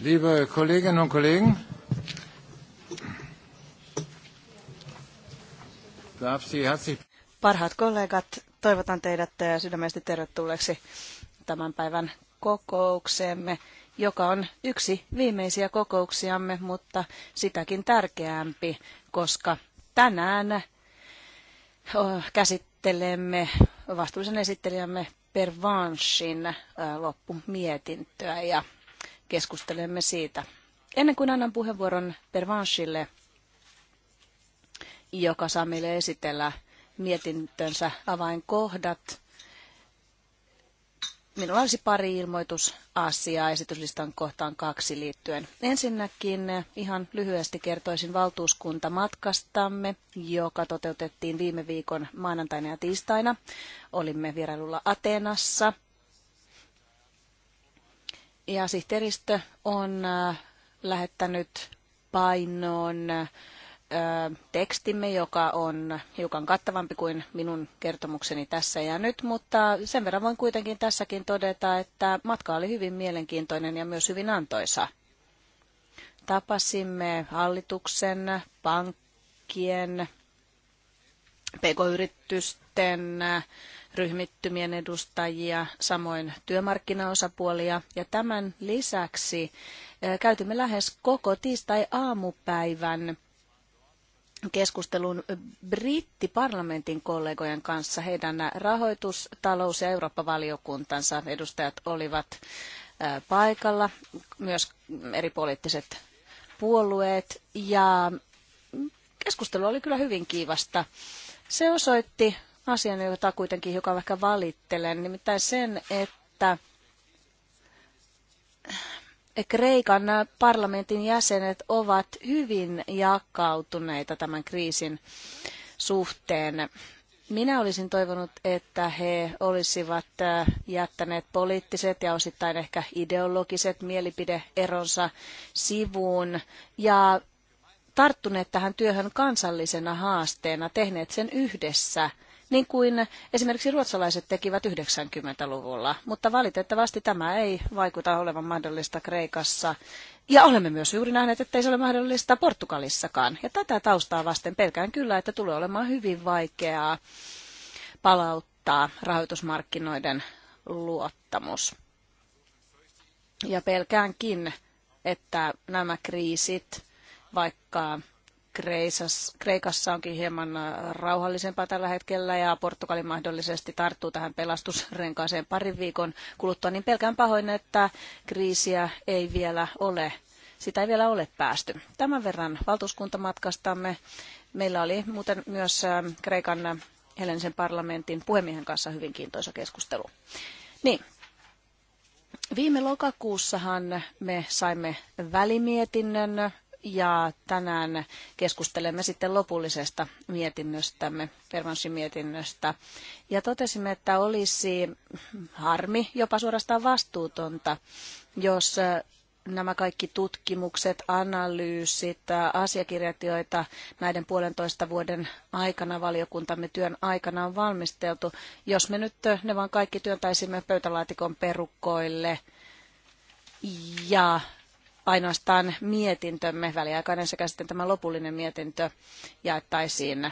Liebe Kolleginnen und Kollegen, Parhaat kollegat, toivotan teidät äh, sydämesti tervetulleeksi tämän päivän kokoukseemme, joka on yksi viimeisiä kokouksiamme, mutta sitäkin tärkeämpi, koska tänään käsittelemme vastuullisen esittelijämme Pervanshin loppumietintöä ja keskustelemme siitä. Ennen kuin annan puheenvuoron Pervanchille, joka saa meille esitellä mietintönsä avainkohdat, minulla olisi pari ilmoitusasiaa esityslistan kohtaan kaksi liittyen. Ensinnäkin ihan lyhyesti kertoisin valtuuskuntamatkastamme, joka toteutettiin viime viikon maanantaina ja tiistaina. Olimme vierailulla Atenassa – ja sihteeristö on äh, lähettänyt painoon äh, tekstimme, joka on hiukan kattavampi kuin minun kertomukseni tässä ja nyt, mutta sen verran voin kuitenkin tässäkin todeta, että matka oli hyvin mielenkiintoinen ja myös hyvin antoisa. Tapasimme hallituksen, pankkien, pk-yritysten, ryhmittymien edustajia, samoin työmarkkinaosapuolia. Ja tämän lisäksi eh, käytimme lähes koko tiistai-aamupäivän keskustelun eh, brittiparlamentin kollegojen kanssa. Heidän rahoitus-, talous- ja Eurooppa-valiokuntansa edustajat olivat eh, paikalla, myös eri poliittiset puolueet. Ja keskustelu oli kyllä hyvin kiivasta. Se osoitti asian, jota kuitenkin hiukan vaikka valittelen, nimittäin sen, että Kreikan parlamentin jäsenet ovat hyvin jakautuneita tämän kriisin suhteen. Minä olisin toivonut, että he olisivat äh, jättäneet poliittiset ja osittain ehkä ideologiset mielipideeronsa sivuun ja tarttuneet tähän työhön kansallisena haasteena, tehneet sen yhdessä – niin kuin esimerkiksi ruotsalaiset tekivät 90-luvulla. Mutta valitettavasti tämä ei vaikuta olevan mahdollista Kreikassa. Ja olemme myös juuri nähneet, että ei se ole mahdollista Portugalissakaan. Ja tätä taustaa vasten pelkään kyllä, että tulee olemaan hyvin vaikeaa palauttaa rahoitusmarkkinoiden luottamus. Ja pelkäänkin, että nämä kriisit, vaikka Kreikassa onkin hieman äh, rauhallisempaa tällä hetkellä ja Portugali mahdollisesti tarttuu tähän pelastusrenkaaseen parin viikon kuluttua, niin pelkään pahoin, että kriisiä ei vielä ole. Sitä ei vielä ole päästy. Tämän verran valtuuskuntamatkastamme. Meillä oli muuten myös ähm, Kreikan äh, Helenisen parlamentin puhemiehen kanssa hyvin kiintoisa keskustelu. Niin, Viime lokakuussahan me saimme välimietinnön ja tänään keskustelemme sitten lopullisesta mietinnöstämme, Pervansin mietinnöstä. Ja totesimme, että olisi harmi, jopa suorastaan vastuutonta, jos äh, nämä kaikki tutkimukset, analyysit, äh, asiakirjat, joita näiden puolentoista vuoden aikana valiokuntamme työn aikana on valmisteltu, jos me nyt äh, ne vaan kaikki työntäisimme pöytälaatikon perukkoille ja ainoastaan mietintömme, väliaikainen sekä sitten tämä lopullinen mietintö jaettaisiin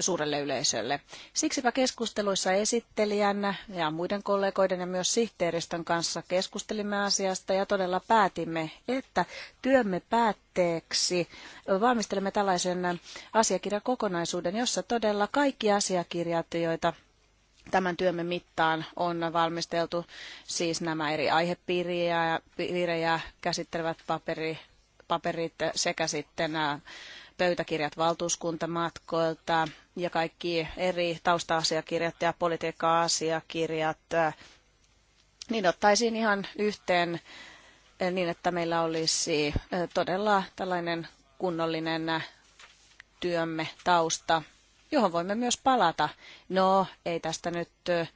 suurelle yleisölle. Siksipä keskusteluissa esittelijän ja muiden kollegoiden ja myös sihteeristön kanssa keskustelimme asiasta ja todella päätimme, että työmme päätteeksi valmistelemme tällaisen asiakirjakokonaisuuden, jossa todella kaikki asiakirjat, joita tämän työmme mittaan on valmisteltu siis nämä eri aihepiirejä käsittelevät paperi, paperit sekä sitten nämä pöytäkirjat valtuuskuntamatkoilta ja kaikki eri tausta-asiakirjat ja politiikka-asiakirjat, niin ottaisiin ihan yhteen niin, että meillä olisi todella tällainen kunnollinen työmme tausta johon voimme myös palata. No, ei tästä nyt ö,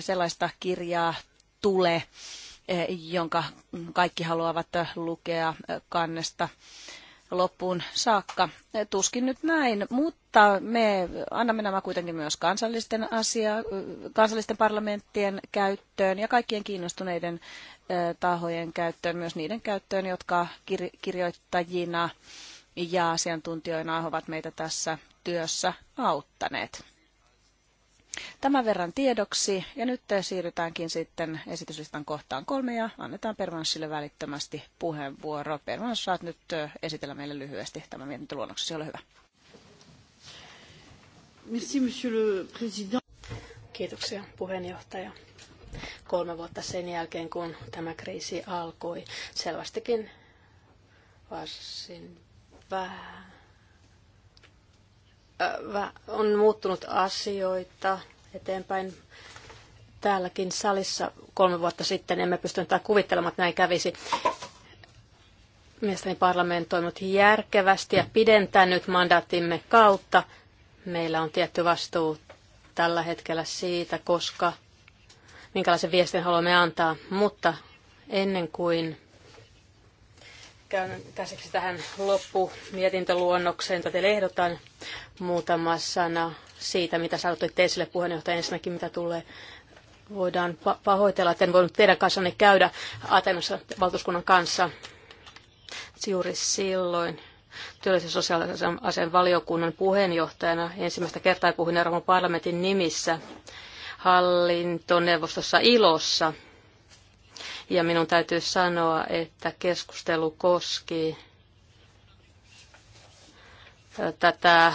sellaista kirjaa tule, jonka kaikki haluavat lukea kannesta loppuun saakka. Tuskin nyt näin, mutta me annamme nämä kuitenkin myös kansallisten, asia, kansallisten parlamenttien käyttöön ja kaikkien kiinnostuneiden tahojen käyttöön, myös niiden käyttöön, jotka kir- kirjoittajina ja asiantuntijoina ovat meitä tässä työssä auttaneet. Tämän verran tiedoksi ja nyt siirrytäänkin sitten esityslistan kohtaan kolme ja annetaan Pervanssille välittömästi puheenvuoro. Pervans, saat nyt esitellä meille lyhyesti tämän mietintöluonnoksesi. Ole hyvä. Merci, monsieur le président. Kiitoksia puheenjohtaja. Kolme vuotta sen jälkeen, kun tämä kriisi alkoi, selvästikin varsin vähän, on muuttunut asioita eteenpäin täälläkin salissa kolme vuotta sitten. Emme pystynyt kuvittelemaan, että näin kävisi. Mielestäni parlamentti on toiminut järkevästi ja pidentänyt mandaattimme kautta. Meillä on tietty vastuu tällä hetkellä siitä, koska minkälaisen viestin haluamme antaa. Mutta ennen kuin käyn käsiksi tähän loppumietintöluonnokseen, jota teille ehdotan muutama sana siitä, mitä sä otit esille puheenjohtaja ensinnäkin, mitä tulee voidaan pahoitella, että en voinut teidän kanssanne käydä Atenassa valtuuskunnan kanssa juuri silloin työllisyys- ja sosiaalisen valiokunnan puheenjohtajana. Ensimmäistä kertaa puhuin Euroopan parlamentin nimissä hallintoneuvostossa ilossa ja minun täytyy sanoa, että keskustelu koski tätä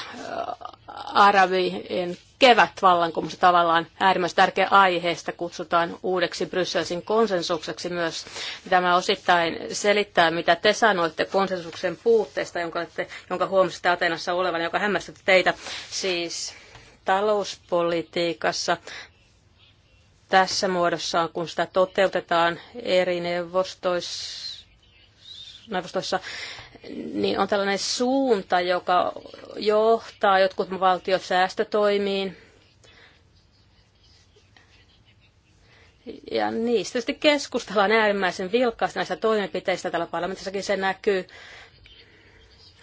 arabien kevätvallankumousta tavallaan äärimmäisen tärkeä aiheesta kutsutaan uudeksi Brysselsin konsensukseksi myös. Tämä osittain selittää, mitä te sanoitte konsensuksen puutteesta, jonka, te, jonka huomasitte Atenassa olevan, joka hämmästytti teitä. Siis talouspolitiikassa tässä muodossaan, kun sitä toteutetaan eri neuvostoissa, neuvostoissa niin on tällainen suunta, joka johtaa jotkut valtiot säästötoimiin. Ja niistä sitten keskustellaan äärimmäisen vilkkaasti näistä toimenpiteistä. Täällä parlamentissakin se näkyy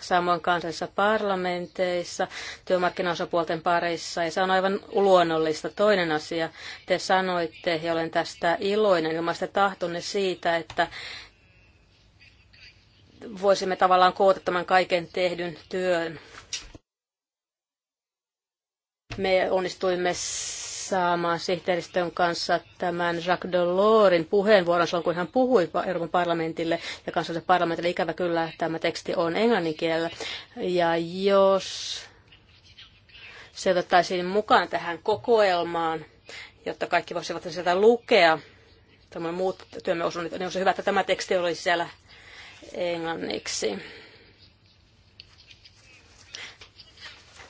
samoin kansallisissa parlamenteissa, työmarkkinaosapuolten parissa, ja se on aivan luonnollista. Toinen asia, te sanoitte, ja olen tästä iloinen, ilmaista tahtonne siitä, että voisimme tavallaan koota tämän kaiken tehdyn työn. Me onnistuimme saamaan sihteeristön kanssa tämän Jacques Delorsin puheenvuoron silloin, kun hän puhui Euroopan parlamentille ja kansallisen parlamentille. Ikävä kyllä tämä teksti on englannin kielellä. Ja jos se otettaisiin mukaan tähän kokoelmaan, jotta kaikki voisivat sieltä lukea, tämä muut työmme osuun, niin se hyvä, että tämä teksti olisi siellä englanniksi.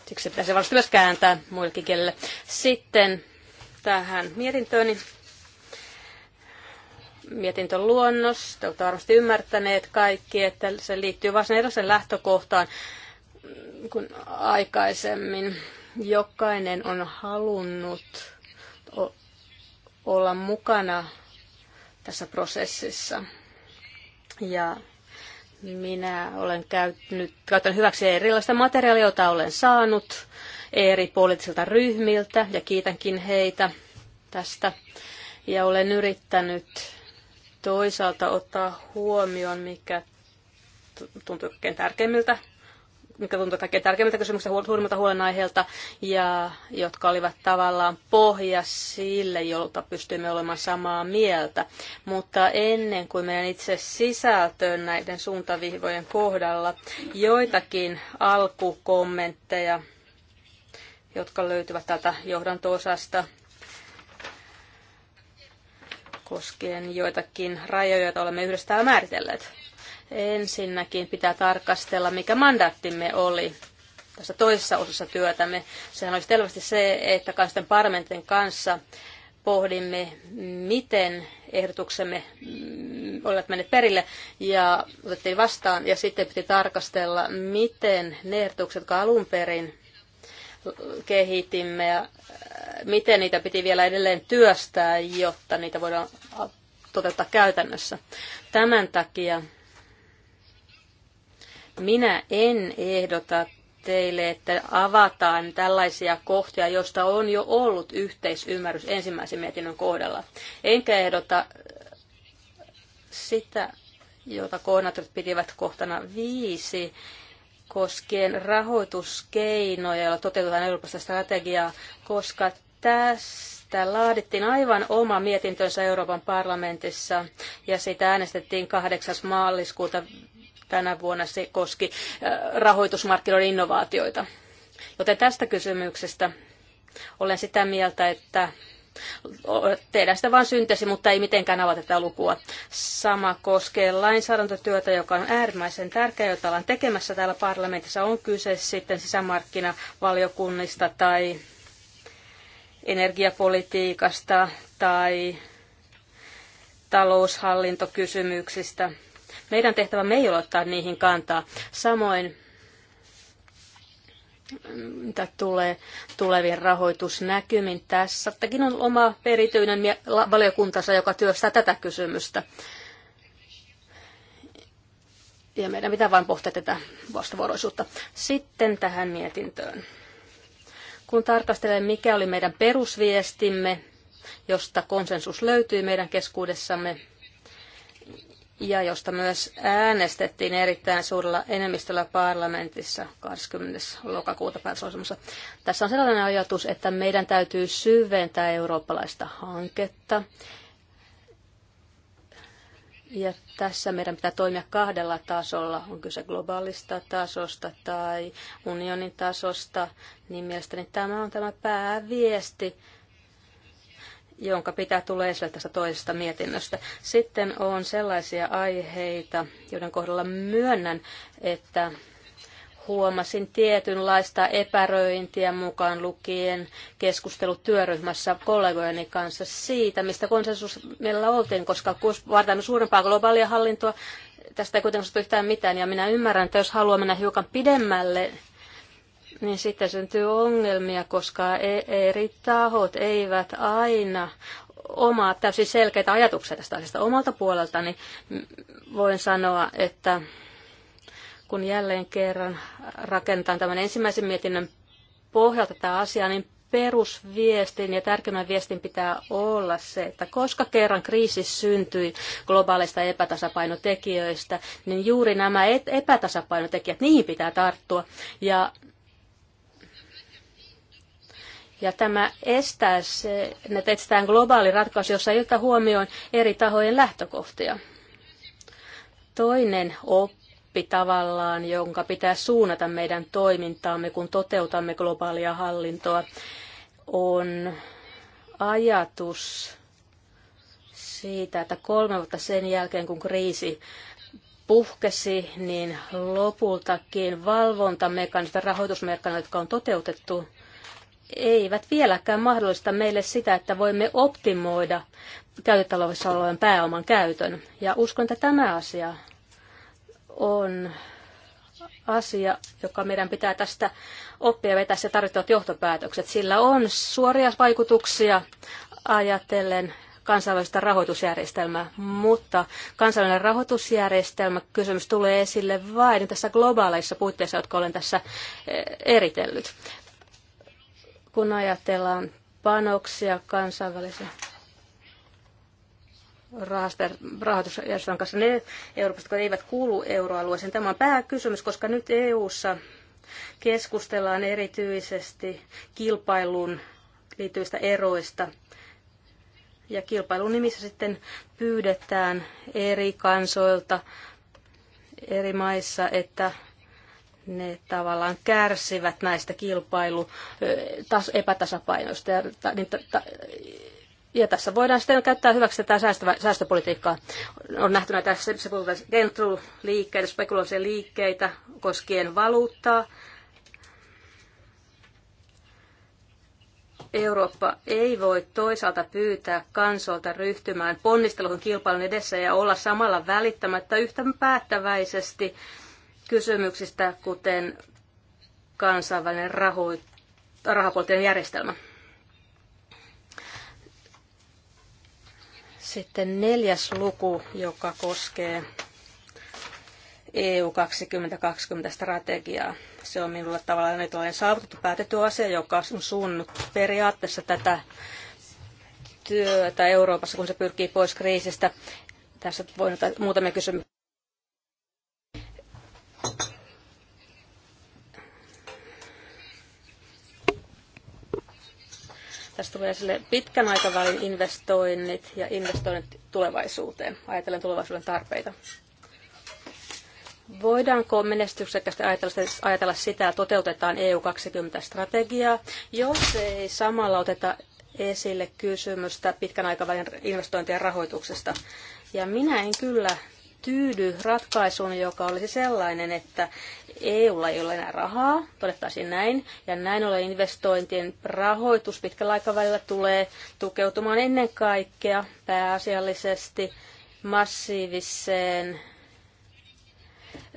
Siksi pitäisi varmasti myös kääntää muillekin kielille. Sitten tähän mietintöön. Niin mietintön luonnos. Te olette varmasti ymmärtäneet kaikki, että se liittyy varsin erilaisen lähtökohtaan kuin aikaisemmin. Jokainen on halunnut olla mukana tässä prosessissa. Ja minä olen käyttänyt, käyttänyt hyväksi erilaista materiaalia, jota olen saanut eri poliittisilta ryhmiltä ja kiitänkin heitä tästä. Ja olen yrittänyt toisaalta ottaa huomioon, mikä tuntuu kaikkein tärkeimmiltä mikä tuntuu kaikkein tärkeimmiltä kysymyksiltä, suurimmilta huolenaiheilta, ja jotka olivat tavallaan pohja sille, jolta pystyimme olemaan samaa mieltä. Mutta ennen kuin menen itse sisältöön näiden suuntavihvojen kohdalla, joitakin alkukommentteja, jotka löytyvät täältä johdantoosasta koskien joitakin rajoja, joita olemme yhdessä täällä määritelleet. Ensinnäkin pitää tarkastella, mikä mandaattimme oli tässä toisessa osassa työtämme. Sehän olisi selvästi se, että kansallisten parlamentin kanssa pohdimme, miten ehdotuksemme mm, olivat menneet perille ja otettiin vastaan. Ja sitten piti tarkastella, miten ne ehdotukset, jotka alun perin kehitimme ja äh, miten niitä piti vielä edelleen työstää, jotta niitä voidaan toteuttaa käytännössä. Tämän takia minä en ehdota teille, että avataan tällaisia kohtia, joista on jo ollut yhteisymmärrys ensimmäisen mietinnön kohdalla. Enkä ehdota sitä, jota koordinaattorit pitivät kohtana viisi, koskien rahoituskeinoja, joilla toteutetaan Euroopasta strategiaa, koska tästä laadittiin aivan oma mietintönsä Euroopan parlamentissa ja sitä äänestettiin 8. maaliskuuta Tänä vuonna se koski äh, rahoitusmarkkinoiden innovaatioita. Joten tästä kysymyksestä olen sitä mieltä, että tehdään sitä vain synteesi, mutta ei mitenkään avata tätä lukua. Sama koskee lainsäädäntötyötä, joka on äärimmäisen tärkeää, jota ollaan tekemässä täällä parlamentissa. On kyse sitten sisämarkkinavaliokunnista tai energiapolitiikasta tai taloushallintokysymyksistä – meidän tehtävämme ei ole ottaa niihin kantaa. Samoin mitä tulee tulevien rahoitusnäkymin tässä. Tämäkin on oma perityinen valiokuntansa, joka työstää tätä kysymystä. Ja meidän pitää vain pohtia tätä vastavuoroisuutta. Sitten tähän mietintöön. Kun tarkastelen, mikä oli meidän perusviestimme, josta konsensus löytyy meidän keskuudessamme, ja josta myös äänestettiin erittäin suurella enemmistöllä parlamentissa 20. lokakuuta päätösohjelmassa. Tässä on sellainen ajatus, että meidän täytyy syventää eurooppalaista hanketta. Ja tässä meidän pitää toimia kahdella tasolla. On kyse globaalista tasosta tai unionin tasosta. Niin mielestäni tämä on tämä pääviesti jonka pitää tulla esille tästä toisesta mietinnöstä. Sitten on sellaisia aiheita, joiden kohdalla myönnän, että huomasin tietynlaista epäröintiä mukaan lukien keskustelutyöryhmässä työryhmässä kollegojeni kanssa siitä, mistä konsensus meillä oltiin, koska kun vaaditaan suurempaa globaalia hallintoa, tästä ei kuitenkaan yhtään mitään, ja minä ymmärrän, että jos haluaa mennä hiukan pidemmälle niin sitten syntyy ongelmia, koska e- eri tahot eivät aina omaa täysin selkeitä ajatuksia tästä asiasta omalta puolelta, niin voin sanoa, että kun jälleen kerran rakentaan tämän ensimmäisen mietinnön pohjalta tätä asiaa, niin perusviestin ja tärkeimmän viestin pitää olla se, että koska kerran kriisi syntyi globaaleista epätasapainotekijöistä, niin juuri nämä epätasapainotekijät, niihin pitää tarttua. Ja ja tämä estää se, että etsitään globaali ratkaisu, jossa ei ota huomioon eri tahojen lähtökohtia. Toinen oppi tavallaan, jonka pitää suunnata meidän toimintaamme, kun toteutamme globaalia hallintoa, on ajatus siitä, että kolme vuotta sen jälkeen, kun kriisi puhkesi, niin lopultakin valvontamekanismit ja rahoitusmerkkinät, jotka on toteutettu, eivät vieläkään mahdollista meille sitä, että voimme optimoida käytettävissä olevan pääoman käytön. Ja uskon, että tämä asia on asia, joka meidän pitää tästä oppia vetää se tarvittavat johtopäätökset. Sillä on suoria vaikutuksia ajatellen kansainvälistä rahoitusjärjestelmää, mutta kansainvälinen rahoitusjärjestelmä kysymys tulee esille vain tässä globaaleissa puitteissa, jotka olen tässä eh, eritellyt kun ajatellaan panoksia kansainvälisen rahoitusjärjestelmän kanssa, ne Euroopasta eivät kuulu euroalueeseen. Tämä on pääkysymys, koska nyt EU:ssa keskustellaan erityisesti kilpailun liittyvistä eroista. Ja kilpailun nimissä sitten pyydetään eri kansoilta eri maissa, että ne tavallaan kärsivät näistä kilpailu epätasapainoista. Ja, niin ja tässä voidaan sitten käyttää hyväksi tätä säästövä, säästöpolitiikkaa. On nähty näitä liikkeitä, spekuloisia liikkeitä koskien valuuttaa. Eurooppa ei voi toisaalta pyytää kansolta ryhtymään ponnisteluun kilpailun edessä ja olla samalla välittämättä yhtä päättäväisesti kysymyksistä, kuten kansainvälinen raho, rahapoliittinen järjestelmä. Sitten neljäs luku, joka koskee EU 2020 strategiaa. Se on minulle tavallaan nyt olen saavutettu päätetty asia, joka on suunnut periaatteessa tätä työtä Euroopassa, kun se pyrkii pois kriisistä. Tässä ottaa muutamia kysymyksiä tulee sille pitkän aikavälin investoinnit ja investoinnit tulevaisuuteen, ajatellen tulevaisuuden tarpeita. Voidaanko menestyksekkäästi ajatella sitä, että toteutetaan EU 20-strategiaa, jos ei samalla oteta esille kysymystä pitkän aikavälin investointien rahoituksesta? Ja minä en kyllä tyydy ratkaisuun, joka olisi sellainen, että EUlla ei ole enää rahaa, todettaisiin näin, ja näin ollen investointien rahoitus pitkällä aikavälillä tulee tukeutumaan ennen kaikkea pääasiallisesti massiiviseen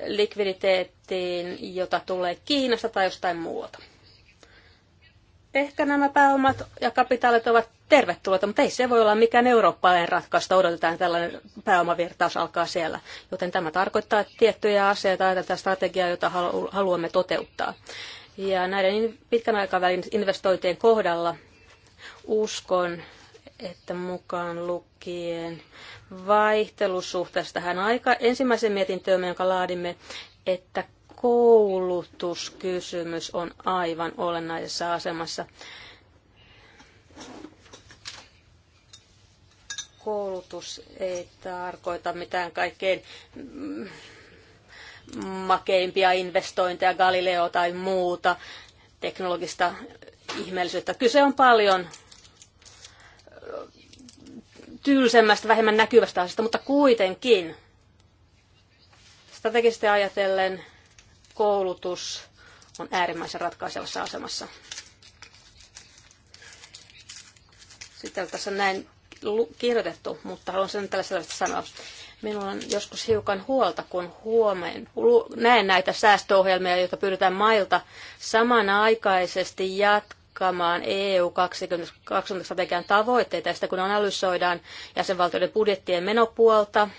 likviditeettiin, jota tulee Kiinasta tai jostain muualta. Ehkä nämä pääomat ja kapitaalit ovat tervetulleita, mutta ei se voi olla mikään eurooppalainen ratkaista. Odotetaan, että tällainen pääomavirtaus alkaa siellä. Joten tämä tarkoittaa tiettyjä asioita ja tätä strategiaa, jota haluamme toteuttaa. Ja näiden pitkän aikavälin investointien kohdalla uskon, että mukaan lukien vaihtelusuhteesta tähän aika ensimmäisen mietintöömme, jonka laadimme, että koulutuskysymys on aivan olennaisessa asemassa. Koulutus ei tarkoita mitään kaikkein mm, makeimpia investointeja, Galileo tai muuta teknologista ihmeellisyyttä. Kyse on paljon tylsemmästä, vähemmän näkyvästä asiasta, mutta kuitenkin strategisesti ajatellen koulutus on äärimmäisen ratkaisevassa asemassa. Sitten tässä näin kirjoitettu, mutta haluan sen tällaisella sanoa. Minulla on joskus hiukan huolta, kun huomen, näen näitä säästöohjelmia, joita pyydetään mailta samanaikaisesti jatkamaan EU 2020 strategian tavoitteita, ja sitä kun analysoidaan jäsenvaltioiden budjettien menopuolta,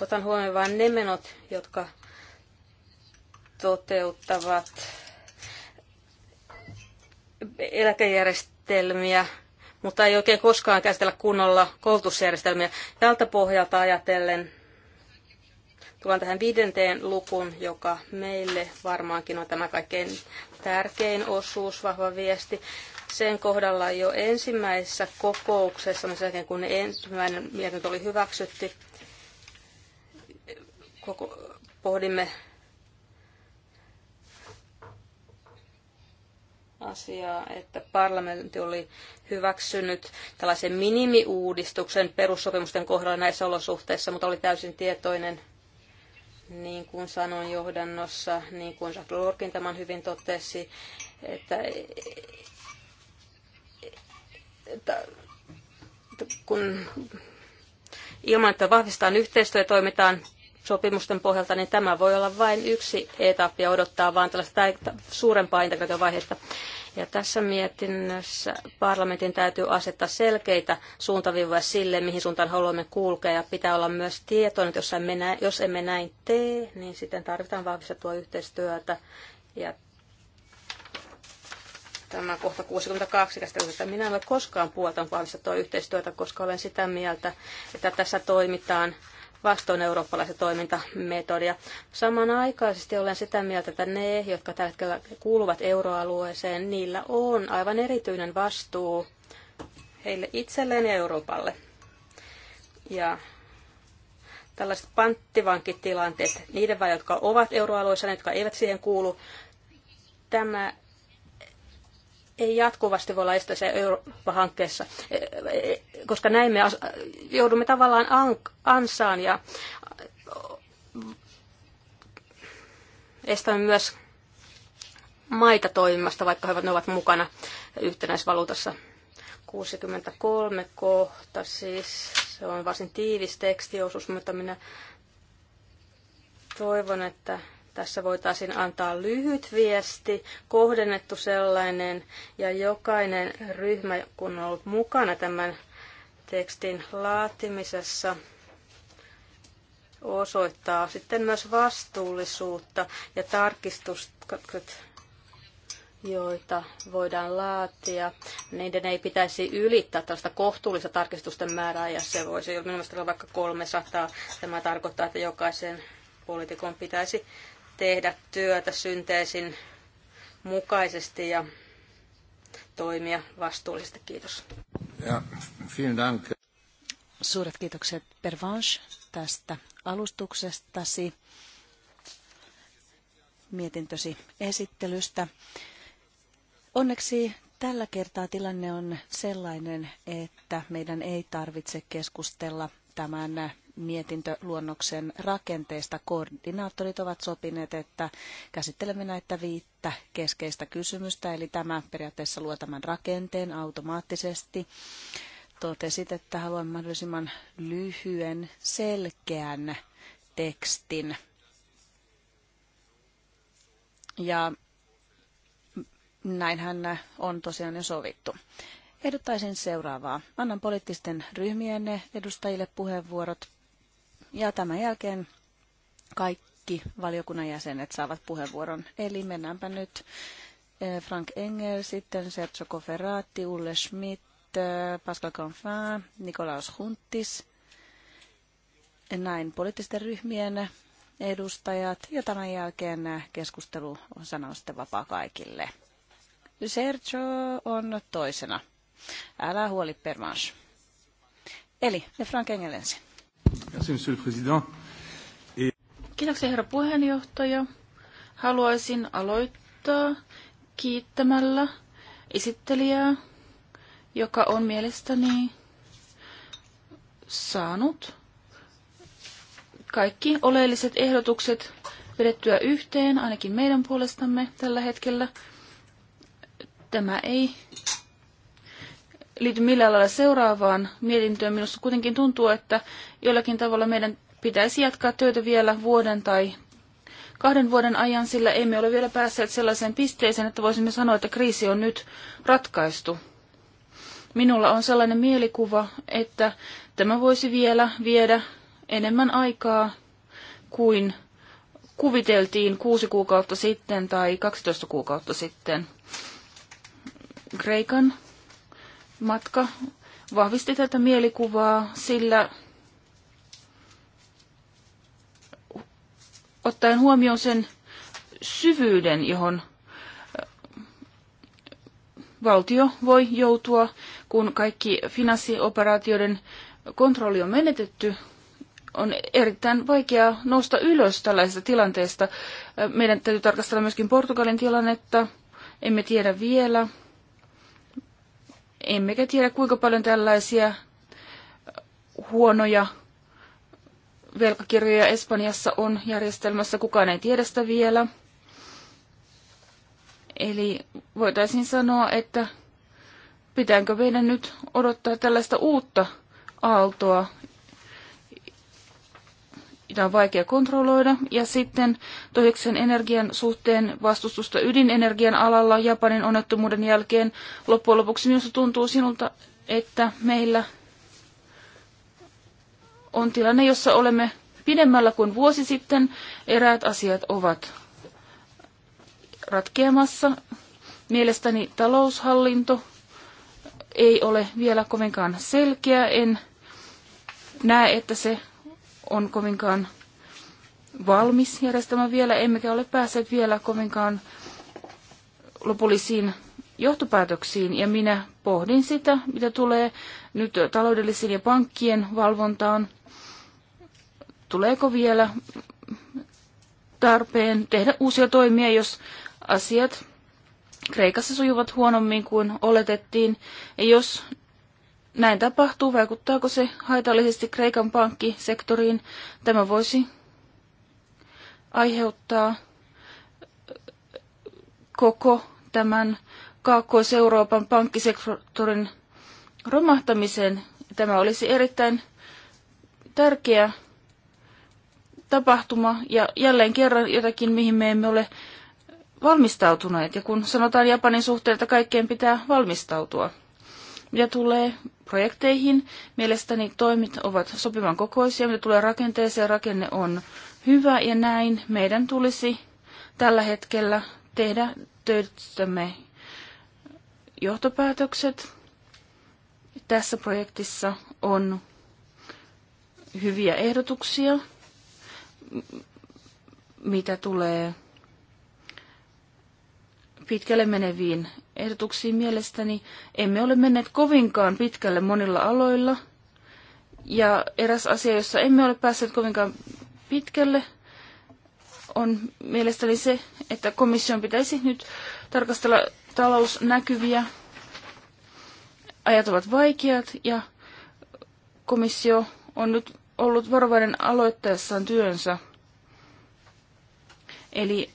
Otan huomioon vain ne menot, jotka toteuttavat eläkejärjestelmiä, mutta ei oikein koskaan käsitellä kunnolla koulutusjärjestelmiä. Tältä pohjalta ajatellen tullaan tähän viidenteen lukuun, joka meille varmaankin on tämä kaikkein tärkein osuus, vahva viesti. Sen kohdalla jo ensimmäisessä kokouksessa, sen jälkeen kun ensimmäinen mietintö oli hyväksytty, koko, pohdimme asiaa, että parlamentti oli hyväksynyt tällaisen minimiuudistuksen perussopimusten kohdalla näissä olosuhteissa, mutta oli täysin tietoinen, niin kuin sanoin johdannossa, niin kuin Jacques Lorkin tämän hyvin totesi, että, että kun ilman, että vahvistetaan yhteistyötä toimitaan sopimusten pohjalta, niin tämä voi olla vain yksi etappi ja odottaa vaan tällaista suurempaa integraatiovaihetta. Ja tässä mietinnössä parlamentin täytyy asettaa selkeitä suuntaviivoja sille, mihin suuntaan haluamme kulkea. Ja pitää olla myös tietoinen, että jos emme näin, jos emme näin tee, niin sitten tarvitaan vahvistettua yhteistyötä. Ja tämä kohta 62 käsitellään, että minä en ole koskaan puoltanut vahvistettua yhteistyötä, koska olen sitä mieltä, että tässä toimitaan vastoin eurooppalaista toimintametodia. Samanaikaisesti olen sitä mieltä, että ne, jotka tällä hetkellä kuuluvat euroalueeseen, niillä on aivan erityinen vastuu heille itselleen ja Euroopalle. Ja tällaiset panttivankitilanteet, niiden välillä, jotka ovat euroalueessa, ne, jotka eivät siihen kuulu, tämä ei jatkuvasti voi olla esteisiä Eurooppa-hankkeessa, koska näin me joudumme tavallaan ansaan ja estämme myös maita toimimasta, vaikka he ovat mukana yhtenäisvaluutassa. 63 kohta siis. Se on varsin tiivis tekstiosuus, mutta minä toivon, että tässä voitaisiin antaa lyhyt viesti, kohdennettu sellainen, ja jokainen ryhmä, kun on ollut mukana tämän tekstin laatimisessa, osoittaa sitten myös vastuullisuutta ja tarkistukset, joita voidaan laatia. Niiden ei pitäisi ylittää tällaista kohtuullista tarkistusten määrää, ja se voisi minun mielestä olla vaikka 300. Tämä tarkoittaa, että jokaisen poliitikon pitäisi tehdä työtä synteesin mukaisesti ja toimia vastuullisesti. Kiitos. Ja, vielen dank. Suuret kiitokset Pervanche tästä alustuksestasi, mietintösi esittelystä. Onneksi tällä kertaa tilanne on sellainen, että meidän ei tarvitse keskustella tämän mietintöluonnoksen rakenteesta. Koordinaattorit ovat sopineet, että käsittelemme näitä viittä keskeistä kysymystä, eli tämä periaatteessa luo tämän rakenteen automaattisesti. Totesit, että haluan mahdollisimman lyhyen, selkeän tekstin. Ja näinhän on tosiaan jo sovittu. Ehdottaisin seuraavaa. Annan poliittisten ryhmienne edustajille puheenvuorot ja tämän jälkeen kaikki valiokunnan jäsenet saavat puheenvuoron. Eli mennäänpä nyt eh, Frank Engel, sitten Sergio Coferati, Ulle Schmidt, eh, Pascal Confin, Nikolaus Huntis. Näin poliittisten ryhmien edustajat ja tämän jälkeen eh, keskustelu on sanonut sitten vapaa kaikille. Sergio on toisena Älä huoli, Pervanche. Eli Frank Engel ensin. Kiitoksia, herra puheenjohtaja. Haluaisin aloittaa kiittämällä esittelijää, joka on mielestäni saanut kaikki oleelliset ehdotukset vedettyä yhteen, ainakin meidän puolestamme tällä hetkellä. Tämä ei liity millään lailla seuraavaan mietintöön. Minusta kuitenkin tuntuu, että jollakin tavalla meidän pitäisi jatkaa töitä vielä vuoden tai kahden vuoden ajan, sillä emme ole vielä päässeet sellaiseen pisteeseen, että voisimme sanoa, että kriisi on nyt ratkaistu. Minulla on sellainen mielikuva, että tämä voisi vielä viedä enemmän aikaa kuin kuviteltiin kuusi kuukautta sitten tai 12 kuukautta sitten. Kreikan matka vahvisti tätä mielikuvaa, sillä ottaen huomioon sen syvyyden, johon äh, valtio voi joutua, kun kaikki finanssioperaatioiden kontrolli on menetetty, on erittäin vaikea nousta ylös tällaisesta tilanteesta. Äh, meidän täytyy tarkastella myöskin Portugalin tilannetta. Emme tiedä vielä, Emmekä tiedä, kuinka paljon tällaisia huonoja velkakirjoja Espanjassa on järjestelmässä. Kukaan ei tiedä sitä vielä. Eli voitaisiin sanoa, että pitääkö meidän nyt odottaa tällaista uutta aaltoa sitä on vaikea kontrolloida. Ja sitten toiseksen energian suhteen vastustusta ydinenergian alalla Japanin onnettomuuden jälkeen. Loppujen lopuksi minusta tuntuu sinulta, että meillä on tilanne, jossa olemme pidemmällä kuin vuosi sitten. Eräät asiat ovat ratkeamassa. Mielestäni taloushallinto ei ole vielä kovinkaan selkeä. En näe, että se on kovinkaan valmis järjestelmä vielä, emmekä ole päässeet vielä kovinkaan lopullisiin johtopäätöksiin ja minä pohdin sitä, mitä tulee nyt taloudellisiin ja pankkien valvontaan. Tuleeko vielä tarpeen tehdä uusia toimia, jos asiat Kreikassa sujuvat huonommin kuin oletettiin, ja jos näin tapahtuu, vaikuttaako se haitallisesti Kreikan pankkisektoriin? Tämä voisi aiheuttaa äh, koko tämän Kaakkois-Euroopan pankkisektorin romahtamisen. Tämä olisi erittäin tärkeä tapahtuma ja jälleen kerran jotakin, mihin me emme ole valmistautuneet. Ja kun sanotaan Japanin suhteen, että kaikkeen pitää valmistautua – mitä tulee projekteihin, mielestäni toimit ovat sopivan kokoisia. Mitä tulee rakenteeseen, rakenne on hyvä ja näin meidän tulisi tällä hetkellä tehdä töistämme johtopäätökset. Tässä projektissa on hyviä ehdotuksia, mitä tulee pitkälle meneviin ehdotuksiin mielestäni. Emme ole menneet kovinkaan pitkälle monilla aloilla. Ja eräs asia, jossa emme ole päässeet kovinkaan pitkälle, on mielestäni se, että komission pitäisi nyt tarkastella talousnäkyviä. Ajat ovat vaikeat ja komissio on nyt ollut varovainen aloittaessaan työnsä. Eli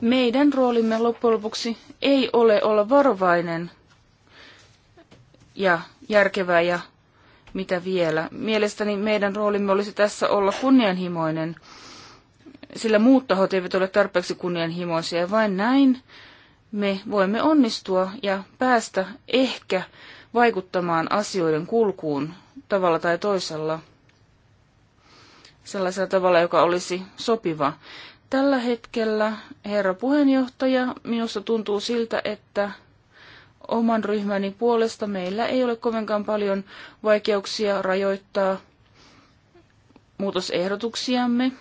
meidän roolimme loppujen lopuksi ei ole olla varovainen ja järkevä ja mitä vielä. Mielestäni meidän roolimme olisi tässä olla kunnianhimoinen, sillä muut tahot eivät ole tarpeeksi kunnianhimoisia. Ja vain näin me voimme onnistua ja päästä ehkä vaikuttamaan asioiden kulkuun tavalla tai toisella. Sellaisella tavalla, joka olisi sopiva. Tällä hetkellä, herra puheenjohtaja, minusta tuntuu siltä, että oman ryhmäni puolesta meillä ei ole kovinkaan paljon vaikeuksia rajoittaa muutosehdotuksiamme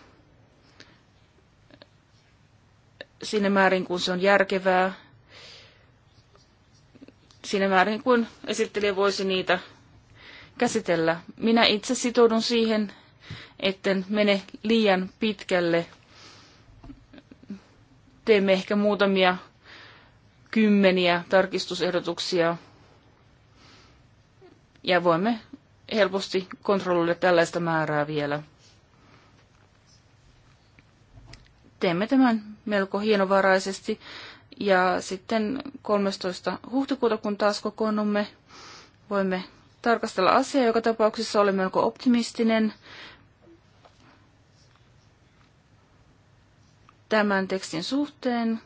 sinne määrin, kun se on järkevää, siinä määrin, kun esittelijä voisi niitä käsitellä. Minä itse sitoudun siihen, etten mene liian pitkälle teemme ehkä muutamia kymmeniä tarkistusehdotuksia ja voimme helposti kontrolloida tällaista määrää vielä. Teemme tämän melko hienovaraisesti ja sitten 13. huhtikuuta, kun taas kokoonnumme, voimme tarkastella asiaa. Joka tapauksessa olen melko optimistinen tämän tekstin suhteen,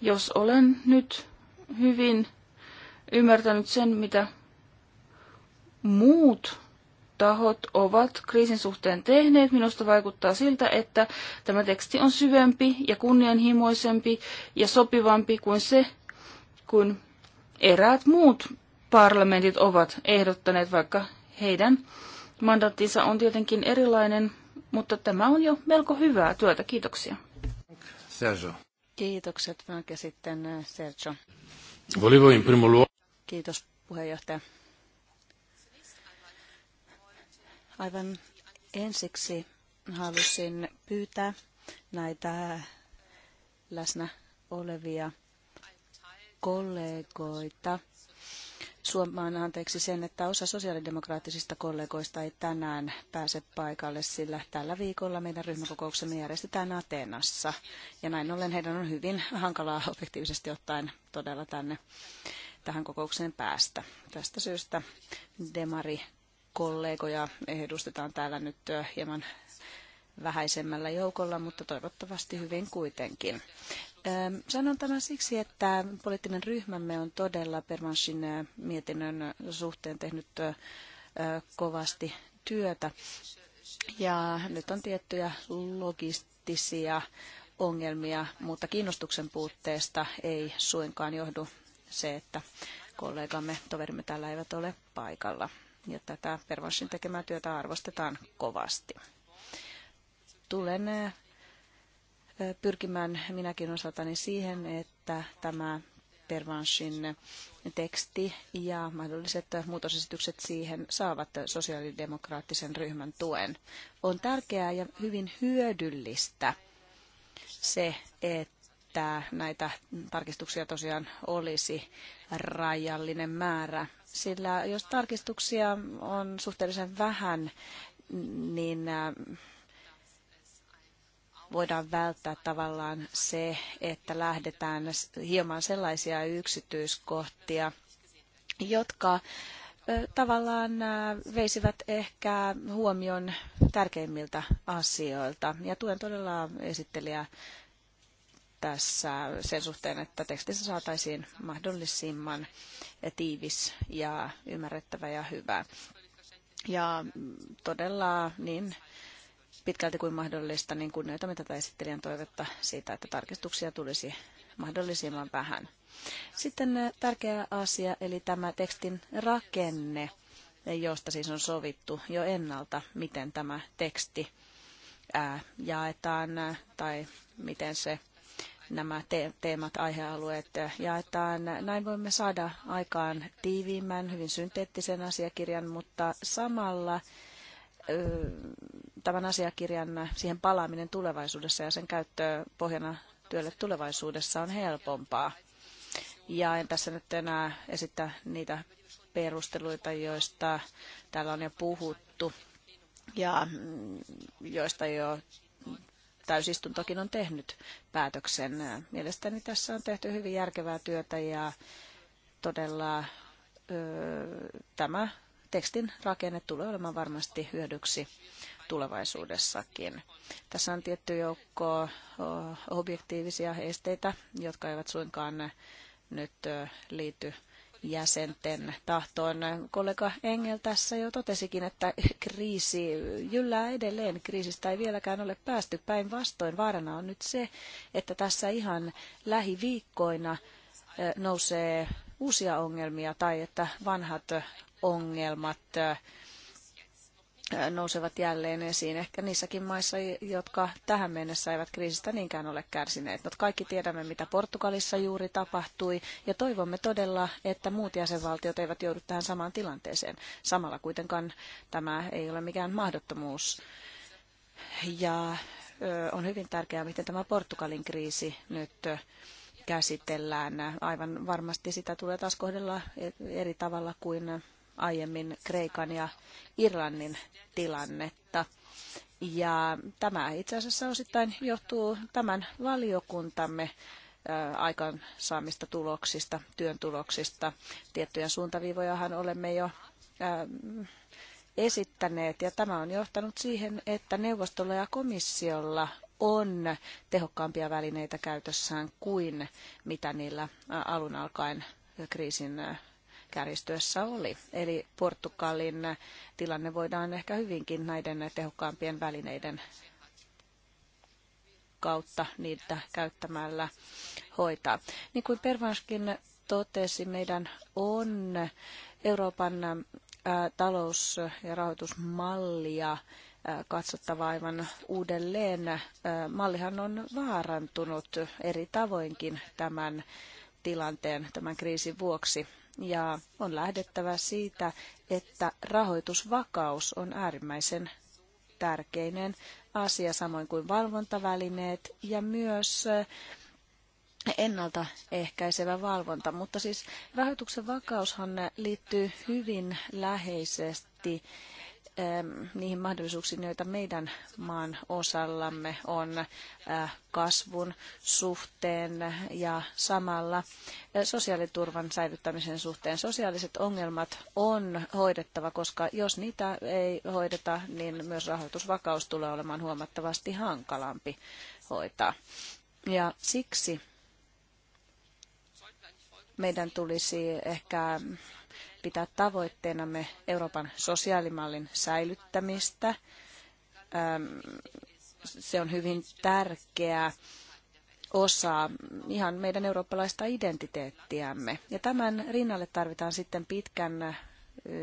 jos olen nyt hyvin ymmärtänyt sen, mitä muut tahot ovat kriisin suhteen tehneet. Minusta vaikuttaa siltä, että tämä teksti on syvempi ja kunnianhimoisempi ja sopivampi kuin se, kuin eräät muut parlamentit ovat ehdottaneet, vaikka heidän mandaattinsa on tietenkin erilainen, mutta tämä on jo melko hyvää työtä. Kiitoksia. Sergio. Kiitokset, Frank, ja sitten äh, Sergio. Volevo in primo luogo. Kiitos, puheenjohtaja. Aivan ensiksi halusin pyytää näitä läsnä olevia kollegoita suomaan anteeksi sen, että osa sosiaalidemokraattisista kollegoista ei tänään pääse paikalle, sillä tällä viikolla meidän ryhmäkokouksemme järjestetään Ateenassa. Ja näin ollen heidän on hyvin hankalaa objektiivisesti ottaen todella tänne tähän kokoukseen päästä. Tästä syystä demari kollegoja edustetaan täällä nyt hieman vähäisemmällä joukolla, mutta toivottavasti hyvin kuitenkin. Sanon tämän siksi, että poliittinen ryhmämme on todella permanssin mietinnön suhteen tehnyt kovasti työtä. Ja nyt on tiettyjä logistisia ongelmia, mutta kiinnostuksen puutteesta ei suinkaan johdu se, että kollegamme, toverimme täällä eivät ole paikalla. Ja tätä Pervansin tekemää työtä arvostetaan kovasti. Tulen pyrkimään minäkin osaltani siihen, että tämä Pervanshin teksti ja mahdolliset muutosesitykset siihen saavat sosiaalidemokraattisen ryhmän tuen. On tärkeää ja hyvin hyödyllistä se, että näitä tarkistuksia tosiaan olisi rajallinen määrä, sillä jos tarkistuksia on suhteellisen vähän, niin äh, voidaan välttää tavallaan se, että lähdetään hieman sellaisia yksityiskohtia, jotka tavallaan veisivät ehkä huomion tärkeimmiltä asioilta. Ja tuen todella esittelijä tässä sen suhteen, että tekstissä saataisiin mahdollisimman tiivis ja ymmärrettävä ja hyvä. Ja todella niin pitkälti kuin mahdollista, niin kunnioitamme tätä esittelijän toivetta siitä, että tarkistuksia tulisi mahdollisimman vähän. Sitten tärkeä asia, eli tämä tekstin rakenne, josta siis on sovittu jo ennalta, miten tämä teksti jaetaan tai miten se nämä teemat, aihealueet jaetaan. Näin voimme saada aikaan tiiviimmän, hyvin synteettisen asiakirjan, mutta samalla tämän asiakirjan siihen palaaminen tulevaisuudessa ja sen käyttö pohjana työlle tulevaisuudessa on helpompaa. Ja en tässä nyt enää esittää niitä perusteluita, joista täällä on jo puhuttu ja joista jo täysistuntokin on tehnyt päätöksen. Mielestäni tässä on tehty hyvin järkevää työtä ja todella ö, tämä tekstin rakenne tulee olemaan varmasti hyödyksi tulevaisuudessakin. Tässä on tietty joukko objektiivisia esteitä, jotka eivät suinkaan nyt liity jäsenten tahtoon. Kollega Engel tässä jo totesikin, että kriisi jyllää edelleen. Kriisistä ei vieläkään ole päästy päinvastoin. Vaarana on nyt se, että tässä ihan lähiviikkoina nousee uusia ongelmia tai että vanhat ongelmat nousevat jälleen esiin, ehkä niissäkin maissa, jotka tähän mennessä eivät kriisistä niinkään ole kärsineet. Mutta kaikki tiedämme, mitä Portugalissa juuri tapahtui, ja toivomme todella, että muut jäsenvaltiot eivät joudu tähän samaan tilanteeseen. Samalla kuitenkaan tämä ei ole mikään mahdottomuus. Ja on hyvin tärkeää, miten tämä Portugalin kriisi nyt käsitellään. Aivan varmasti sitä tulee taas kohdella e- eri tavalla kuin aiemmin Kreikan ja Irlannin tilannetta. Ja tämä itse asiassa osittain johtuu tämän valiokuntamme saamista tuloksista, työn tuloksista. Tiettyjä suuntaviivojahan olemme jo esittäneet ja tämä on johtanut siihen, että neuvostolla ja komissiolla on tehokkaampia välineitä käytössään kuin mitä niillä alun alkaen kriisin kärjistyessä oli. Eli Portugalin tilanne voidaan ehkä hyvinkin näiden tehokkaampien välineiden kautta niitä käyttämällä hoitaa. Niin kuin Pervanskin totesi, meidän on Euroopan talous- ja rahoitusmallia katsottava aivan uudelleen. Mallihan on vaarantunut eri tavoinkin tämän tilanteen, tämän kriisin vuoksi ja on lähdettävä siitä, että rahoitusvakaus on äärimmäisen tärkeinen asia, samoin kuin valvontavälineet ja myös eh, ennaltaehkäisevä valvonta. Mutta siis rahoituksen vakaushan liittyy hyvin läheisesti niihin mahdollisuuksiin, joita meidän maan osallamme on äh, kasvun suhteen ja samalla äh, sosiaaliturvan säilyttämisen suhteen. Sosiaaliset ongelmat on hoidettava, koska jos niitä ei hoideta, niin myös rahoitusvakaus tulee olemaan huomattavasti hankalampi hoitaa. Ja siksi meidän tulisi ehkä pitää tavoitteenamme Euroopan sosiaalimallin säilyttämistä. Se on hyvin tärkeä osa ihan meidän eurooppalaista identiteettiämme. Ja tämän rinnalle tarvitaan sitten pitkän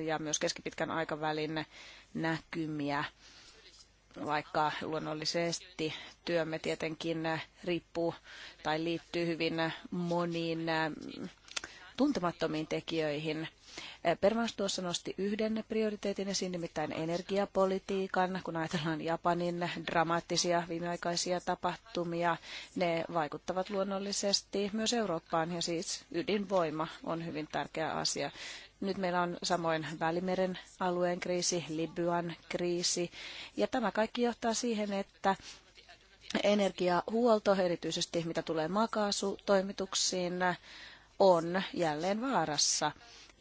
ja myös keskipitkän aikavälin näkymiä, vaikka luonnollisesti työmme tietenkin riippuu tai liittyy hyvin moniin tuntemattomiin tekijöihin. Eh, Pervans tuossa nosti yhden prioriteetin esiin, nimittäin energiapolitiikan. Kun ajatellaan Japanin dramaattisia viimeaikaisia tapahtumia, ne vaikuttavat luonnollisesti myös Eurooppaan ja siis ydinvoima on hyvin tärkeä asia. Nyt meillä on samoin Välimeren alueen kriisi, Libyan kriisi ja tämä kaikki johtaa siihen, että energiahuolto, erityisesti mitä tulee makaasutoimituksiin, toimituksiin on jälleen vaarassa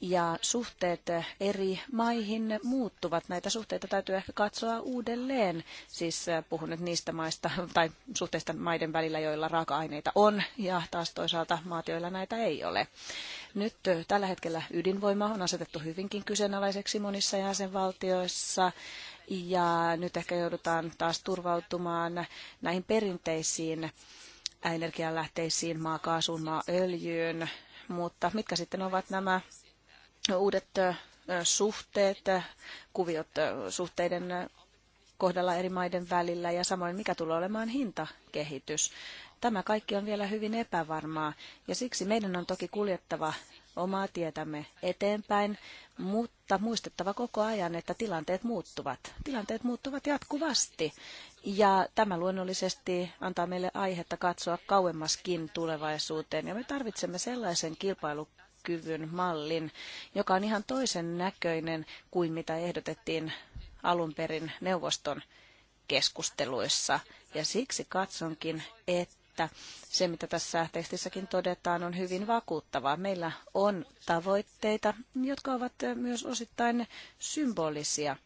ja suhteet eri maihin muuttuvat. Näitä suhteita täytyy ehkä katsoa uudelleen. Siis äh, puhun nyt niistä maista tai suhteista maiden välillä, joilla raaka-aineita on ja taas toisaalta maat, joilla näitä ei ole. Nyt äh, tällä hetkellä ydinvoima on asetettu hyvinkin kyseenalaiseksi monissa jäsenvaltioissa. Ja nyt ehkä joudutaan taas turvautumaan näihin perinteisiin energialähteisiin, maakaasuun, maaöljyyn, mutta mitkä sitten ovat nämä uudet suhteet, kuviot suhteiden kohdalla eri maiden välillä ja samoin mikä tulee olemaan hintakehitys. Tämä kaikki on vielä hyvin epävarmaa ja siksi meidän on toki kuljettava omaa tietämme eteenpäin, mutta muistettava koko ajan, että tilanteet muuttuvat. Tilanteet muuttuvat jatkuvasti ja tämä luonnollisesti antaa meille aihetta katsoa kauemmaskin tulevaisuuteen ja me tarvitsemme sellaisen kilpailukyvyn mallin, joka on ihan toisen näköinen kuin mitä ehdotettiin alun perin neuvoston keskusteluissa. Ja siksi katsonkin, että että se, mitä tässä tekstissäkin todetaan, on hyvin vakuuttavaa. Meillä on tavoitteita, jotka ovat myös osittain symbolisia,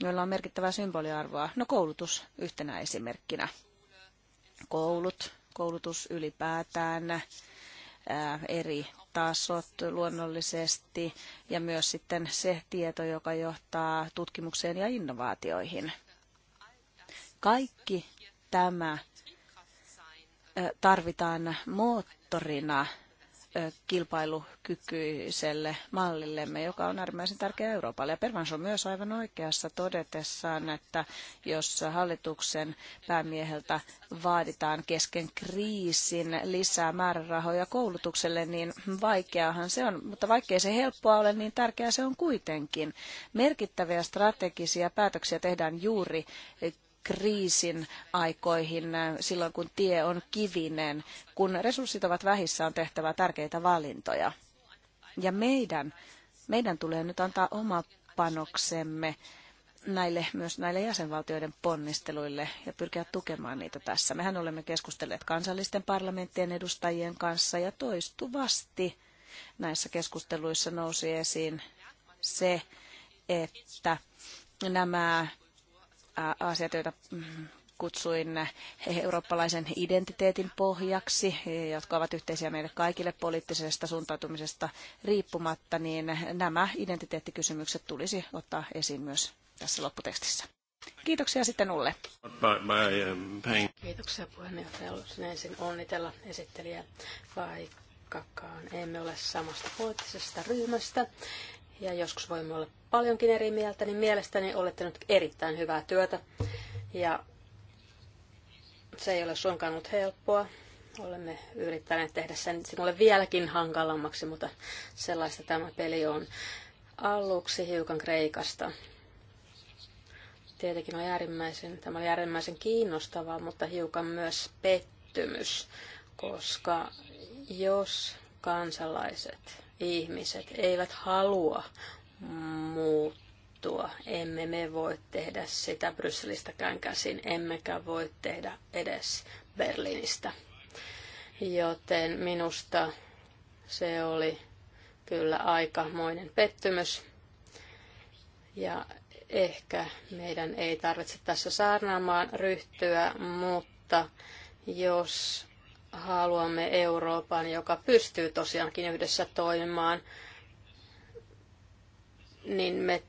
joilla on merkittävää symboliarvoa. No koulutus yhtenä esimerkkinä. Koulut, koulutus ylipäätään, eri tasot luonnollisesti ja myös sitten se tieto, joka johtaa tutkimukseen ja innovaatioihin. Kaikki tämä tarvitaan moottorina kilpailukykyiselle mallillemme, joka on äärimmäisen tärkeä Euroopalle. Ja Pervans on myös aivan oikeassa todetessaan, että jos hallituksen päämieheltä vaaditaan kesken kriisin lisää määrärahoja koulutukselle, niin vaikeahan se on. Mutta vaikkei se helppoa ole, niin tärkeää se on kuitenkin. Merkittäviä strategisia päätöksiä tehdään juuri kriisin aikoihin, äh, silloin kun tie on kivinen, kun resurssit ovat vähissä, on tehtävä tärkeitä valintoja. Ja meidän, meidän tulee nyt antaa oma panoksemme näille, myös näille jäsenvaltioiden ponnisteluille ja pyrkiä tukemaan niitä tässä. Mehän olemme keskustelleet kansallisten parlamenttien edustajien kanssa ja toistuvasti näissä keskusteluissa nousi esiin se, että nämä asiat, joita mm, kutsuin eurooppalaisen identiteetin pohjaksi, jotka ovat yhteisiä meille kaikille poliittisesta suuntautumisesta riippumatta, niin nämä identiteettikysymykset tulisi ottaa esiin myös tässä lopputekstissä. Kiitoksia sitten Ulle. Kiitoksia puheenjohtaja. Haluaisin ensin onnitella esittelijää, vaikkakaan emme ole samasta poliittisesta ryhmästä, ja joskus voimme olla paljonkin eri mieltä, niin mielestäni olette nyt erittäin hyvää työtä. Ja se ei ole suinkaan ollut helppoa. Olemme yrittäneet tehdä sen sinulle vieläkin hankalammaksi, mutta sellaista tämä peli on. Aluksi hiukan Kreikasta. Tietenkin on äärimmäisen, tämä oli äärimmäisen kiinnostavaa, mutta hiukan myös pettymys, koska jos kansalaiset ihmiset eivät halua muuttua. Emme me voi tehdä sitä Brysselistäkään käsin, emmekä voi tehdä edes Berliinistä. Joten minusta se oli kyllä aikamoinen pettymys. Ja ehkä meidän ei tarvitse tässä saarnaamaan ryhtyä, mutta jos haluamme Euroopan, joka pystyy tosiaankin yhdessä toimimaan, niin me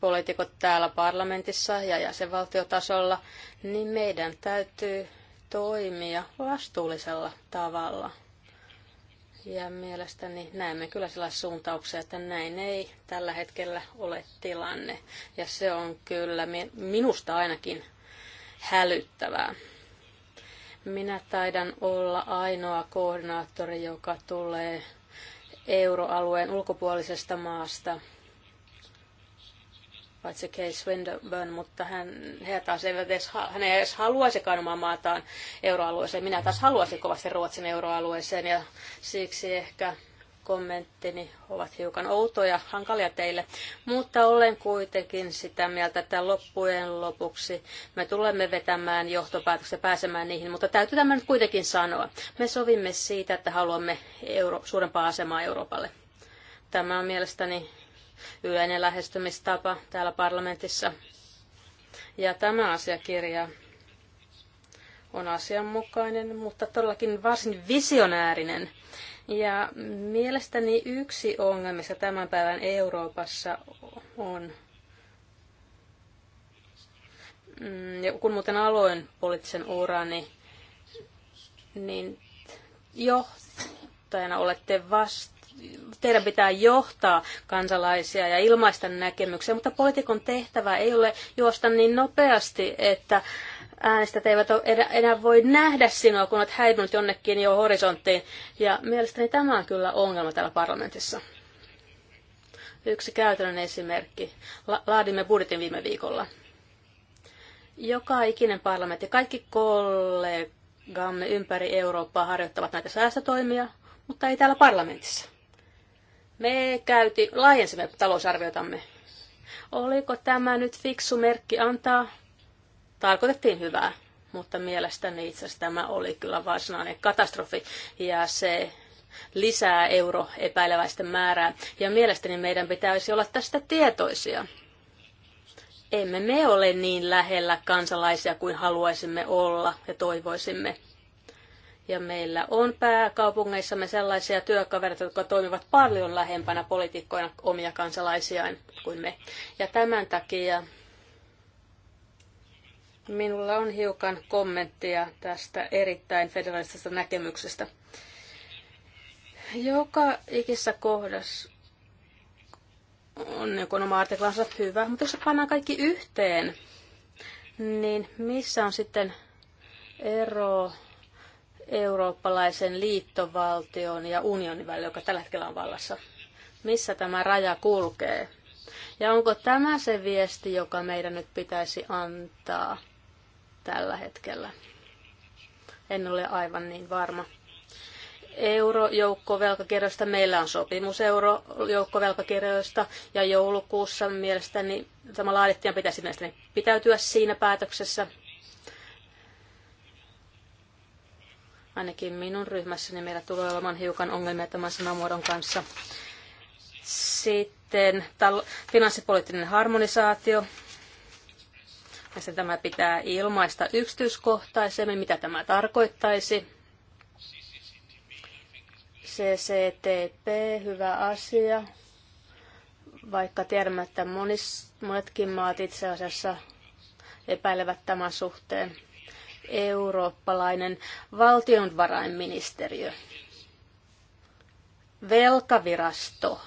poliitikot täällä parlamentissa ja jäsenvaltiotasolla, niin meidän täytyy toimia vastuullisella tavalla. Ja mielestäni näemme kyllä sellaisia suuntauksia, että näin ei tällä hetkellä ole tilanne. Ja se on kyllä minusta ainakin hälyttävää. Minä taidan olla ainoa koordinaattori, joka tulee euroalueen ulkopuolisesta maasta, paitsi Case Swinburne, mutta hän, he taas eivät edes, hän ei edes haluaisikaan omaa maataan euroalueeseen. Minä taas haluaisin kovasti Ruotsin euroalueeseen ja siksi ehkä kommenttini ovat hiukan outoja, hankalia teille, mutta olen kuitenkin sitä mieltä, että loppujen lopuksi me tulemme vetämään johtopäätöksiä pääsemään niihin, mutta täytyy tämä nyt kuitenkin sanoa. Me sovimme siitä, että haluamme euro, suurempaa asemaa Euroopalle. Tämä on mielestäni yleinen lähestymistapa täällä parlamentissa. Ja tämä asiakirja on asianmukainen, mutta todellakin varsin visionäärinen ja mielestäni yksi ongelmista tämän päivän Euroopassa on, mm, ja kun muuten aloin poliittisen urani, niin johtajana olette vasta teidän pitää johtaa kansalaisia ja ilmaista näkemyksiä, mutta poliitikon tehtävä ei ole juosta niin nopeasti, että äänestäjät eivät enää voi nähdä sinua, kun olet häipynyt jonnekin jo horisonttiin. Ja mielestäni tämä on kyllä ongelma täällä parlamentissa. Yksi käytännön esimerkki. Laadimme budjetin viime viikolla. Joka ikinen parlamentti, kaikki kollegamme ympäri Eurooppaa harjoittavat näitä säästötoimia, mutta ei täällä parlamentissa. Me käyti, laajensimme talousarviotamme. Oliko tämä nyt fiksu merkki antaa tarkoitettiin hyvää, mutta mielestäni itse asiassa tämä oli kyllä varsinainen katastrofi ja se lisää euroepäileväisten määrää. Ja mielestäni meidän pitäisi olla tästä tietoisia. Emme me ole niin lähellä kansalaisia kuin haluaisimme olla ja toivoisimme. Ja meillä on pääkaupungeissamme sellaisia työkavereita, jotka toimivat paljon lähempänä poliitikkoina omia kansalaisiaan kuin me. Ja tämän takia Minulla on hiukan kommenttia tästä erittäin federalistisesta näkemyksestä. Joka ikissä kohdassa on niin oma artiklansa hyvä, mutta jos se pannaan kaikki yhteen, niin missä on sitten ero eurooppalaisen liittovaltion ja unionin välillä, joka tällä hetkellä on vallassa? Missä tämä raja kulkee? Ja onko tämä se viesti, joka meidän nyt pitäisi antaa? tällä hetkellä. En ole aivan niin varma. Eurojoukkovelkakirjoista meillä on sopimus eurojoukkovelkakirjoista ja joulukuussa mielestäni tämä laadittiin pitäisi mielestäni pitäytyä siinä päätöksessä. Ainakin minun ryhmässäni meillä tulee olemaan hiukan ongelmia tämän sanamuodon kanssa. Sitten finanssipoliittinen harmonisaatio. Ja se tämä pitää ilmaista yksityiskohtaisemmin, mitä tämä tarkoittaisi. CCTP, hyvä asia. Vaikka tiedämme, että monis, monetkin maat itse asiassa epäilevät tämän suhteen. Eurooppalainen valtionvarainministeriö. Velkavirasto.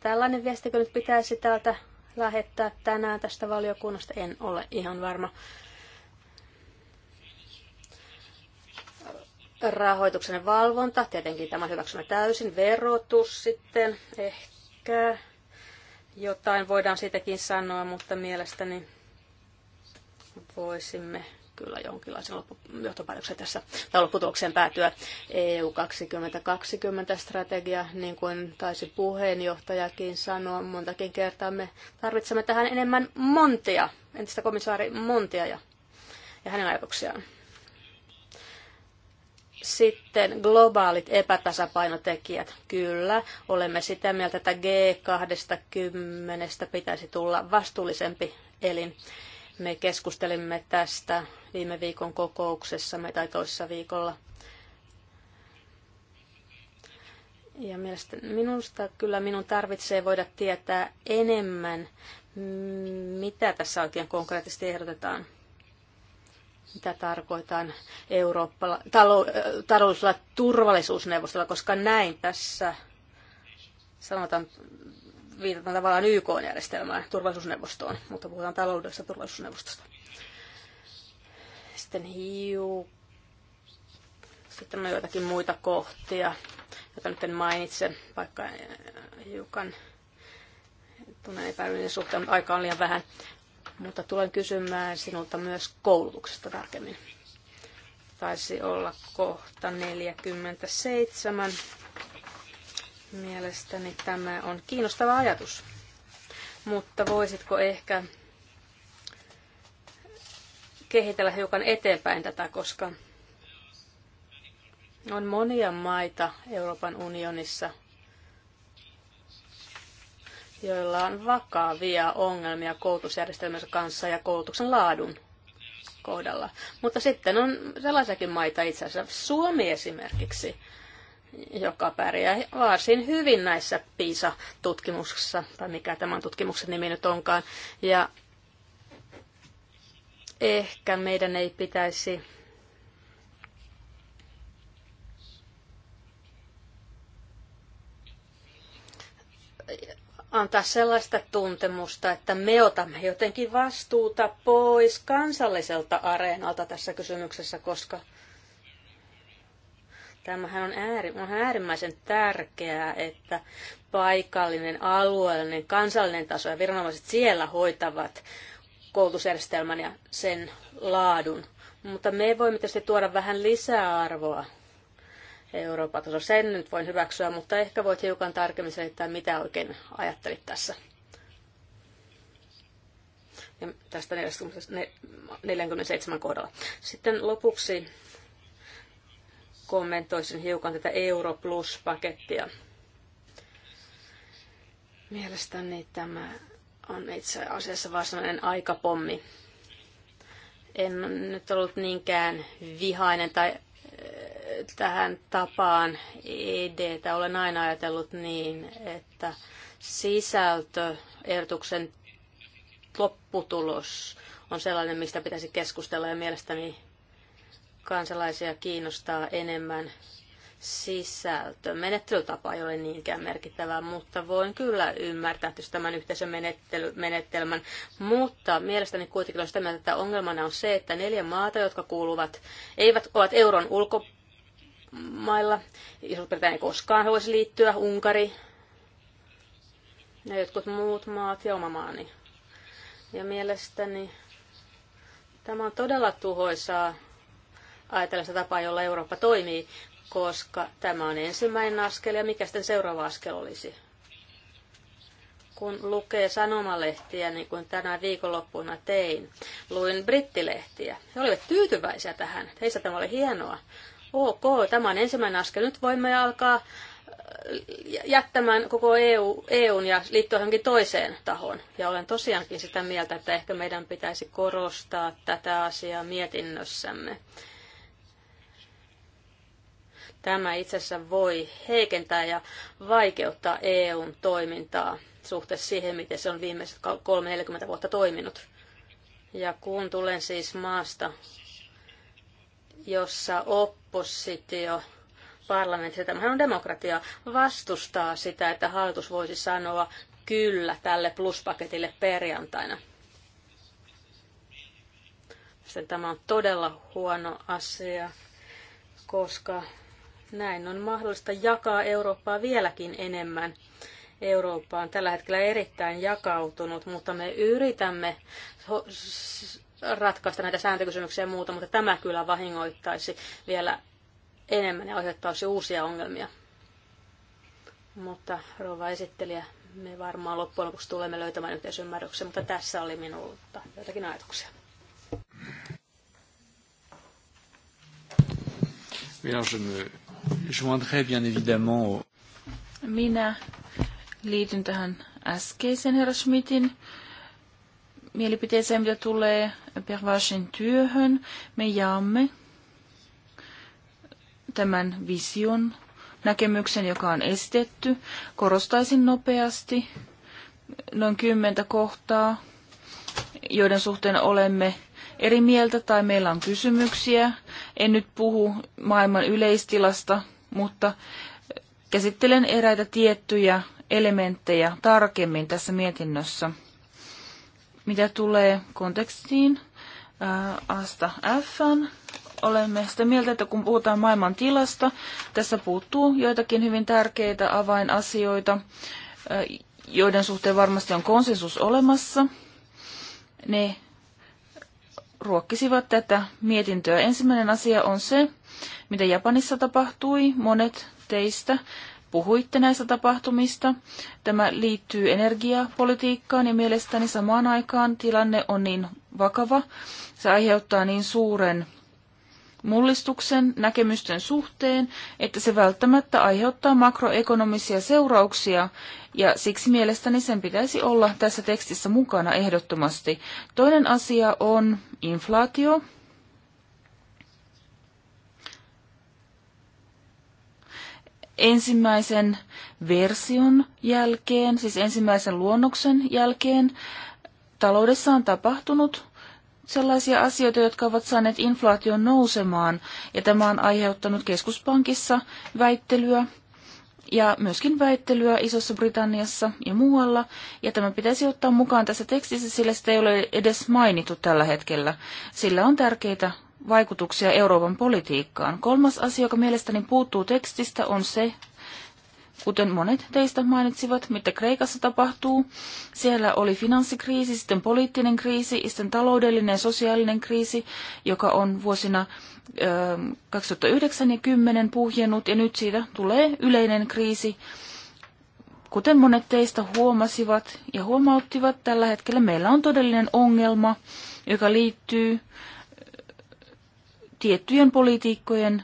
Tällainen viestikö nyt pitäisi täältä lähettää tänään tästä valiokunnasta, en ole ihan varma. Rahoituksen valvonta, tietenkin tämä hyväksymme täysin. Verotus sitten ehkä jotain voidaan siitäkin sanoa, mutta mielestäni voisimme kyllä jonkinlaisen johtopäätöksen tässä tai lopputulokseen päätyä. EU 2020 strategia, niin kuin taisi puheenjohtajakin sanoa montakin kertaa, me tarvitsemme tähän enemmän Montia, entistä komissaari Montia ja, ja hänen ajatuksiaan. Sitten globaalit epätasapainotekijät. Kyllä, olemme sitä mieltä, että G20 pitäisi tulla vastuullisempi elin. Me keskustelimme tästä viime viikon kokouksessa tai toissa viikolla. Ja mielestä, minusta kyllä minun tarvitsee voida tietää enemmän, mitä tässä oikein konkreettisesti ehdotetaan. Mitä tarkoitan Eurooppala, talou, taloudellisella turvallisuusneuvostolla, koska näin tässä sanotaan viitataan tavallaan YK-järjestelmään, turvallisuusneuvostoon, mutta puhutaan taloudessa turvallisuusneuvostosta. Sitten hiu. Sitten on joitakin muita kohtia, joita nyt en mainitse, vaikka eh, hiukan tunnen epäilyn suhteen, mutta aika on liian vähän. Mutta tulen kysymään sinulta myös koulutuksesta tarkemmin. Taisi olla kohta 47 Mielestäni tämä on kiinnostava ajatus. Mutta voisitko ehkä kehitellä hiukan eteenpäin tätä, koska on monia maita Euroopan unionissa, joilla on vakavia ongelmia koulutusjärjestelmänsä kanssa ja koulutuksen laadun kohdalla. Mutta sitten on sellaisiakin maita itse asiassa, Suomi esimerkiksi, joka pärjää varsin hyvin näissä PISA-tutkimuksissa, tai mikä tämän tutkimuksen nimi nyt onkaan. Ja ehkä meidän ei pitäisi antaa sellaista tuntemusta, että me otamme jotenkin vastuuta pois kansalliselta areenalta tässä kysymyksessä, koska Tämähän on, ääri, on äärimmäisen tärkeää, että paikallinen, alueellinen, kansallinen taso ja viranomaiset siellä hoitavat koulutusjärjestelmän ja sen laadun. Mutta me voimme tietysti tuoda vähän lisäarvoa Euroopan tasolla. Sen nyt voin hyväksyä, mutta ehkä voit hiukan tarkemmin selittää, mitä oikein ajattelit tässä. Ja tästä 47 kohdalla. Sitten lopuksi kommentoisin hiukan tätä Euro Plus-pakettia. Mielestäni tämä on itse asiassa varsinainen aikapommi. En nyt ollut niinkään vihainen tai eh, tähän tapaan edetä. Olen aina ajatellut niin, että sisältö, ehdotuksen lopputulos on sellainen, mistä pitäisi keskustella ja mielestäni kansalaisia kiinnostaa enemmän sisältö. Menettelytapa ei ole niinkään merkittävää, mutta voin kyllä ymmärtää että tämän yhteisön menettely, menettelmän. Mutta mielestäni kuitenkin on sitä mieltä, että ongelmana on se, että neljä maata, jotka kuuluvat, eivät ovat euron ulkomailla. Iso-Britannia ei koskaan voisi liittyä, Unkari ja jotkut muut maat ja oma maani. Ja mielestäni tämä on todella tuhoisaa ajatella sitä tapaa, jolla Eurooppa toimii, koska tämä on ensimmäinen askel ja mikä sitten seuraava askel olisi. Kun lukee sanomalehtiä, niin kuin tänään viikonloppuna tein, luin brittilehtiä. He olivat tyytyväisiä tähän. Heistä tämä oli hienoa. Ok, tämä on ensimmäinen askel. Nyt voimme alkaa äh, jättämään koko EU, EUn ja liittyä johonkin toiseen tahoon. Ja olen tosiaankin sitä mieltä, että ehkä meidän pitäisi korostaa tätä asiaa mietinnössämme. Tämä itse asiassa voi heikentää ja vaikeuttaa EUn toimintaa suhteessa siihen, miten se on viimeiset 30 40 vuotta toiminut. Ja kun tulen siis maasta, jossa oppositio parlamentissa, tämä on demokratia, vastustaa sitä, että hallitus voisi sanoa kyllä tälle pluspaketille perjantaina. Sitten tämä on todella huono asia, koska näin on mahdollista jakaa Eurooppaa vieläkin enemmän. Eurooppa on tällä hetkellä erittäin jakautunut, mutta me yritämme ratkaista näitä sääntökysymyksiä ja muuta, mutta tämä kyllä vahingoittaisi vielä enemmän ja aiheuttaisi uusia ongelmia. Mutta rouva esittelijä, me varmaan loppujen lopuksi tulemme löytämään yhteisymmärryksen, mutta tässä oli minulta jotakin ajatuksia. Bien, je me Joindrai bien évidemment. Minä liityn tähän äskeisen herra Schmidtin mielipiteeseen, mitä tulee Pervasin työhön. Me jaamme tämän vision näkemyksen, joka on esitetty. Korostaisin nopeasti noin kymmentä kohtaa, joiden suhteen olemme eri mieltä tai meillä on kysymyksiä. En nyt puhu maailman yleistilasta, mutta käsittelen eräitä tiettyjä elementtejä tarkemmin tässä mietinnössä. Mitä tulee kontekstiin äh, Asta F, olemme sitä mieltä, että kun puhutaan maailman tilasta, tässä puuttuu joitakin hyvin tärkeitä avainasioita, äh, joiden suhteen varmasti on konsensus olemassa. Ne ruokkisivat tätä mietintöä. Ensimmäinen asia on se, mitä Japanissa tapahtui. Monet teistä puhuitte näistä tapahtumista. Tämä liittyy energiapolitiikkaan ja mielestäni samaan aikaan tilanne on niin vakava. Se aiheuttaa niin suuren mullistuksen näkemysten suhteen, että se välttämättä aiheuttaa makroekonomisia seurauksia, ja siksi mielestäni sen pitäisi olla tässä tekstissä mukana ehdottomasti. Toinen asia on inflaatio. Ensimmäisen version jälkeen, siis ensimmäisen luonnoksen jälkeen, taloudessa on tapahtunut sellaisia asioita, jotka ovat saaneet inflaation nousemaan, ja tämä on aiheuttanut keskuspankissa väittelyä ja myöskin väittelyä Isossa Britanniassa ja muualla, ja tämä pitäisi ottaa mukaan tässä tekstissä, sillä sitä ei ole edes mainittu tällä hetkellä. Sillä on tärkeitä vaikutuksia Euroopan politiikkaan. Kolmas asia, joka mielestäni puuttuu tekstistä, on se, kuten monet teistä mainitsivat, mitä Kreikassa tapahtuu. Siellä oli finanssikriisi, sitten poliittinen kriisi, sitten taloudellinen ja sosiaalinen kriisi, joka on vuosina 2009 ähm, ja 2010 puhjennut, ja nyt siitä tulee yleinen kriisi. Kuten monet teistä huomasivat ja huomauttivat, tällä hetkellä meillä on todellinen ongelma, joka liittyy äh, tiettyjen politiikkojen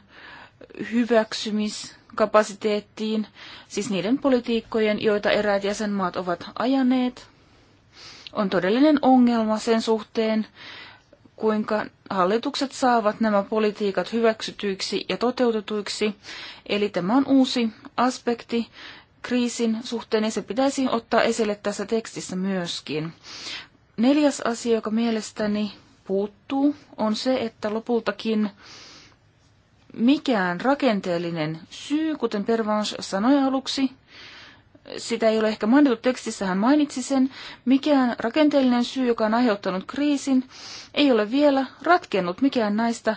hyväksymis- kapasiteettiin, siis niiden politiikkojen, joita eräät jäsenmaat ovat ajaneet, on todellinen ongelma sen suhteen, kuinka hallitukset saavat nämä politiikat hyväksytyiksi ja toteutetuiksi. Eli tämä on uusi aspekti kriisin suhteen ja se pitäisi ottaa esille tässä tekstissä myöskin. Neljäs asia, joka mielestäni puuttuu, on se, että lopultakin mikään rakenteellinen syy, kuten Pervans sanoi aluksi, sitä ei ole ehkä mainittu tekstissä, hän mainitsi sen, mikään rakenteellinen syy, joka on aiheuttanut kriisin, ei ole vielä ratkennut mikään näistä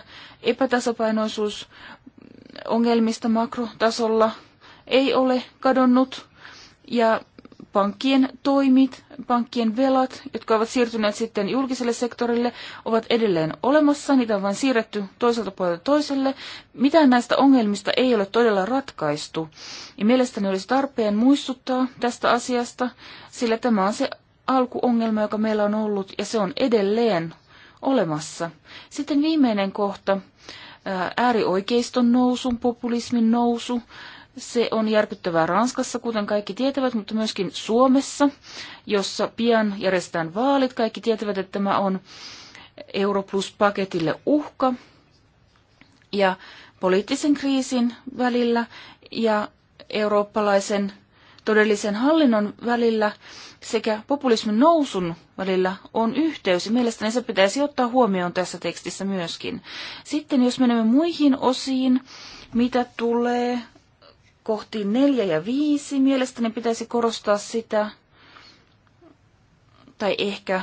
ongelmista makrotasolla, ei ole kadonnut ja pankkien toimit, pankkien velat, jotka ovat siirtyneet sitten julkiselle sektorille, ovat edelleen olemassa. Niitä on vain siirretty toiselta puolelta toiselle. Mitään näistä ongelmista ei ole todella ratkaistu. Ja mielestäni olisi tarpeen muistuttaa tästä asiasta, sillä tämä on se alkuongelma, joka meillä on ollut, ja se on edelleen olemassa. Sitten viimeinen kohta, äärioikeiston nousun, populismin nousu, se on järkyttävää Ranskassa, kuten kaikki tietävät, mutta myöskin Suomessa, jossa pian järjestetään vaalit. Kaikki tietävät, että tämä on Europlus-paketille uhka ja poliittisen kriisin välillä ja eurooppalaisen todellisen hallinnon välillä sekä populismin nousun välillä on yhteys. mielestäni se pitäisi ottaa huomioon tässä tekstissä myöskin. Sitten jos menemme muihin osiin, mitä tulee kohti neljä ja viisi. Mielestäni pitäisi korostaa sitä, tai ehkä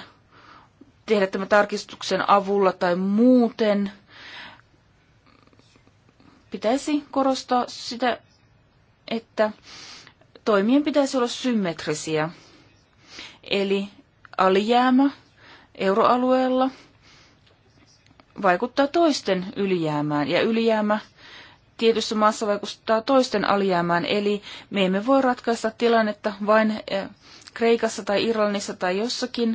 tehdä tämän tarkistuksen avulla tai muuten. Pitäisi korostaa sitä, että toimien pitäisi olla symmetrisiä. Eli alijäämä euroalueella vaikuttaa toisten ylijäämään ja ylijäämä tietyssä maassa vaikuttaa toisten alijäämään. Eli me emme voi ratkaista tilannetta vain eh, Kreikassa tai Irlannissa tai jossakin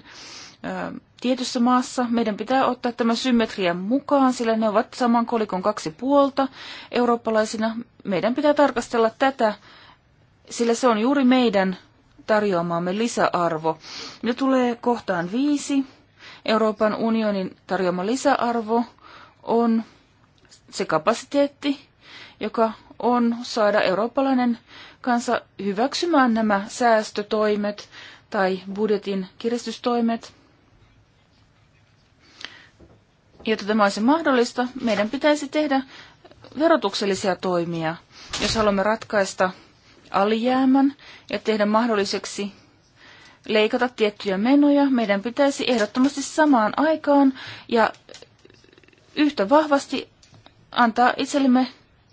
eh, tietyssä maassa. Meidän pitää ottaa tämä symmetria mukaan, sillä ne ovat saman kolikon kaksi puolta eurooppalaisina. Meidän pitää tarkastella tätä, sillä se on juuri meidän tarjoamaamme lisäarvo. Ne tulee kohtaan viisi. Euroopan unionin tarjoama lisäarvo on se kapasiteetti, joka on saada eurooppalainen kansa hyväksymään nämä säästötoimet tai budjetin kiristystoimet. Jotta tämä olisi mahdollista, meidän pitäisi tehdä verotuksellisia toimia, jos haluamme ratkaista alijäämän ja tehdä mahdolliseksi leikata tiettyjä menoja, meidän pitäisi ehdottomasti samaan aikaan ja yhtä vahvasti antaa itsellemme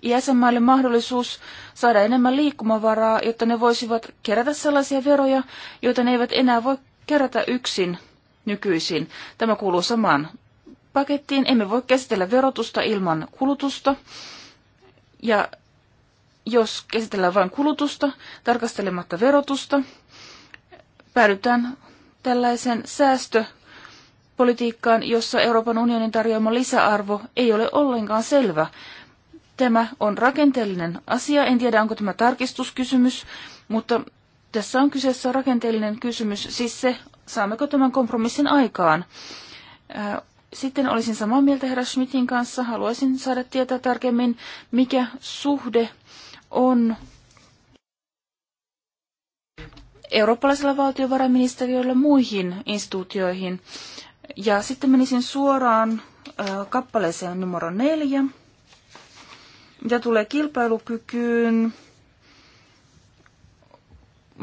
jäsenmaille mahdollisuus saada enemmän liikkumavaraa, jotta ne voisivat kerätä sellaisia veroja, joita ne eivät enää voi kerätä yksin nykyisin. Tämä kuuluu samaan pakettiin. Emme voi käsitellä verotusta ilman kulutusta. Ja jos käsitellään vain kulutusta, tarkastelematta verotusta, päädytään tällaisen säästöpolitiikkaan, jossa Euroopan unionin tarjoama lisäarvo ei ole ollenkaan selvä. Tämä on rakenteellinen asia. En tiedä, onko tämä tarkistuskysymys, mutta tässä on kyseessä rakenteellinen kysymys, siis se, saammeko tämän kompromissin aikaan. Sitten olisin samaa mieltä herra Schmidtin kanssa. Haluaisin saada tietää tarkemmin, mikä suhde on eurooppalaisella valtiovarainministeriöllä muihin instituutioihin. Ja sitten menisin suoraan kappaleeseen numero neljä. Mitä tulee kilpailukykyyn,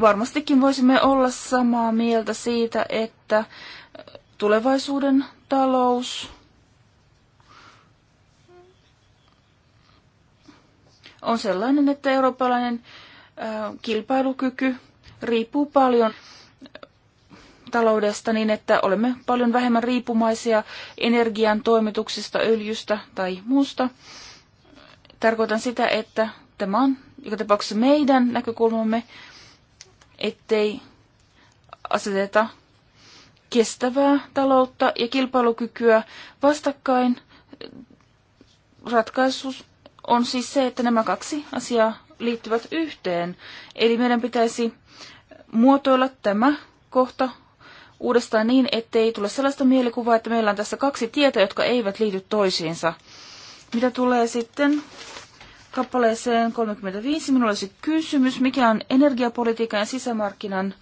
varmastikin voisimme olla samaa mieltä siitä, että tulevaisuuden talous on sellainen, että eurooppalainen kilpailukyky riippuu paljon taloudesta niin, että olemme paljon vähemmän riippumaisia energian toimituksista, öljystä tai muusta. Tarkoitan sitä, että tämä on joka tapauksessa meidän näkökulmamme, ettei aseteta kestävää taloutta ja kilpailukykyä vastakkain. Ratkaisu on siis se, että nämä kaksi asiaa liittyvät yhteen. Eli meidän pitäisi muotoilla tämä kohta uudestaan niin, ettei tule sellaista mielikuvaa, että meillä on tässä kaksi tietä, jotka eivät liity toisiinsa. Mitä tulee sitten kappaleeseen 35, minulla olisi kysymys, mikä on energiapolitiikan ja sisämarkkinan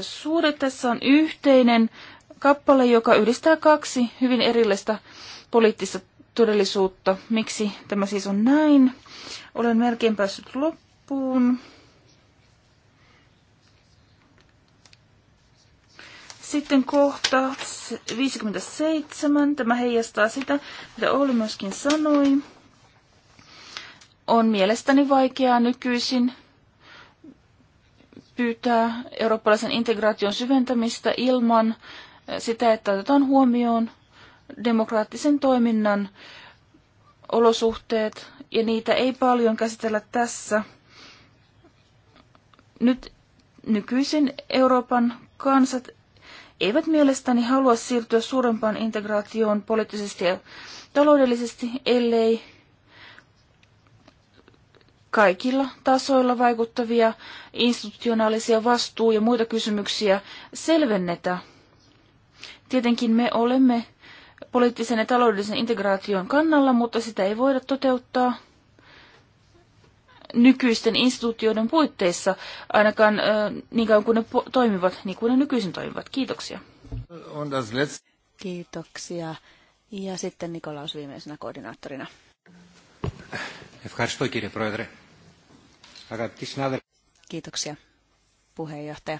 suhde. Tässä on yhteinen kappale, joka yhdistää kaksi hyvin erillistä poliittista todellisuutta. Miksi tämä siis on näin? Olen melkein päässyt loppuun. Sitten kohta 57, tämä heijastaa sitä, mitä oli myöskin sanoi. On mielestäni vaikeaa nykyisin pyytää eurooppalaisen integraation syventämistä ilman sitä, että otetaan huomioon demokraattisen toiminnan olosuhteet, ja niitä ei paljon käsitellä tässä. Nyt nykyisin Euroopan kansat eivät mielestäni halua siirtyä suurempaan integraatioon poliittisesti ja taloudellisesti, ellei kaikilla tasoilla vaikuttavia institutionaalisia vastuu- ja muita kysymyksiä selvennetä. Tietenkin me olemme poliittisen ja taloudellisen integraation kannalla, mutta sitä ei voida toteuttaa nykyisten instituutioiden puitteissa, ainakaan niin kauan kuin ne toimivat, niin kuin ne nykyisin toimivat. Kiitoksia. Kiitoksia. Ja sitten Nikolaus viimeisenä koordinaattorina. Kiitoksia, puheenjohtaja.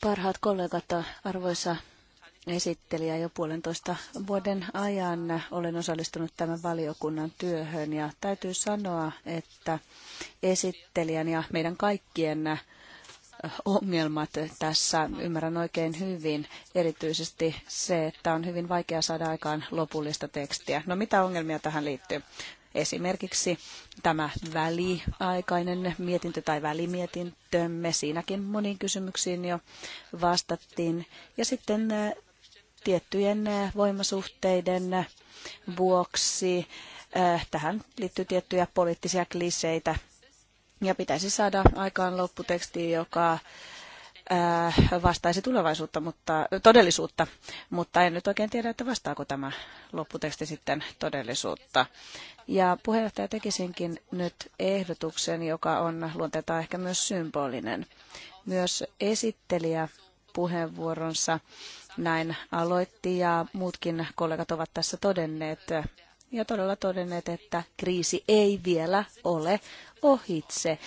Parhaat kollegat, arvoisa esittelijä jo puolentoista vuoden ajan. Olen osallistunut tämän valiokunnan työhön ja täytyy sanoa, että esittelijän ja meidän kaikkien äh, ongelmat tässä ymmärrän oikein hyvin, erityisesti se, että on hyvin vaikea saada aikaan lopullista tekstiä. No mitä ongelmia tähän liittyy? Esimerkiksi tämä väliaikainen mietintö tai välimietintömme, siinäkin moniin kysymyksiin jo vastattiin. Ja sitten äh, tiettyjen eh, voimasuhteiden vuoksi. Eh, tähän liittyy tiettyjä poliittisia kliseitä ja pitäisi saada aikaan lopputeksti, joka eh, vastaisi tulevaisuutta, mutta, todellisuutta, mutta en nyt oikein tiedä, että vastaako tämä lopputeksti sitten todellisuutta. Ja puheenjohtaja tekisinkin nyt ehdotuksen, joka on luonteeltaan ehkä myös symbolinen. Myös esittelijä puheenvuoronsa näin aloitti ja muutkin kollegat ovat tässä todenneet ja todella todenneet, että kriisi ei vielä ole ohitse.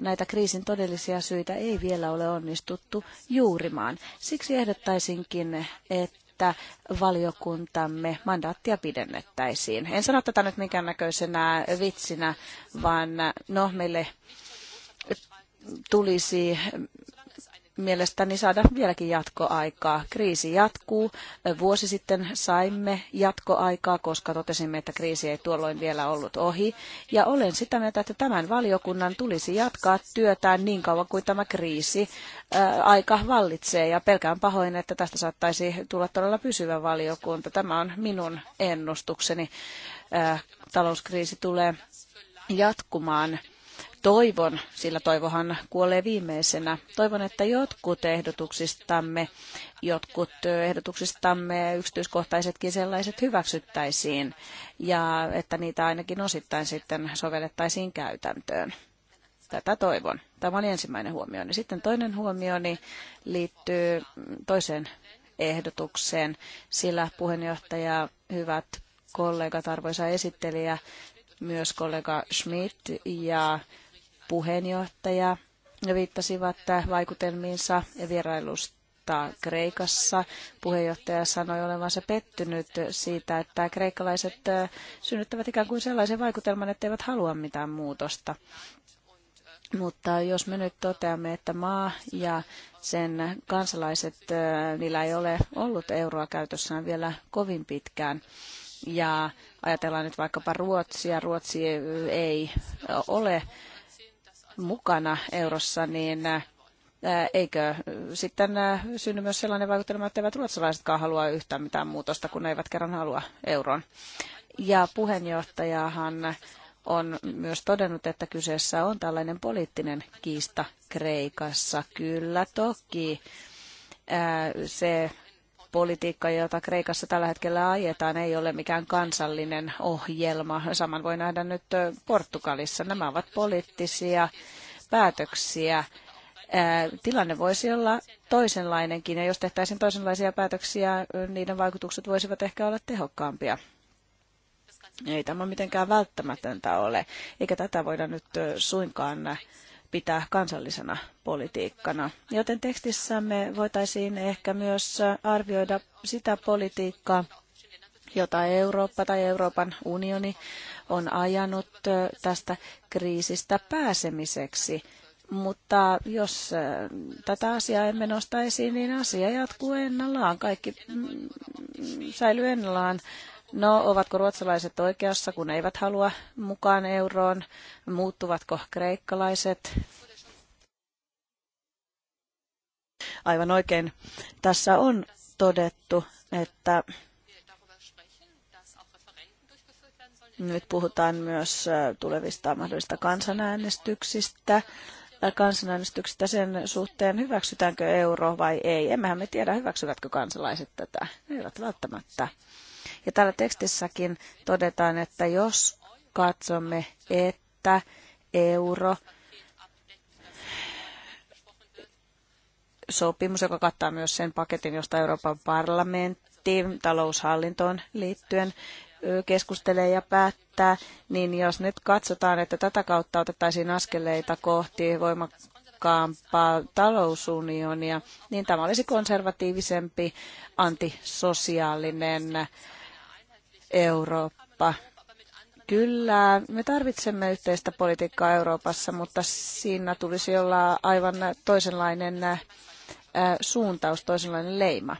Näitä kriisin todellisia syitä ei vielä ole onnistuttu juurimaan. Siksi ehdottaisinkin, että valiokuntamme mandaattia pidennettäisiin. En sano tätä nyt minkäännäköisenä vitsinä, vaan no, meille tulisi mielestäni saada vieläkin jatkoaikaa. Kriisi jatkuu. Vuosi sitten saimme jatkoaikaa, koska totesimme, että kriisi ei tuolloin vielä ollut ohi. Ja olen sitä mieltä, että tämän valiokunnan tulisi jatkaa työtään niin kauan kuin tämä kriisi aika vallitsee. Ja pelkään pahoin, että tästä saattaisi tulla todella pysyvä valiokunta. Tämä on minun ennustukseni. Talouskriisi tulee jatkumaan toivon, sillä toivohan kuolee viimeisenä, toivon, että jotkut ehdotuksistamme, jotkut ehdotuksistamme yksityiskohtaisetkin sellaiset hyväksyttäisiin ja että niitä ainakin osittain sitten sovellettaisiin käytäntöön. Tätä toivon. Tämä oli ensimmäinen huomioni. Sitten toinen huomioni liittyy toiseen ehdotukseen, sillä puheenjohtaja, hyvät kollegat, arvoisa esittelijä, myös kollega Schmidt ja puheenjohtaja viittasivat vaikutelmiinsa vierailusta Kreikassa. Puheenjohtaja sanoi olevansa pettynyt siitä, että kreikkalaiset äh, synnyttävät ikään kuin sellaisen vaikutelman, että eivät halua mitään muutosta. Mutta jos me nyt toteamme, että maa ja sen kansalaiset, äh, niillä ei ole ollut euroa käytössään vielä kovin pitkään, ja ajatellaan nyt vaikkapa Ruotsia, Ruotsi ei ole mukana eurossa, niin äh, eikö sitten äh, synny myös sellainen vaikutelma, että eivät ruotsalaisetkaan halua yhtään mitään muutosta, kun eivät kerran halua euron. Ja puheenjohtajahan on myös todennut, että kyseessä on tällainen poliittinen kiista Kreikassa. Kyllä toki äh, se politiikka, jota Kreikassa tällä hetkellä ajetaan, ei ole mikään kansallinen ohjelma. Saman voi nähdä nyt Portugalissa. Nämä ovat poliittisia päätöksiä. Tilanne voisi olla toisenlainenkin, ja jos tehtäisiin toisenlaisia päätöksiä, niiden vaikutukset voisivat ehkä olla tehokkaampia. Ei tämä mitenkään välttämätöntä ole, eikä tätä voida nyt suinkaan pitää kansallisena politiikkana. Joten tekstissämme voitaisiin ehkä myös arvioida sitä politiikkaa, jota Eurooppa tai Euroopan unioni on ajanut tästä kriisistä pääsemiseksi. Mutta jos tätä asiaa emme nosta esiin, niin asia jatkuu ennallaan. Kaikki mm, säilyy ennallaan. No, ovatko ruotsalaiset oikeassa, kun eivät halua mukaan euroon? Muuttuvatko kreikkalaiset? Aivan oikein. Tässä on todettu, että nyt puhutaan myös äh, tulevista mahdollisista kansanäänestyksistä äh, kansanäänestyksistä sen suhteen, hyväksytäänkö euro vai ei. Emmehän me tiedä, hyväksyvätkö kansalaiset tätä. Ne eivät välttämättä. Ja täällä tekstissäkin todetaan, että jos katsomme, että euro sopimus, joka kattaa myös sen paketin, josta Euroopan parlamentti taloushallintoon liittyen keskustelee ja päättää, niin jos nyt katsotaan, että tätä kautta otettaisiin askeleita kohti voimakkaampaa, tehokkaampaa talousunionia, niin tämä olisi konservatiivisempi, antisosiaalinen Eurooppa. Kyllä, me tarvitsemme yhteistä politiikkaa Euroopassa, mutta siinä tulisi olla aivan toisenlainen äh, suuntaus, toisenlainen leima.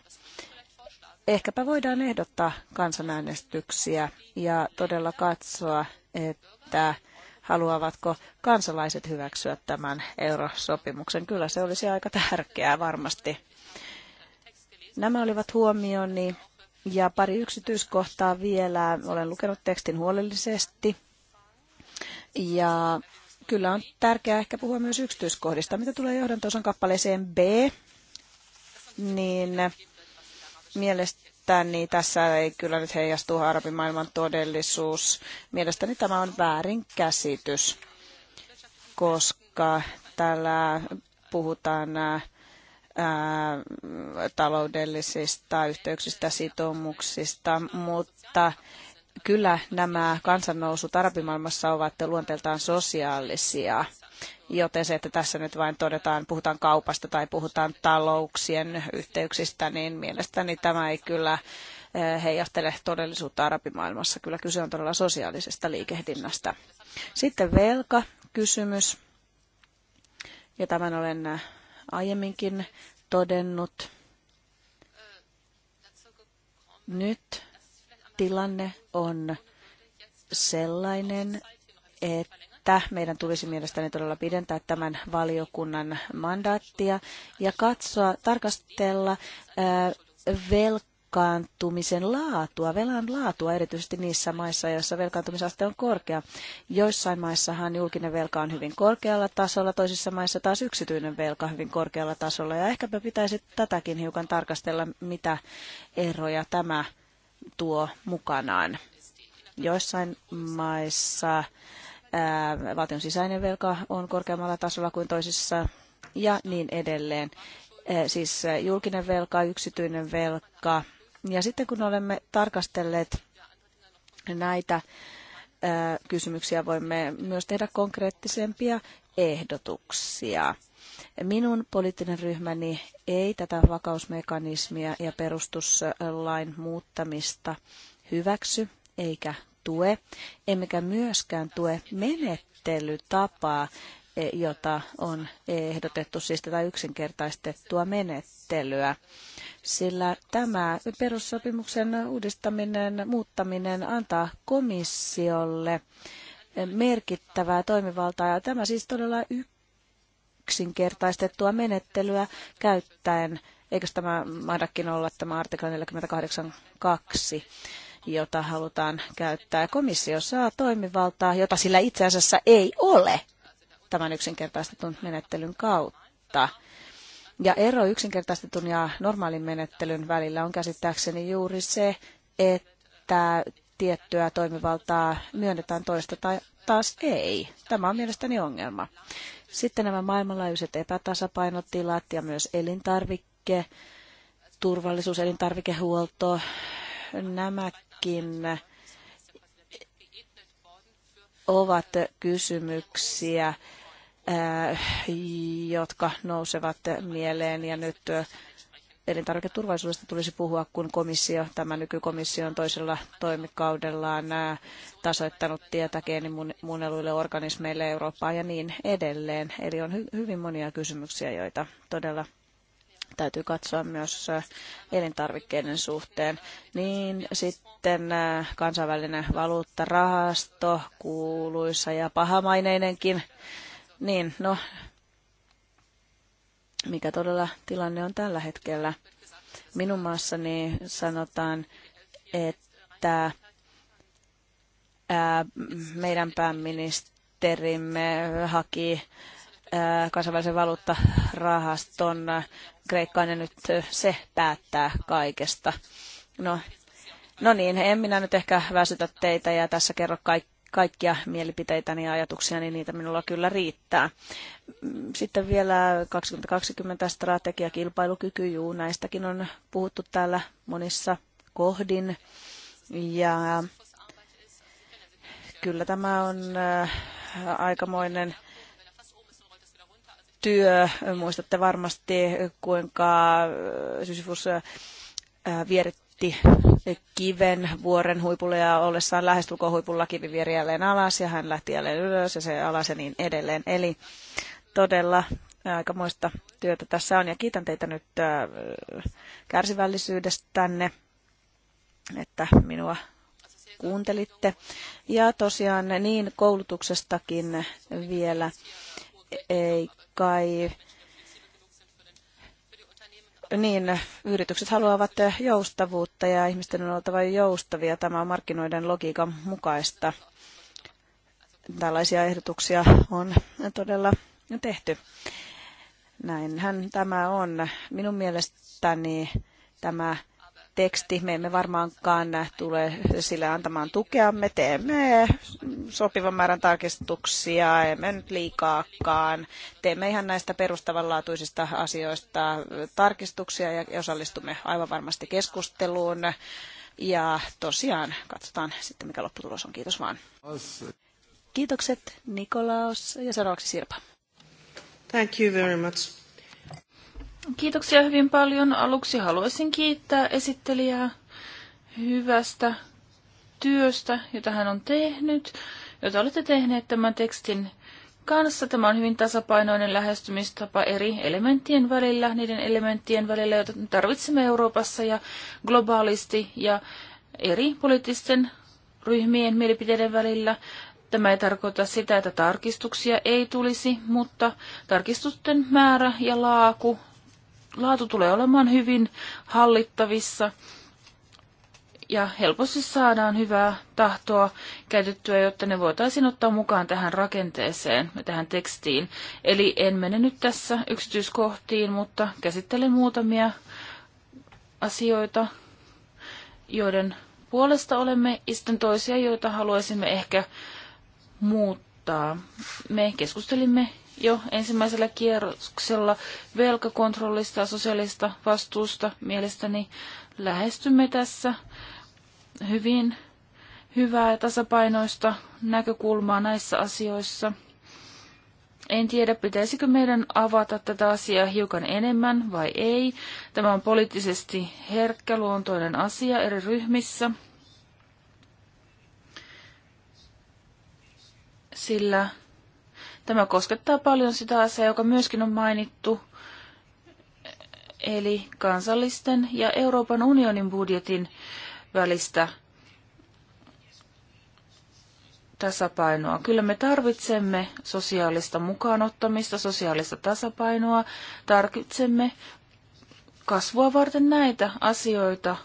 Ehkäpä voidaan ehdottaa kansanäänestyksiä ja todella katsoa, että haluavatko kansalaiset hyväksyä tämän eurosopimuksen. Kyllä se olisi aika tärkeää varmasti. Nämä olivat huomioni ja pari yksityiskohtaa vielä. Olen lukenut tekstin huolellisesti ja kyllä on tärkeää ehkä puhua myös yksityiskohdista. Mitä tulee johdantosan kappaleeseen B, niin mielestäni käyttää, niin tässä ei kyllä nyt heijastu arabimaailman todellisuus. Mielestäni tämä on väärinkäsitys, koska tällä puhutaan ää, taloudellisista yhteyksistä, sitoumuksista, mutta kyllä nämä kansannousut arabimaailmassa ovat luonteeltaan sosiaalisia Joten se, että tässä nyt vain todetaan, puhutaan kaupasta tai puhutaan talouksien yhteyksistä, niin mielestäni tämä ei kyllä eh, heijastele todellisuutta arabimaailmassa. Kyllä kyse on todella sosiaalisesta liikehdinnästä. Sitten velka kysymys. Ja tämän olen eh, aiemminkin todennut. Nyt tilanne on sellainen, että että meidän tulisi mielestäni todella pidentää tämän valiokunnan mandaattia ja katsoa, tarkastella velkaantumisen laatua, velan laatua erityisesti niissä maissa, joissa velkaantumisaste on korkea. Joissain maissahan julkinen velka on hyvin korkealla tasolla, toisissa maissa taas yksityinen velka hyvin korkealla tasolla. Ja ehkäpä pitäisi tätäkin hiukan tarkastella, mitä eroja tämä tuo mukanaan. Joissain maissa valtion sisäinen velka on korkeammalla tasolla kuin toisissa ja niin edelleen. Siis julkinen velka, yksityinen velka. Ja sitten kun olemme tarkastelleet näitä kysymyksiä, voimme myös tehdä konkreettisempia ehdotuksia. Minun poliittinen ryhmäni ei tätä vakausmekanismia ja perustuslain muuttamista hyväksy eikä tue, emmekä myöskään tue menettelytapaa, e, jota on ehdotettu, siis tätä yksinkertaistettua menettelyä. Sillä tämä perussopimuksen uudistaminen, muuttaminen antaa komissiolle merkittävää toimivaltaa, ja tämä siis todella yksinkertaistettua menettelyä käyttäen, eikö tämä mahdakin olla tämä artikla 48.2 jota halutaan käyttää. Komissio saa toimivaltaa, jota sillä itse asiassa ei ole tämän yksinkertaistetun menettelyn kautta. Ja ero yksinkertaistetun ja normaalin menettelyn välillä on käsittääkseni juuri se, että tiettyä toimivaltaa myönnetään toista tai taas ei. Tämä on mielestäni ongelma. Sitten nämä maailmanlaajuiset epätasapainotilat ja myös elintarvikke, turvallisuus, elintarvikehuolto, nämä kuitenkin ovat kysymyksiä, äh, jotka nousevat mieleen ja nyt äh, elintarviketurvallisuudesta tulisi puhua, kun komissio, tämä nykykomissio on toisella toimikaudellaan äh, tasoittanut tietä geenimuunneluille organismeille Eurooppaan ja niin edelleen. Eli on hy- hyvin monia kysymyksiä, joita todella täytyy katsoa myös elintarvikkeiden suhteen, niin sitten kansainvälinen valuuttarahasto, kuuluisa ja pahamaineinenkin, niin no, mikä todella tilanne on tällä hetkellä. Minun maassani sanotaan, että meidän pääministerimme haki Äh, kansainvälisen valuuttarahaston äh, Kreikkaan ja nyt äh, se päättää kaikesta. No, no niin, en minä nyt ehkä väsytä teitä ja tässä kerro kaikki kaikkia mielipiteitäni ja ajatuksia, niin niitä minulla kyllä riittää. Mm, sitten vielä 2020 strategia, kilpailukyky, juu, näistäkin on puhuttu täällä monissa kohdin. Ja kyllä tämä on aikamoinen työ. Muistatte varmasti, kuinka äh, Sysifus äh, vieritti kiven vuoren huipulle ja ollessaan lähestulkoon huipulla kivi vieri jälleen alas ja hän lähti jälleen ylös ja se alas ja niin edelleen. Eli todella aikamoista työtä tässä on ja kiitän teitä nyt äh, kärsivällisyydestänne, että minua kuuntelitte. Ja tosiaan niin koulutuksestakin vielä ei kai niin, yritykset haluavat joustavuutta ja ihmisten on oltava joustavia. Tämä on markkinoiden logiikan mukaista. Tällaisia ehdotuksia on todella tehty. Näinhän tämä on. Minun mielestäni tämä teksti. Me emme varmaankaan tule sille antamaan tukea. Me teemme sopivan määrän tarkistuksia, emme nyt liikaakaan. Teemme ihan näistä perustavanlaatuisista asioista tarkistuksia ja osallistumme aivan varmasti keskusteluun. Ja tosiaan katsotaan sitten, mikä lopputulos on. Kiitos vaan. Kiitokset Nikolaus ja seuraavaksi Sirpa. Thank you very much. Kiitoksia hyvin paljon. Aluksi haluaisin kiittää esittelijää hyvästä työstä, jota hän on tehnyt, jota olette tehneet tämän tekstin kanssa. Tämä on hyvin tasapainoinen lähestymistapa eri elementtien välillä, niiden elementtien välillä, joita tarvitsemme Euroopassa ja globaalisti ja eri poliittisten ryhmien mielipiteiden välillä. Tämä ei tarkoita sitä, että tarkistuksia ei tulisi, mutta tarkistusten määrä ja laaku laatu tulee olemaan hyvin hallittavissa ja helposti saadaan hyvää tahtoa käytettyä, jotta ne voitaisiin ottaa mukaan tähän rakenteeseen ja tähän tekstiin. Eli en mene nyt tässä yksityiskohtiin, mutta käsittelen muutamia asioita, joiden puolesta olemme, ja sitten toisia, joita haluaisimme ehkä muuttaa. Me keskustelimme jo ensimmäisellä kierroksella velkakontrollista ja sosiaalista vastuusta. Mielestäni lähestymme tässä hyvin hyvää ja tasapainoista näkökulmaa näissä asioissa. En tiedä, pitäisikö meidän avata tätä asiaa hiukan enemmän vai ei. Tämä on poliittisesti luontoinen asia eri ryhmissä, sillä Tämä koskettaa paljon sitä asiaa, joka myöskin on mainittu, eli kansallisten ja Euroopan unionin budjetin välistä tasapainoa. Kyllä me tarvitsemme sosiaalista mukaanottamista, sosiaalista tasapainoa, tarvitsemme kasvua varten näitä asioita.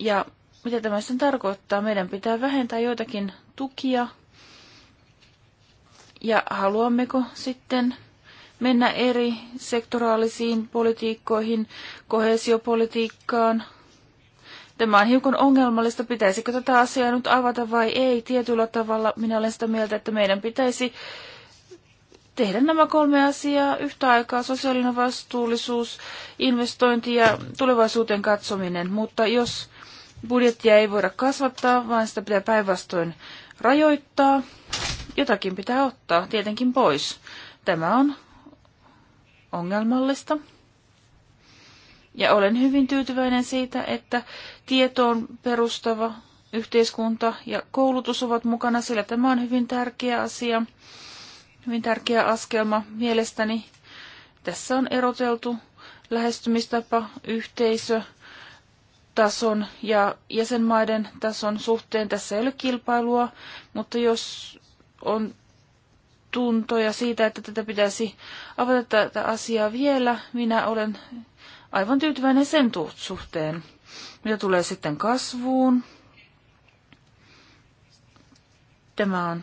Ja mitä tämä sitten tarkoittaa? Meidän pitää vähentää joitakin tukia, ja haluammeko sitten mennä eri sektoraalisiin politiikkoihin, kohesiopolitiikkaan? Tämä on hiukan ongelmallista. Pitäisikö tätä asiaa nyt avata vai ei? Tietyllä tavalla minä olen sitä mieltä, että meidän pitäisi tehdä nämä kolme asiaa yhtä aikaa, sosiaalinen vastuullisuus, investointi ja tulevaisuuteen katsominen. Mutta jos budjettia ei voida kasvattaa, vaan sitä pitää päinvastoin rajoittaa, jotakin pitää ottaa tietenkin pois. Tämä on ongelmallista. Ja olen hyvin tyytyväinen siitä, että tietoon perustava yhteiskunta ja koulutus ovat mukana, sillä tämä on hyvin tärkeä asia, hyvin tärkeä askelma mielestäni. Tässä on eroteltu lähestymistapa yhteisö, tason ja jäsenmaiden tason suhteen. Tässä ei ole kilpailua, mutta jos on tuntoja siitä, että tätä pitäisi avata tätä asiaa vielä. Minä olen aivan tyytyväinen sen suhteen, mitä tulee sitten kasvuun. Tämä on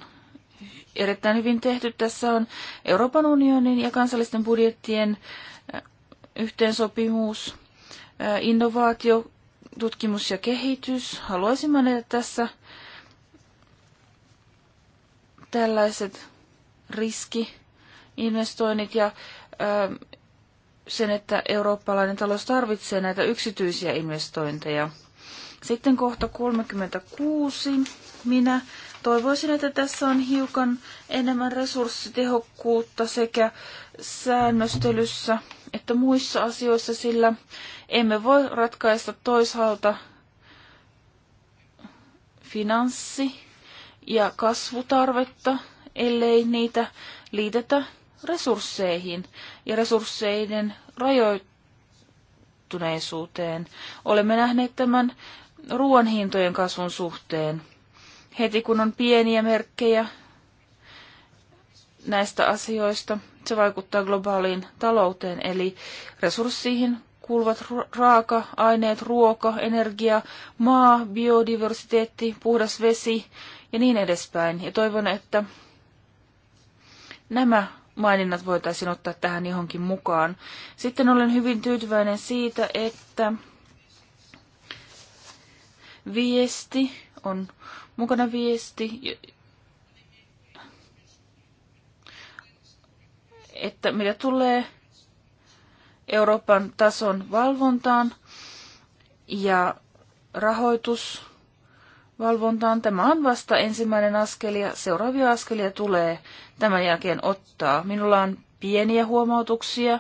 erittäin hyvin tehty. Tässä on Euroopan unionin ja kansallisten budjettien äh, yhteensopimus, äh, innovaatio, tutkimus ja kehitys. Haluaisin mainita tässä tällaiset riskiinvestoinnit ja ö, sen, että eurooppalainen talous tarvitsee näitä yksityisiä investointeja. Sitten kohta 36. Minä toivoisin, että tässä on hiukan enemmän resurssitehokkuutta sekä säännöstelyssä että muissa asioissa, sillä emme voi ratkaista toisaalta finanssi ja kasvutarvetta, ellei niitä liitetä resursseihin ja resursseiden rajoittuneisuuteen. Olemme nähneet tämän ruoan hintojen kasvun suhteen. Heti kun on pieniä merkkejä näistä asioista, se vaikuttaa globaaliin talouteen, eli resurssiin kuuluvat raaka-aineet, ruoka, energia, maa, biodiversiteetti, puhdas vesi ja niin edespäin. Ja toivon, että nämä maininnat voitaisiin ottaa tähän johonkin mukaan. Sitten olen hyvin tyytyväinen siitä, että viesti on mukana viesti, että mitä tulee Euroopan tason valvontaan ja rahoitus valvontaan. Tämä on vasta ensimmäinen askel ja seuraavia askelia tulee tämän jälkeen ottaa. Minulla on pieniä huomautuksia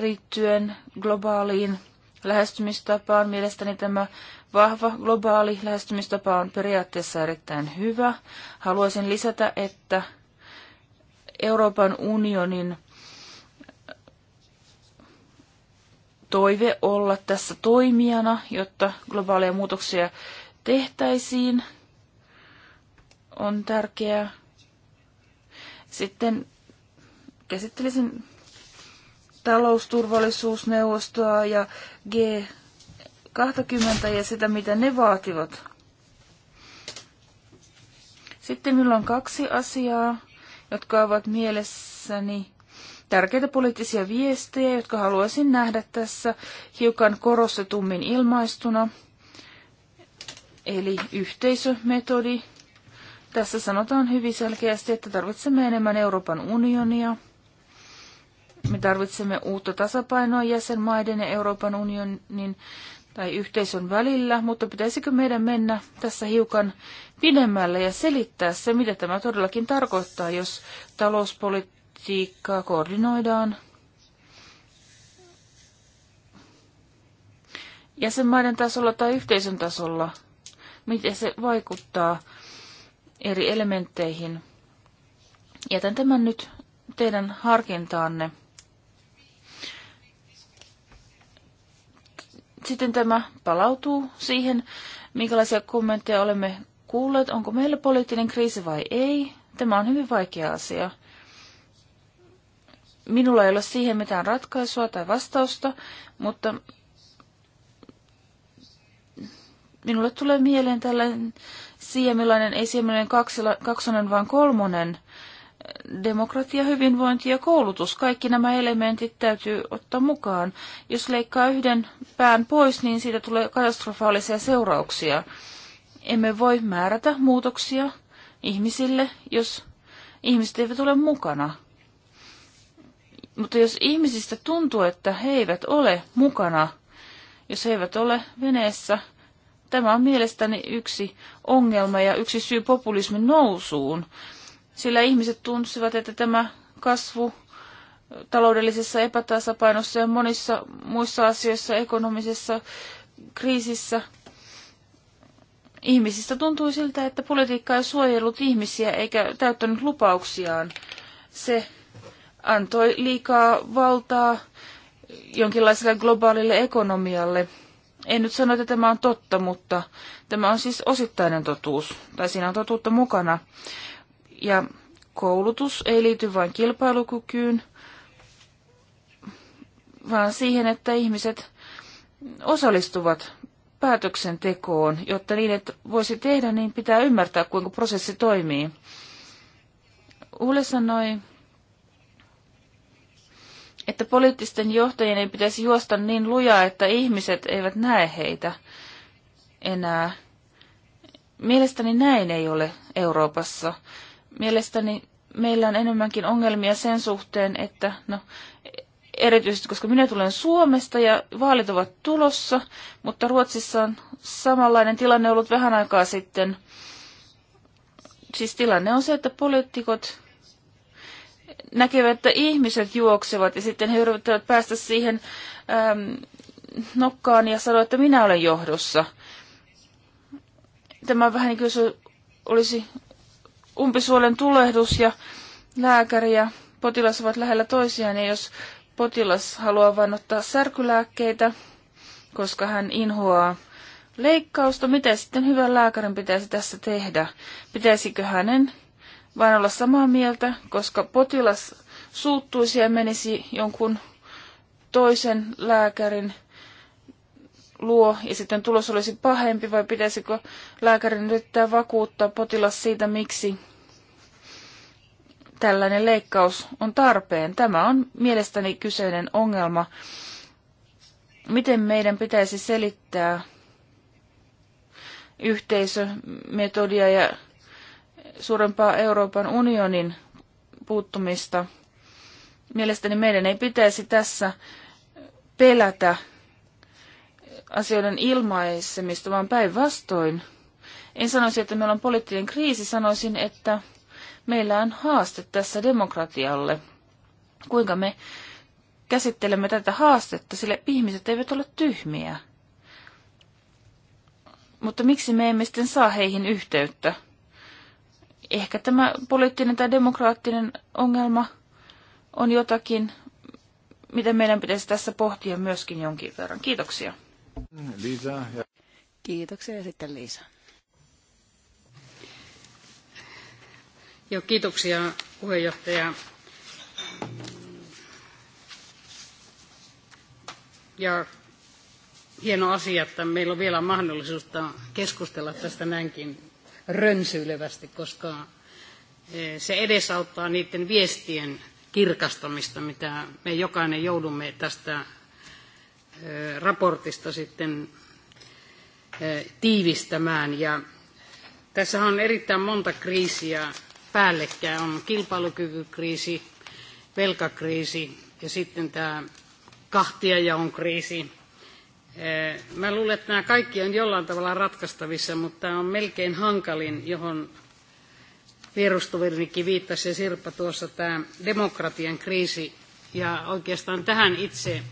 liittyen globaaliin lähestymistapaan. Mielestäni tämä vahva globaali lähestymistapa on periaatteessa erittäin hyvä. Haluaisin lisätä, että Euroopan unionin toive olla tässä toimijana, jotta globaaleja muutoksia tehtäisiin, on tärkeää. Sitten käsittelisin talousturvallisuusneuvostoa ja G20 ja sitä, mitä ne vaativat. Sitten minulla on kaksi asiaa, jotka ovat mielessäni tärkeitä poliittisia viestejä, jotka haluaisin nähdä tässä hiukan korostetummin ilmaistuna – eli yhteisömetodi. Tässä sanotaan hyvin selkeästi, että tarvitsemme enemmän Euroopan unionia. Me tarvitsemme uutta tasapainoa jäsenmaiden ja Euroopan unionin tai yhteisön välillä, mutta pitäisikö meidän mennä tässä hiukan pidemmälle ja selittää se, mitä tämä todellakin tarkoittaa, jos talouspolitiikkaa koordinoidaan jäsenmaiden tasolla tai yhteisön tasolla – miten se vaikuttaa eri elementteihin. Jätän tämän nyt teidän harkintaanne. Sitten tämä palautuu siihen, minkälaisia kommentteja olemme kuulleet, onko meillä poliittinen kriisi vai ei. Tämä on hyvin vaikea asia. Minulla ei ole siihen mitään ratkaisua tai vastausta, mutta minulle tulee mieleen tällainen siemilainen, ei siemilainen kaksonen, vaan kolmonen. Demokratia, hyvinvointi ja koulutus, kaikki nämä elementit täytyy ottaa mukaan. Jos leikkaa yhden pään pois, niin siitä tulee katastrofaalisia seurauksia. Emme voi määrätä muutoksia ihmisille, jos ihmiset eivät ole mukana. Mutta jos ihmisistä tuntuu, että he eivät ole mukana, jos he eivät ole veneessä, Tämä on mielestäni yksi ongelma ja yksi syy populismin nousuun, sillä ihmiset tunsivat, että tämä kasvu taloudellisessa epätasapainossa ja monissa muissa asioissa, ekonomisessa kriisissä, ihmisistä tuntui siltä, että politiikka ei suojellut ihmisiä eikä täyttänyt lupauksiaan. Se antoi liikaa valtaa jonkinlaiselle globaalille ekonomialle en nyt sano, että tämä on totta, mutta tämä on siis osittainen totuus, tai siinä on totuutta mukana. Ja koulutus ei liity vain kilpailukykyyn, vaan siihen, että ihmiset osallistuvat päätöksentekoon, jotta niin, että voisi tehdä, niin pitää ymmärtää, kuinka prosessi toimii. Ule sanoi, että poliittisten johtajien ei pitäisi juosta niin lujaa, että ihmiset eivät näe heitä enää. Mielestäni näin ei ole Euroopassa. Mielestäni meillä on enemmänkin ongelmia sen suhteen, että no, erityisesti koska minä tulen Suomesta ja vaalit ovat tulossa, mutta Ruotsissa on samanlainen tilanne ollut vähän aikaa sitten. Siis tilanne on se, että poliitikot näkevät, että ihmiset juoksevat ja sitten he yrittävät päästä siihen äm, nokkaan ja sanoa, että minä olen johdossa. Tämä on vähän niin kuin se olisi umpisuolen tulehdus ja lääkäri ja potilas ovat lähellä toisiaan ja jos potilas haluaa vain ottaa särkylääkkeitä, koska hän inhoaa leikkausta, mitä sitten hyvän lääkärin pitäisi tässä tehdä? Pitäisikö hänen vain olla samaa mieltä, koska potilas suuttuisi ja menisi jonkun toisen lääkärin luo ja sitten tulos olisi pahempi vai pitäisikö lääkärin yrittää vakuuttaa potilas siitä, miksi tällainen leikkaus on tarpeen. Tämä on mielestäni kyseinen ongelma. Miten meidän pitäisi selittää yhteisömetodia ja suurempaa Euroopan unionin puuttumista. Mielestäni meidän ei pitäisi tässä pelätä asioiden ilmaisemista, vaan päinvastoin. En sanoisi, että meillä on poliittinen kriisi, sanoisin, että meillä on haaste tässä demokratialle. Kuinka me käsittelemme tätä haastetta, sillä ihmiset eivät ole tyhmiä. Mutta miksi me emme sitten saa heihin yhteyttä? Ehkä tämä poliittinen tai demokraattinen ongelma on jotakin, mitä meidän pitäisi tässä pohtia myöskin jonkin verran. Kiitoksia. Liisa. Ja... Kiitoksia ja sitten Liisa. Joo, kiitoksia puheenjohtaja. Ja hieno asia, että meillä on vielä mahdollisuutta keskustella tästä näinkin rönsyilevästi, koska eh, se edesauttaa niiden viestien kirkastamista, mitä me jokainen joudumme tästä eh, raportista sitten eh, tiivistämään. Ja tässä on erittäin monta kriisiä päällekkäin. On kilpailukykykriisi, velkakriisi ja sitten tämä kahtiajaon kriisi, Eh, mä luulen, että nämä kaikki on jollain tavalla ratkaistavissa, mutta tämä on melkein hankalin, johon vierustoverinnikin viittasi ja Sirpa tuossa tämä demokratian kriisi. Ja oikeastaan tähän itse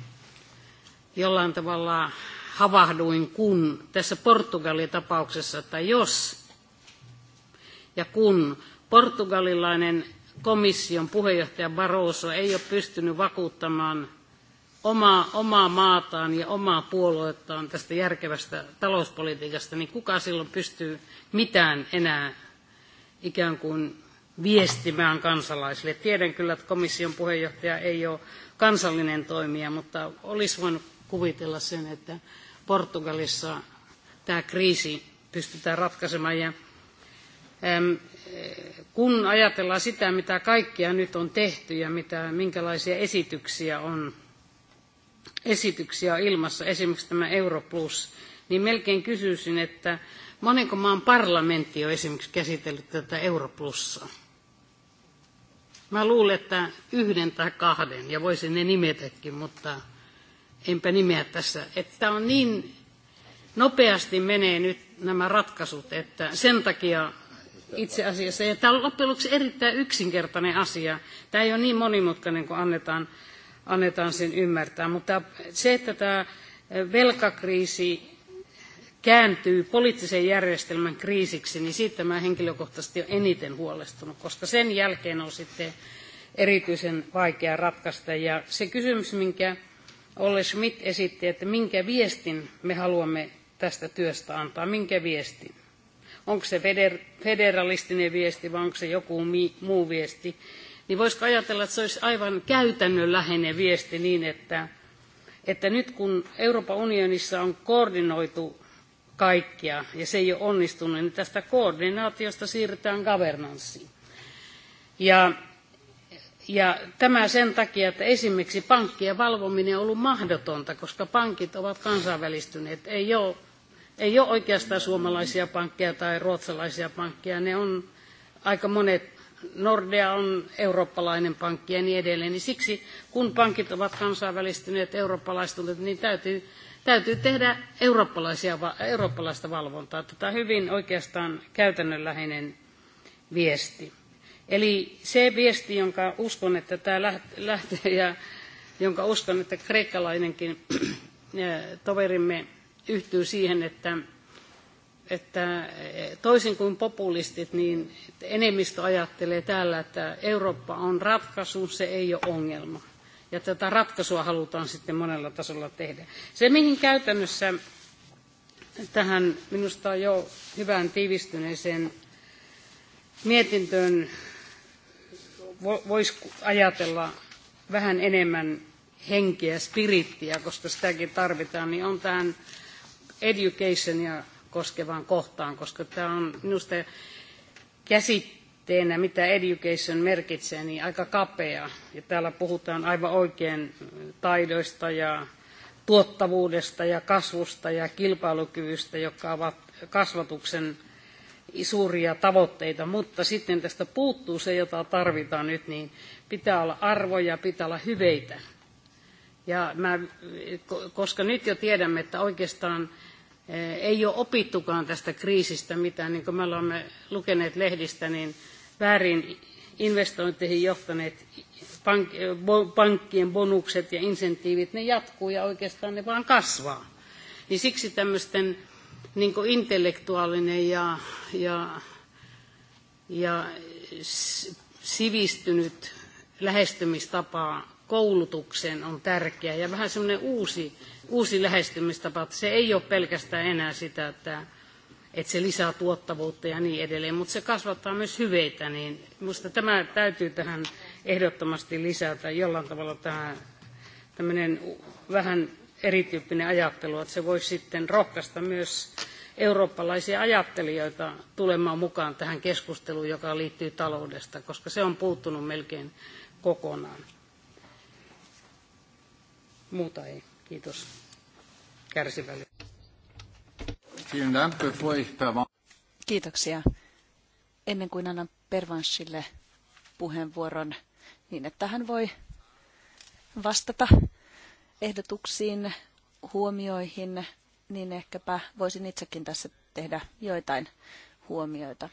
jollain tavalla havahduin, kun tässä Portugalin tapauksessa, tai jos ja kun portugalilainen komission puheenjohtaja Barroso ei ole pystynyt vakuuttamaan omaa, omaa maataan ja omaa puoluettaan tästä järkevästä talouspolitiikasta, niin kuka silloin pystyy mitään enää ikään kuin viestimään kansalaisille. Tiedän kyllä, että komission puheenjohtaja ei ole kansallinen toimija, mutta olisi voinut kuvitella sen, että Portugalissa tämä kriisi pystytään ratkaisemaan. Ja, äm, kun ajatellaan sitä, mitä kaikkia nyt on tehty ja mitä, minkälaisia esityksiä on esityksiä on ilmassa, esimerkiksi tämä Europlus, niin melkein kysyisin, että monenko maan parlamentti on esimerkiksi käsitellyt tätä Europlussaa? Mä luulen, että yhden tai kahden, ja voisin ne nimetäkin, mutta enpä nimeä tässä. Että on niin nopeasti menee nyt nämä ratkaisut, että sen takia itse asiassa, ja tämä on loppujen lopuksi erittäin yksinkertainen asia, tämä ei ole niin monimutkainen kuin annetaan annetaan sen ymmärtää. Mutta se, että tämä velkakriisi kääntyy poliittisen järjestelmän kriisiksi, niin siitä mä henkilökohtaisesti olen eniten huolestunut, koska sen jälkeen on sitten erityisen vaikea ratkaista. Ja se kysymys, minkä Olle Schmidt esitti, että minkä viestin me haluamme tästä työstä antaa, minkä viestin. Onko se federalistinen viesti vai onko se joku muu viesti niin voisiko ajatella, että se olisi aivan käytännönläheinen viesti niin, että, että nyt kun Euroopan unionissa on koordinoitu kaikkia ja se ei ole onnistunut, niin tästä koordinaatiosta siirrytään governanssiin. Ja, ja tämä sen takia, että esimerkiksi pankkien valvominen on ollut mahdotonta, koska pankit ovat kansainvälistyneet. Ei ole, ei ole oikeastaan suomalaisia pankkeja tai ruotsalaisia pankkeja, ne on aika monet Nordea on eurooppalainen pankki ja niin edelleen, niin siksi kun pankit ovat kansainvälistyneet, eurooppalaistuneet, niin täytyy, täytyy tehdä eurooppalaisia, eurooppalaista valvontaa. on hyvin oikeastaan käytännönläheinen viesti. Eli se viesti, jonka uskon, että tämä lähtee ja jonka uskon, että kreikkalainenkin äh, toverimme yhtyy siihen, että että eh, toisin kuin populistit, niin enemmistö ajattelee täällä, että Eurooppa on ratkaisu, se ei ole ongelma. Ja tätä ratkaisua halutaan sitten monella tasolla tehdä. Se, mihin käytännössä tähän minusta jo hyvään tiivistyneeseen mietintöön voisi ajatella vähän enemmän henkeä, spirittiä, koska sitäkin tarvitaan, niin on tämän education ja koskevaan kohtaan, koska tämä on minusta käsitteenä, mitä education merkitsee, niin aika kapea. Ja täällä puhutaan aivan oikein taidoista ja tuottavuudesta ja kasvusta ja kilpailukyvystä, jotka ovat kasvatuksen suuria tavoitteita, mutta sitten tästä puuttuu se, jota tarvitaan nyt, niin pitää olla arvoja, pitää olla hyveitä. Ja mä, koska nyt jo tiedämme, että oikeastaan Eh, ei ole opittukaan tästä kriisistä mitään, niin kuin me olemme lukeneet lehdistä, niin väärin investointeihin johtaneet pankkien bonukset ja insentiivit, ne jatkuu ja oikeastaan ne vaan kasvaa. Niin siksi tämmöisten niin intellektuaalinen ja, ja, ja sivistynyt lähestymistapa koulutukseen on tärkeä ja vähän semmoinen uusi uusi lähestymistapa. Se ei ole pelkästään enää sitä, että, että se lisää tuottavuutta ja niin edelleen, mutta se kasvattaa myös hyveitä, niin minusta tämä täytyy tähän ehdottomasti lisätä jollain tavalla tähän tämmöinen vähän erityyppinen ajattelu, että se voisi sitten rohkaista myös eurooppalaisia ajattelijoita tulemaan mukaan tähän keskusteluun, joka liittyy taloudesta, koska se on puuttunut melkein kokonaan. Muuta ei. Kiitos kärsivällisyydestä. Kiitoksia. Ennen kuin annan Pervanssille puheenvuoron, niin että hän voi vastata ehdotuksiin, huomioihin, niin ehkäpä voisin itsekin tässä tehdä joitain huomioita.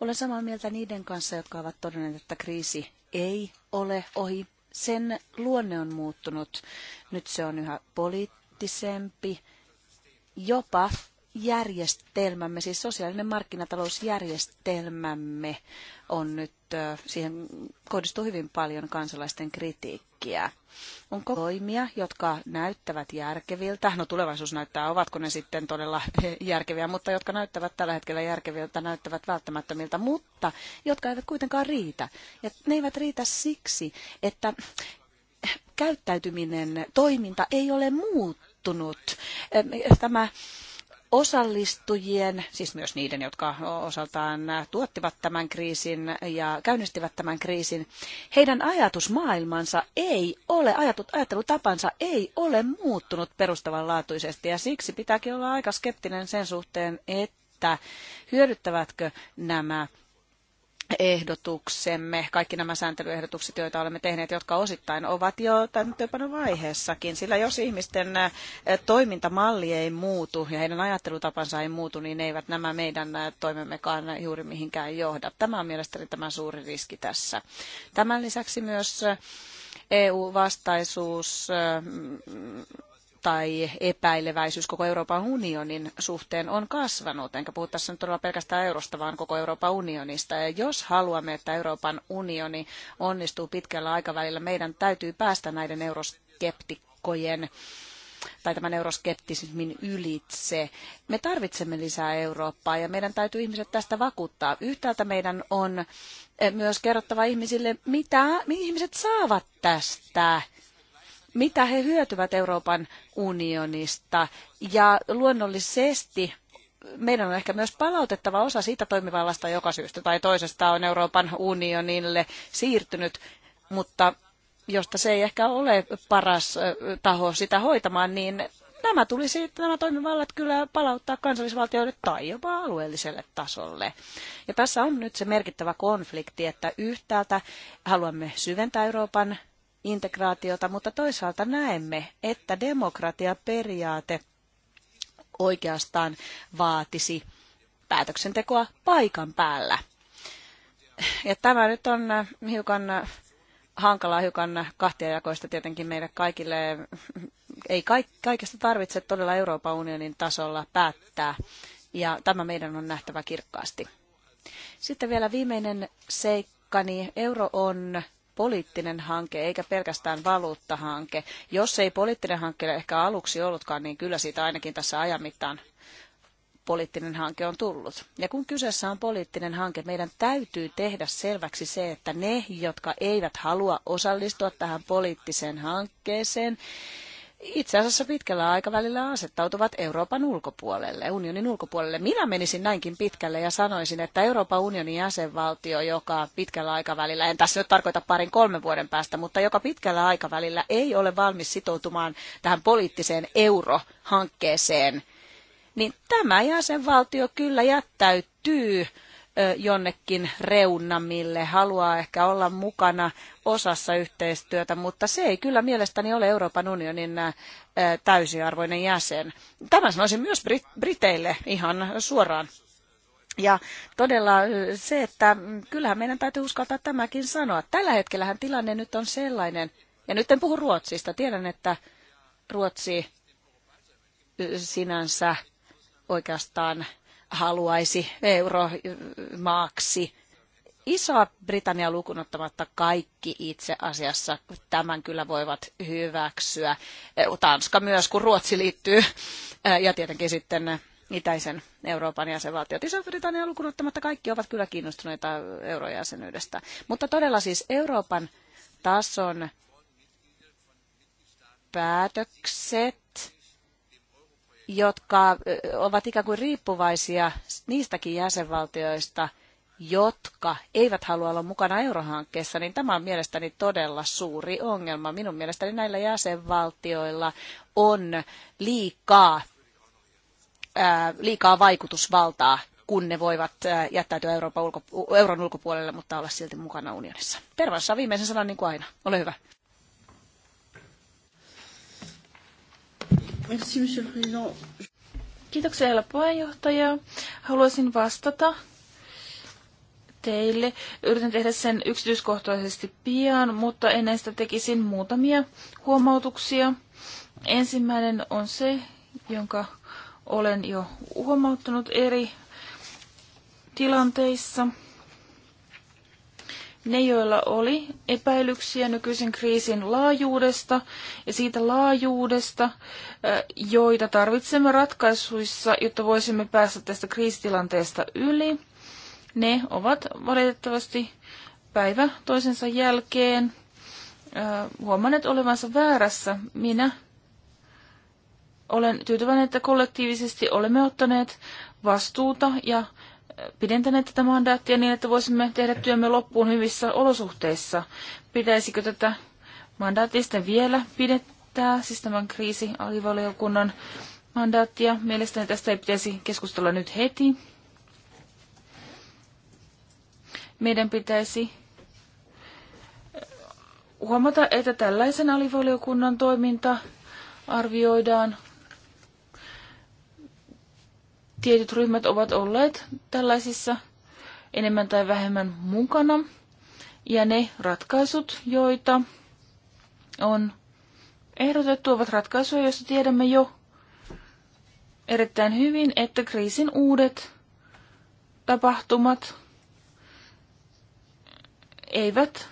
Olen samaa mieltä niiden kanssa, jotka ovat todenneet, että kriisi ei ole ohi sen luonne on muuttunut. Nyt se on yhä poliittisempi, jopa järjestelmämme, siis sosiaalinen markkinatalousjärjestelmämme on nyt, siihen kohdistuu hyvin paljon kansalaisten kritiikkiä riskiä. Onko toimia, jotka näyttävät järkeviltä, no tulevaisuus näyttää, ovatko ne sitten todella järkeviä, mutta jotka näyttävät tällä hetkellä järkeviltä, näyttävät välttämättömiltä, mutta jotka eivät kuitenkaan riitä. Ja ne eivät riitä siksi, että käyttäytyminen, toiminta ei ole muuttunut. Tämä osallistujien, siis myös niiden, jotka osaltaan tuottivat tämän kriisin ja käynnistivät tämän kriisin, heidän ajatusmaailmansa ei ole, ajatut, ajattelutapansa ei ole muuttunut perustavanlaatuisesti ja siksi pitääkin olla aika skeptinen sen suhteen, että hyödyttävätkö nämä ehdotuksemme, kaikki nämä sääntelyehdotukset, joita olemme tehneet, jotka osittain ovat jo täytäntöönpanovaiheessakin, sillä jos ihmisten toimintamalli ei muutu ja heidän ajattelutapansa ei muutu, niin eivät nämä meidän toimemmekaan juuri mihinkään johda. Tämä on mielestäni tämä suuri riski tässä. Tämän lisäksi myös EU-vastaisuus tai epäileväisyys koko Euroopan unionin suhteen on kasvanut. Enkä puhu tässä nyt todella pelkästään eurosta, vaan koko Euroopan unionista. Ja jos haluamme, että Euroopan unioni onnistuu pitkällä aikavälillä, meidän täytyy päästä näiden euroskeptikkojen tai tämän euroskeptismin ylitse. Me tarvitsemme lisää Eurooppaa ja meidän täytyy ihmiset tästä vakuuttaa. Yhtäältä meidän on eh, myös kerrottava ihmisille, mitä ihmiset saavat tästä mitä he hyötyvät Euroopan unionista. Ja luonnollisesti meidän on ehkä myös palautettava osa siitä toimivallasta, joka syystä tai toisesta on Euroopan unionille siirtynyt, mutta josta se ei ehkä ole paras taho sitä hoitamaan, niin nämä tulisi nämä toimivallat kyllä palauttaa kansallisvaltioille tai jopa alueelliselle tasolle. Ja tässä on nyt se merkittävä konflikti, että yhtäältä haluamme syventää Euroopan integraatiota, mutta toisaalta näemme, että demokratiaperiaate oikeastaan vaatisi päätöksentekoa paikan päällä. Ja tämä nyt on äh, hiukan äh, hankalaa, hiukan kahtiajakoista tietenkin meille kaikille. Ei kaikesta tarvitse todella Euroopan unionin tasolla päättää, ja tämä meidän on nähtävä kirkkaasti. Sitten vielä viimeinen seikka, niin euro on poliittinen hanke eikä pelkästään valuuttahanke. Jos ei poliittinen hanke ehkä aluksi ollutkaan, niin kyllä siitä ainakin tässä ajan mittaan poliittinen hanke on tullut. Ja kun kyseessä on poliittinen hanke, meidän täytyy tehdä selväksi se, että ne, jotka eivät halua osallistua tähän poliittiseen hankkeeseen, itse asiassa pitkällä aikavälillä asettautuvat Euroopan ulkopuolelle, unionin ulkopuolelle. Minä menisin näinkin pitkälle ja sanoisin, että Euroopan unionin jäsenvaltio, joka pitkällä aikavälillä, en tässä nyt tarkoita parin kolmen vuoden päästä, mutta joka pitkällä aikavälillä ei ole valmis sitoutumaan tähän poliittiseen eurohankkeeseen, niin tämä jäsenvaltio kyllä jättäytyy jonnekin reunamille, haluaa ehkä olla mukana osassa yhteistyötä, mutta se ei kyllä mielestäni ole Euroopan unionin täysiarvoinen jäsen. Tämä sanoisin myös Briteille ihan suoraan. Ja todella se, että mm, kyllähän meidän täytyy uskaltaa tämäkin sanoa. Tällä hetkellähän tilanne nyt on sellainen, ja nyt en puhu Ruotsista, tiedän, että Ruotsi sinänsä oikeastaan haluaisi euromaaksi. Iso-Britannia lukunottamatta kaikki itse asiassa tämän kyllä voivat hyväksyä. Tanska myös, kun Ruotsi liittyy ja tietenkin sitten itäisen Euroopan jäsenvaltiot. Iso-Britannia lukunottamatta kaikki ovat kyllä kiinnostuneita eurojäsenyydestä. Mutta todella siis Euroopan tason päätökset jotka ovat ikään kuin riippuvaisia niistäkin jäsenvaltioista, jotka eivät halua olla mukana eurohankkeessa, niin tämä on mielestäni todella suuri ongelma. Minun mielestäni näillä jäsenvaltioilla on liikaa, liikaa vaikutusvaltaa, kun ne voivat jättäytyä Euroopan ulko, euron ulkopuolelle, mutta olla silti mukana unionissa. Pervanssa viimeisen sanan niin kuin aina. Ole hyvä. Merci, monsieur le président. Kiitoksia, herra puheenjohtaja. Haluaisin vastata teille. Yritän tehdä sen yksityiskohtaisesti pian, mutta ennen sitä tekisin muutamia huomautuksia. Ensimmäinen on se, jonka olen jo huomauttanut eri tilanteissa – ne, joilla oli epäilyksiä nykyisen kriisin laajuudesta ja siitä laajuudesta, joita tarvitsemme ratkaisuissa, jotta voisimme päästä tästä kriisitilanteesta yli, ne ovat valitettavasti päivä toisensa jälkeen huomanneet olevansa väärässä. Minä olen tyytyväinen, että kollektiivisesti olemme ottaneet vastuuta ja pidentäneet tätä mandaattia niin, että voisimme tehdä työmme loppuun hyvissä olosuhteissa. Pitäisikö tätä mandaattia vielä pidettää, siis tämän kriisialivaliokunnan mandaattia? Mielestäni tästä ei pitäisi keskustella nyt heti. Meidän pitäisi eh, huomata, että tällaisen alivaliokunnan toiminta arvioidaan tietyt ryhmät ovat olleet tällaisissa enemmän tai vähemmän mukana. Ja ne ratkaisut, joita on ehdotettu, ovat ratkaisuja, joista tiedämme jo erittäin hyvin, että kriisin uudet tapahtumat eivät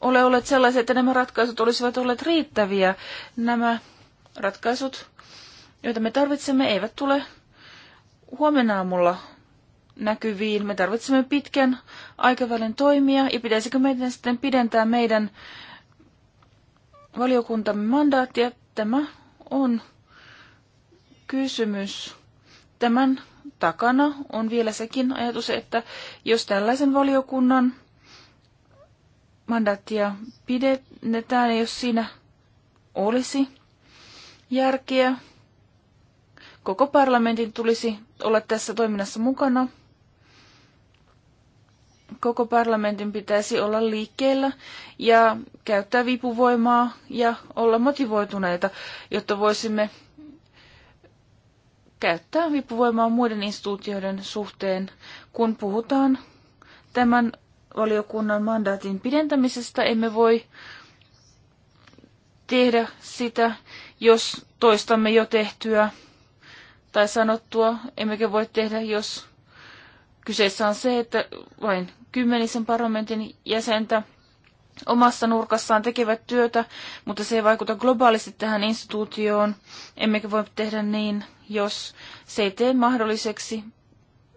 ole olleet sellaisia, että nämä ratkaisut olisivat olleet riittäviä. Nämä ratkaisut joita me tarvitsemme, eivät tule huomenna aamulla näkyviin. Me tarvitsemme pitkän aikavälin toimia ja pitäisikö meidän sitten pidentää meidän valiokuntamme mandaattia? Tämä on kysymys. Tämän takana on vielä sekin ajatus, että jos tällaisen valiokunnan mandaattia pidennetään, niin jos siinä olisi järkeä, Koko parlamentin tulisi olla tässä toiminnassa mukana. Koko parlamentin pitäisi olla liikkeellä ja käyttää vipuvoimaa ja olla motivoituneita, jotta voisimme käyttää vipuvoimaa muiden instituutioiden suhteen, kun puhutaan tämän valiokunnan mandaatin pidentämisestä. Emme voi tehdä sitä, jos toistamme jo tehtyä tai sanottua, emmekä voi tehdä, jos kyseessä on se, että vain kymmenisen parlamentin jäsentä omassa nurkassaan tekevät työtä, mutta se ei vaikuta globaalisti tähän instituutioon, emmekä voi tehdä niin, jos se ei tee mahdolliseksi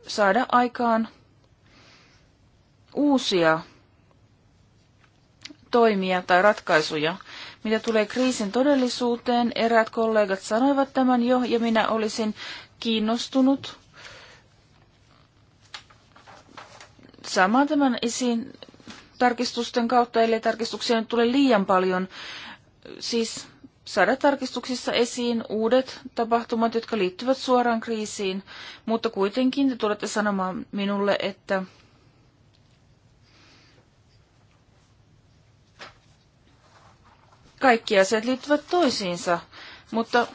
saada aikaan uusia toimia tai ratkaisuja. Mitä tulee kriisin todellisuuteen, eräät kollegat sanoivat tämän jo, ja minä olisin kiinnostunut saamaan tämän esiin tarkistusten kautta, eli tarkistuksia nyt tulee liian paljon. Siis saada tarkistuksissa esiin uudet tapahtumat, jotka liittyvät suoraan kriisiin, mutta kuitenkin te tulette sanomaan minulle, että kaikki asiat liittyvät toisiinsa, mutta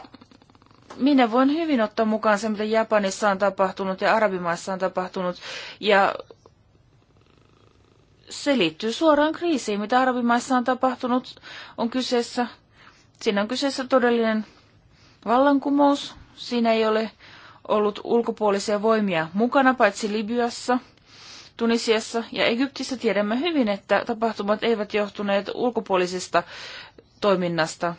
minä voin hyvin ottaa mukaan sen, mitä Japanissa on tapahtunut ja Arabimaissa on tapahtunut. Ja se liittyy suoraan kriisiin, mitä Arabimaissa on tapahtunut. On kyseessä, siinä on kyseessä todellinen vallankumous. Siinä ei ole ollut ulkopuolisia voimia mukana, paitsi Libyassa, Tunisiassa ja Egyptissä. Tiedämme hyvin, että tapahtumat eivät johtuneet ulkopuolisista toiminnasta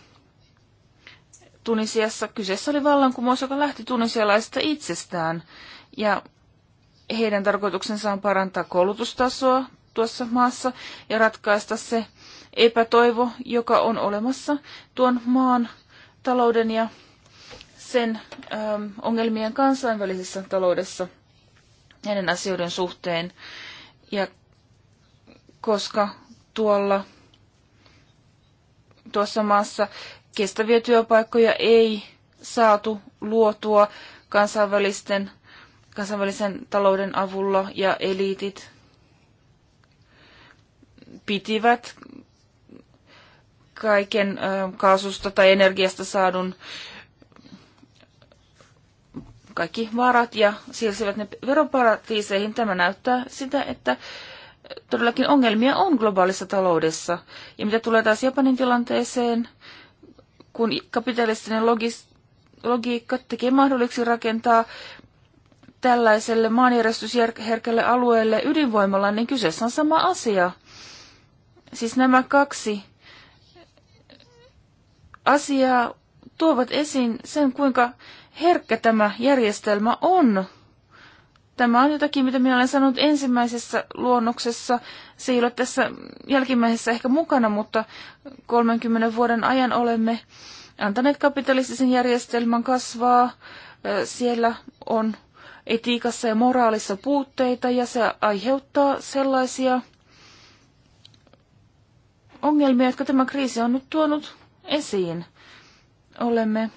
Tunisiassa. Kyseessä oli vallankumous, joka lähti tunisialaisista itsestään. Ja heidän tarkoituksensa on parantaa koulutustasoa tuossa maassa ja ratkaista se epätoivo, joka on olemassa tuon maan talouden ja sen ähm, ongelmien kansainvälisessä taloudessa näiden asioiden suhteen. Ja koska tuolla tuossa maassa kestäviä työpaikkoja ei saatu luotua kansainvälisten, kansainvälisen talouden avulla ja eliitit pitivät kaiken kaasusta tai energiasta saadun kaikki varat ja siirsivät ne veroparatiiseihin. Tämä näyttää sitä, että todellakin ongelmia on globaalissa taloudessa. Ja mitä tulee taas Japanin tilanteeseen, kun kapitalistinen logis, logiikka tekee mahdolliseksi rakentaa tällaiselle maanjärjestysherkälle alueelle ydinvoimalla, niin kyseessä on sama asia. Siis nämä kaksi asiaa tuovat esiin sen, kuinka herkkä tämä järjestelmä on Tämä on jotakin, mitä minä olen sanonut ensimmäisessä luonnoksessa. Se ei ole tässä jälkimmäisessä ehkä mukana, mutta 30 vuoden ajan olemme antaneet kapitalistisen järjestelmän kasvaa. Siellä on etiikassa ja moraalissa puutteita ja se aiheuttaa sellaisia ongelmia, jotka tämä kriisi on nyt tuonut esiin. Olemme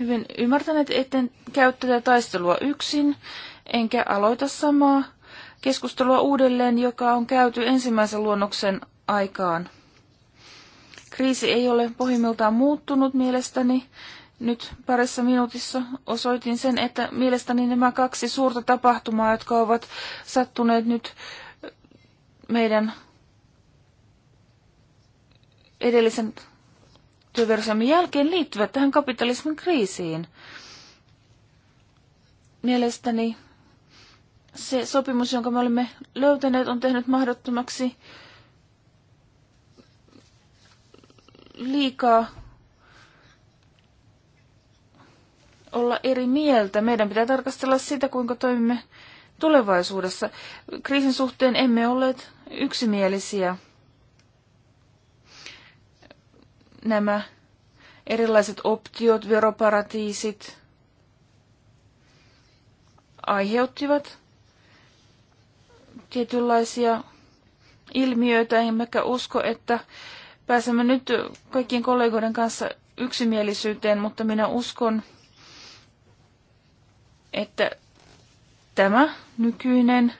hyvin ymmärtäneet, etten käy tätä taistelua yksin, enkä aloita samaa keskustelua uudelleen, joka on käyty ensimmäisen luonnoksen aikaan. Kriisi ei ole pohjimmiltaan muuttunut mielestäni. Nyt parissa minuutissa osoitin sen, että mielestäni nämä kaksi suurta tapahtumaa, jotka ovat sattuneet nyt meidän edellisen työversiomme jälkeen liittyvät tähän kapitalismin kriisiin. Mielestäni se sopimus, jonka me olemme löytäneet, on tehnyt mahdottomaksi liikaa olla eri mieltä. Meidän pitää tarkastella sitä, kuinka toimimme tulevaisuudessa. Kriisin suhteen emme olleet yksimielisiä. nämä erilaiset optiot, veroparatiisit aiheuttivat tietynlaisia ilmiöitä, emmekä usko, että pääsemme nyt kaikkien kollegoiden kanssa yksimielisyyteen, mutta minä uskon, että tämä nykyinen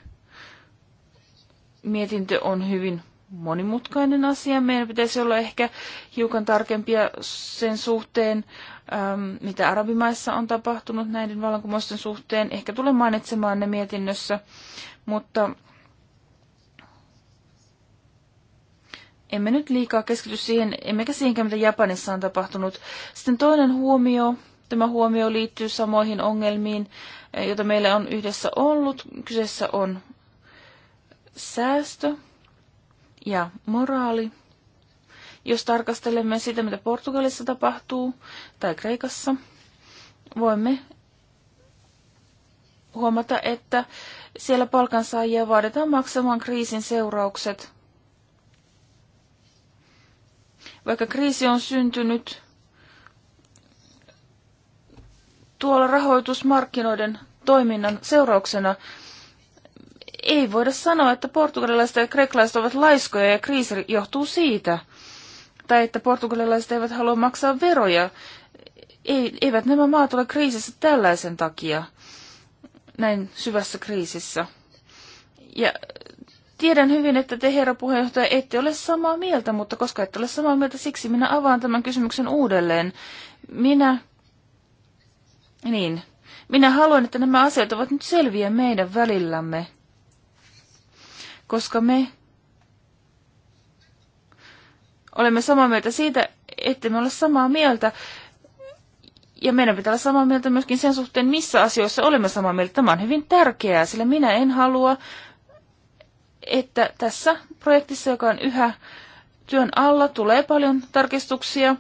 mietintö on hyvin monimutkainen asia. Meidän pitäisi olla ehkä hiukan tarkempia sen suhteen, ähm, mitä arabimaissa on tapahtunut näiden vallankumousten suhteen. Ehkä tulen mainitsemaan ne mietinnössä, mutta emme nyt liikaa keskity siihen, emmekä siihenkään, mitä Japanissa on tapahtunut. Sitten toinen huomio, tämä huomio liittyy samoihin ongelmiin, eh, joita meillä on yhdessä ollut. Kyseessä on säästö, ja moraali. Jos tarkastelemme sitä, mitä Portugalissa tapahtuu tai Kreikassa, voimme huomata, että siellä palkansaajia vaaditaan maksamaan kriisin seuraukset. Vaikka kriisi on syntynyt tuolla rahoitusmarkkinoiden toiminnan seurauksena, ei voida sanoa, että portugalilaiset ja kreikkalaiset ovat laiskoja ja kriisi johtuu siitä. Tai että portugalilaiset eivät halua maksaa veroja. Ei, eivät nämä maat ole kriisissä tällaisen takia, näin syvässä kriisissä. Ja tiedän hyvin, että te, herra puheenjohtaja, ette ole samaa mieltä, mutta koska ette ole samaa mieltä, siksi minä avaan tämän kysymyksen uudelleen. Minä, niin, minä haluan, että nämä asiat ovat nyt selviä meidän välillämme koska me olemme samaa mieltä siitä, että me ole samaa mieltä. Ja meidän pitää olla samaa mieltä myöskin sen suhteen, missä asioissa olemme samaa mieltä. Tämä on hyvin tärkeää, sillä minä en halua, että tässä projektissa, joka on yhä työn alla, tulee paljon tarkistuksia,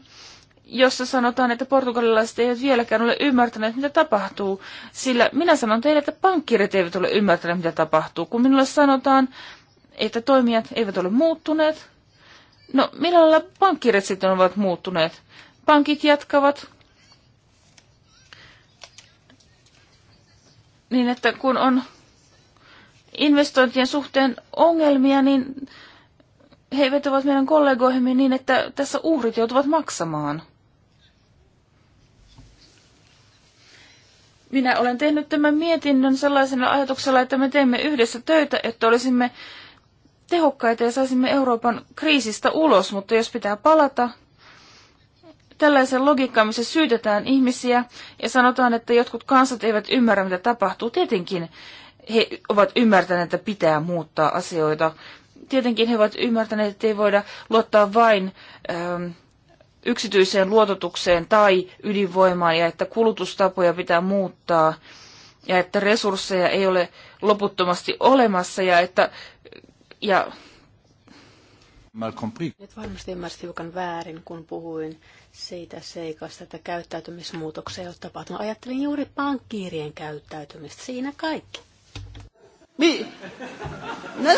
jossa sanotaan, että portugalilaiset eivät vieläkään ole ymmärtäneet, mitä tapahtuu. Sillä minä sanon teille, että pankkirit eivät ole ymmärtäneet, mitä tapahtuu. Kun minulle sanotaan, että toimijat eivät ole muuttuneet. No, millä lailla pankkirjat sitten ovat muuttuneet? Pankit jatkavat niin, että kun on investointien suhteen ongelmia, niin he vetovat meidän kollegoihimme niin, että tässä uhrit joutuvat maksamaan. Minä olen tehnyt tämän mietinnön sellaisena ajatuksella, että me teemme yhdessä töitä, että olisimme tehokkaita ja saisimme Euroopan kriisistä ulos, mutta jos pitää palata tällaisen logiikkaan, missä syytetään ihmisiä ja sanotaan, että jotkut kansat eivät ymmärrä, mitä tapahtuu, tietenkin he ovat ymmärtäneet, että pitää muuttaa asioita. Tietenkin he ovat ymmärtäneet, että ei voida luottaa vain ähm, yksityiseen luototukseen tai ydinvoimaan ja että kulutustapoja pitää muuttaa ja että resursseja ei ole loputtomasti olemassa ja että ja nyt varmasti ymmärsit hiukan väärin, kun puhuin siitä seikasta, että käyttäytymismuutoksia ei ole tapahtunut. Ajattelin juuri pankkiirien käyttäytymistä. Siinä kaikki. Mi? No,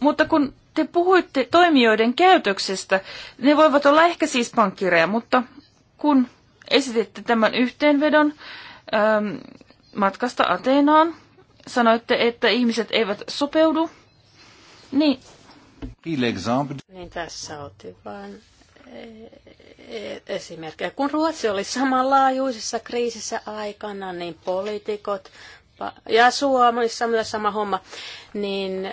Mutta kun te puhuitte toimijoiden käytöksestä, ne voivat olla ehkä siis pankkireja, mutta kun esititte tämän yhteenvedon ähm, matkasta Ateenaan. Sanoitte, että ihmiset eivät sopeudu. Niin. Niin tässä otin vain e, e, esimerkkejä. Kun Ruotsi oli samanlaajuisessa kriisissä aikana, niin poliitikot ja Suomessa myös sama homma, niin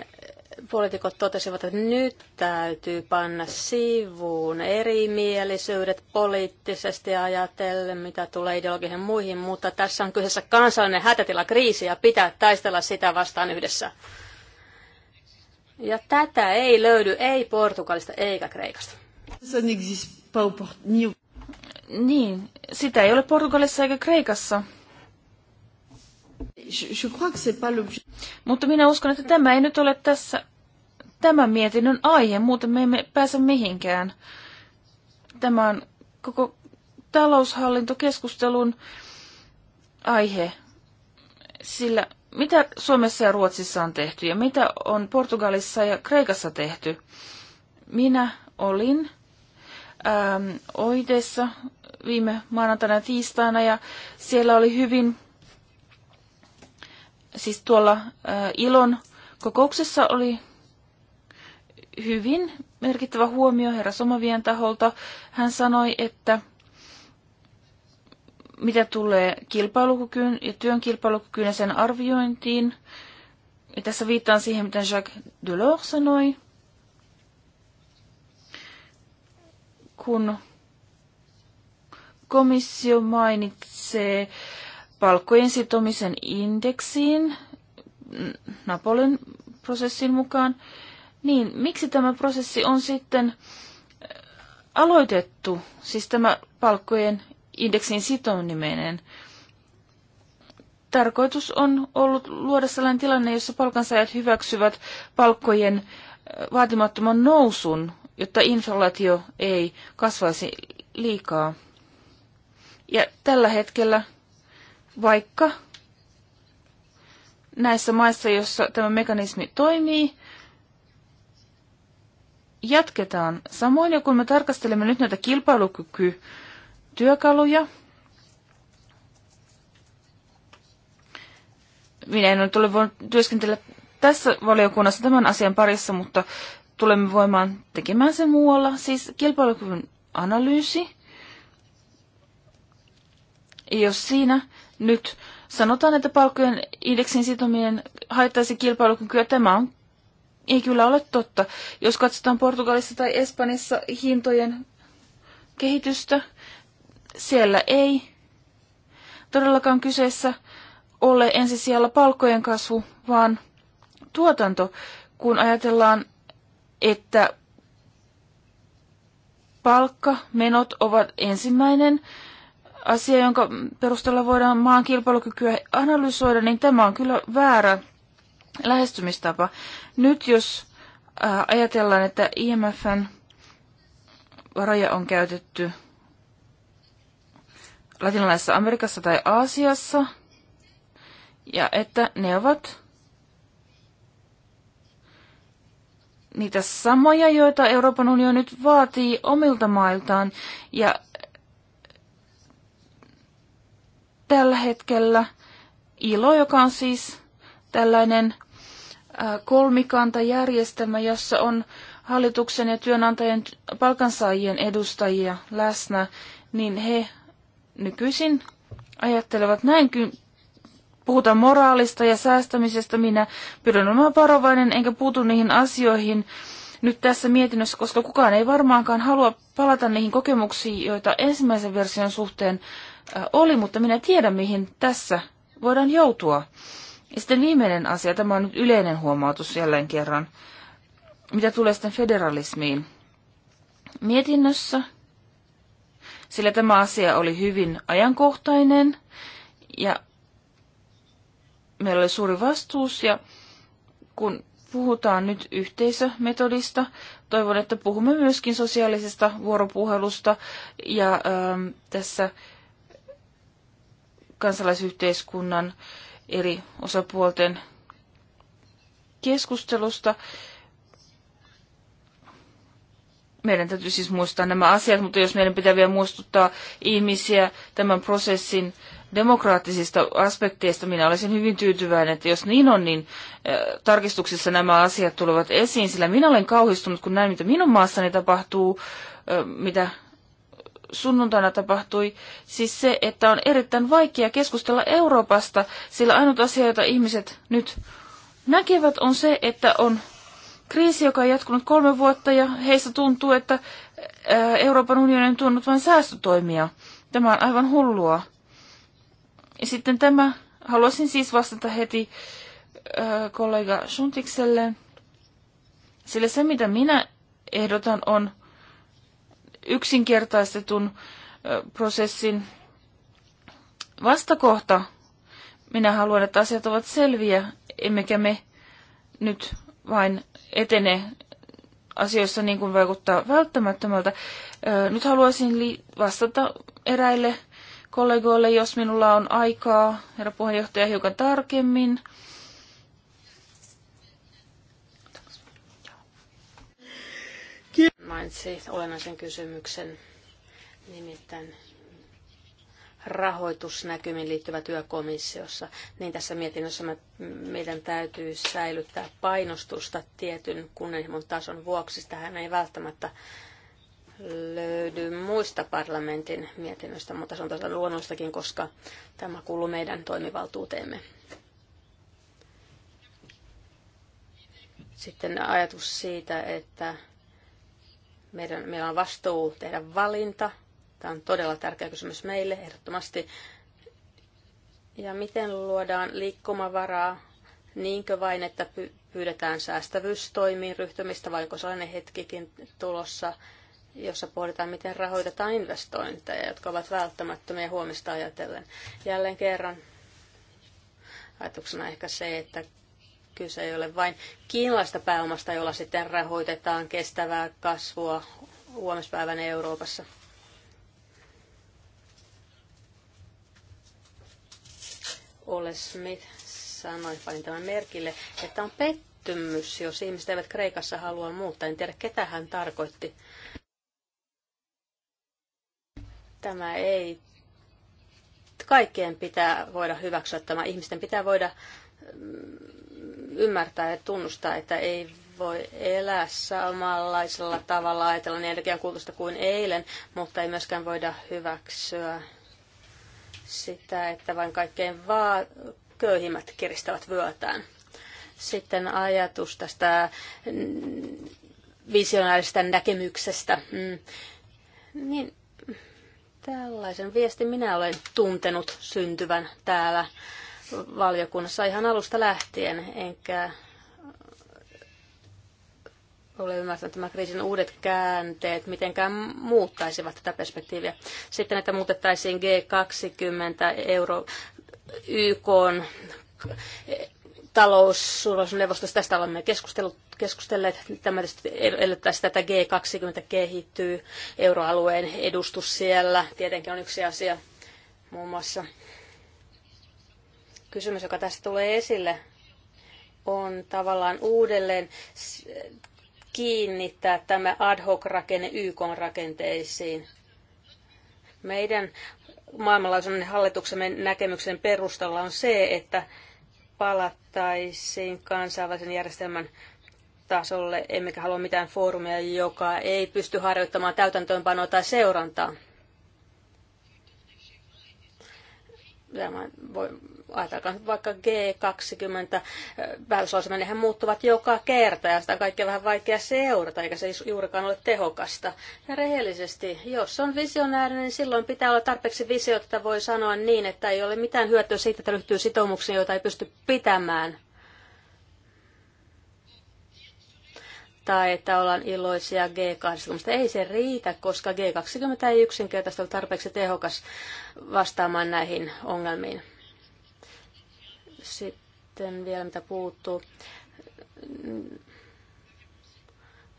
poliitikot totesivat, että nyt täytyy panna sivuun erimielisyydet poliittisesti ajatellen, mitä tulee ideologiin muihin, mutta tässä on kyseessä kansallinen hätätilakriisi ja pitää taistella sitä vastaan yhdessä. Ja tätä ei löydy ei Portugalista eikä Kreikasta. Niin, sitä ei ole Portugalissa eikä Kreikassa. Mutta minä uskon, että tämä ei nyt ole tässä tämän mietinnön aihe, muuten me emme pääse mihinkään. Tämä on koko taloushallintokeskustelun aihe, sillä mitä Suomessa ja Ruotsissa on tehty ja mitä on Portugalissa ja Kreikassa tehty. Minä olin ähm, Oidessa viime maanantaina ja tiistaina ja siellä oli hyvin siis tuolla Ilon kokouksessa oli hyvin merkittävä huomio herra Somavien taholta. Hän sanoi, että mitä tulee kilpailukykyyn ja työn kilpailukykyyn ja sen arviointiin, ja tässä viittaan siihen, mitä Jacques Delors sanoi, kun komissio mainitsee palkkojen sitomisen indeksiin Napolin prosessin mukaan, niin miksi tämä prosessi on sitten äh, aloitettu, siis tämä palkkojen indeksin sitominen? Tarkoitus on ollut luoda sellainen tilanne, jossa palkansaajat hyväksyvät palkkojen äh, vaatimattoman nousun, jotta inflaatio ei kasvaisi liikaa. Ja tällä hetkellä vaikka näissä maissa, joissa tämä mekanismi toimii, jatketaan samoin. Ja kun me tarkastelemme nyt näitä kilpailukykytyökaluja, minä en ole voinut työskentellä tässä valiokunnassa tämän asian parissa, mutta tulemme voimaan tekemään sen muualla. Siis kilpailukyvyn analyysi, jos siinä nyt sanotaan, että palkkojen indeksin sitominen haittaisi kilpailukykyä. Tämä on, ei kyllä ole totta. Jos katsotaan Portugalissa tai Espanjassa hintojen kehitystä, siellä ei todellakaan kyseessä ole ensisijalla palkkojen kasvu, vaan tuotanto. Kun ajatellaan, että palkkamenot ovat ensimmäinen asia, jonka perusteella voidaan maan kilpailukykyä analysoida, niin tämä on kyllä väärä lähestymistapa. Nyt jos äh, ajatellaan, että IMFn varoja on käytetty latinalaisessa Amerikassa tai Aasiassa, ja että ne ovat niitä samoja, joita Euroopan unioni nyt vaatii omilta mailtaan, ja tällä hetkellä ILO, joka on siis tällainen kolmikantajärjestelmä, jossa on hallituksen ja työnantajien palkansaajien edustajia läsnä, niin he nykyisin ajattelevat näin, puhutaan moraalista ja säästämisestä, minä pyydän olemaan varovainen enkä puutu niihin asioihin nyt tässä mietinnössä, koska kukaan ei varmaankaan halua palata niihin kokemuksiin, joita ensimmäisen version suhteen oli, mutta minä tiedän, mihin tässä voidaan joutua. Ja sitten viimeinen asia, tämä on nyt yleinen huomautus jälleen kerran, mitä tulee sitten federalismiin. Mietinnössä, sillä tämä asia oli hyvin ajankohtainen ja meillä oli suuri vastuus ja kun puhutaan nyt yhteisömetodista, toivon, että puhumme myöskin sosiaalisesta vuoropuhelusta ja ähm, tässä äh, kansalaisyhteiskunnan eri osapuolten keskustelusta. Meidän täytyy siis muistaa nämä asiat, mutta jos meidän pitää vielä muistuttaa ihmisiä tämän prosessin demokraattisista aspekteista, minä olisin hyvin tyytyväinen, että jos niin on, niin tarkistuksissa nämä asiat tulevat esiin, sillä minä olen kauhistunut, kun näin, mitä minun maassani tapahtuu, mitä sunnuntaina tapahtui, siis se, että on erittäin vaikea keskustella Euroopasta, sillä ainut asia, jota ihmiset nyt näkevät, on se, että on kriisi, joka on jatkunut kolme vuotta ja heistä tuntuu, että Euroopan unioni on tuonut vain säästötoimia. Tämä on aivan hullua. Ja sitten tämä, haluaisin siis vastata heti kollega Schuntikselle, sillä se mitä minä ehdotan on yksinkertaistetun prosessin vastakohta. Minä haluan, että asiat ovat selviä, emmekä me nyt vain etene asioissa niin kuin vaikuttaa välttämättömältä. Nyt haluaisin vastata eräille kollegoille, jos minulla on aikaa, herra puheenjohtaja, hiukan tarkemmin. mainitsi olennaisen kysymyksen, nimittäin rahoitusnäkymiin liittyvä työ komissiossa, niin tässä mietinnössä me, meidän täytyy säilyttää painostusta tietyn kunnianhimon tason vuoksi. Tähän ei välttämättä löydy muista parlamentin mietinnöistä, mutta se on tosiaan luonnollistakin, koska tämä kuuluu meidän toimivaltuuteemme. Sitten ajatus siitä, että meidän, meillä on vastuu tehdä valinta. Tämä on todella tärkeä kysymys meille ehdottomasti. Ja miten luodaan liikkumavaraa? Niinkö vain, että pyydetään säästävyystoimiin ryhtymistä, vaikka onko sellainen hetkikin tulossa, jossa pohditaan, miten rahoitetaan investointeja, jotka ovat välttämättömiä huomista ajatellen. Jälleen kerran ajatuksena ehkä se, että Kyse ei ole vain kiinalaista pääomasta, jolla sitten rahoitetaan kestävää kasvua huomispäivän Euroopassa. Ole Smith sanoi, panin tämän merkille, että on pettymys, jos ihmiset eivät Kreikassa halua muuttaa. En tiedä, ketä hän tarkoitti. Tämä ei... Kaikkien pitää voida hyväksyä tämä. Ihmisten pitää voida mm, ymmärtää ja tunnustaa, että ei voi elää samanlaisella tavalla ajatella energiankulutusta kuin eilen, mutta ei myöskään voida hyväksyä sitä, että vain kaikkein vaan köyhimmät kiristävät vyötään. Sitten ajatus tästä visionaarisesta näkemyksestä. Mm. Niin, tällaisen viestin minä olen tuntenut syntyvän täällä valiokunnassa ihan alusta lähtien, enkä ole ymmärtänyt, että tämän kriisin uudet käänteet mitenkään muuttaisivat tätä perspektiiviä. Sitten, että muutettaisiin G20 euro YK taloussuunnitelmasta, tästä olemme keskustelleet, keskustelleet. Tämä tietysti edellyttää sitä, että G20 kehittyy, euroalueen edustus siellä tietenkin on yksi asia muun muassa kysymys, joka tässä tulee esille, on tavallaan uudelleen kiinnittää tämä ad hoc-rakenne YK-rakenteisiin. Meidän maailmanlaajuisen hallituksemme näkemyksen perustalla on se, että palattaisiin kansainvälisen järjestelmän tasolle, emmekä halua mitään foorumia, joka ei pysty harjoittamaan täytäntöönpanoa tai seurantaa. Tämä voi ajatelkaa vaikka G20 väyläsuosimme, äh, muuttuvat joka kerta ja sitä on kaikkea vähän vaikea seurata, eikä se juurikaan ole tehokasta. Ja rehellisesti, jos on visionäärinen, niin silloin pitää olla tarpeeksi visio, että voi sanoa niin, että ei ole mitään hyötyä siitä, että ryhtyy sitoumuksiin, joita ei pysty pitämään. tai että ollaan iloisia G20. Ei se riitä, koska G20 ei yksinkertaisesti ole tarpeeksi tehokas vastaamaan näihin ongelmiin. Sitten vielä mitä puuttuu.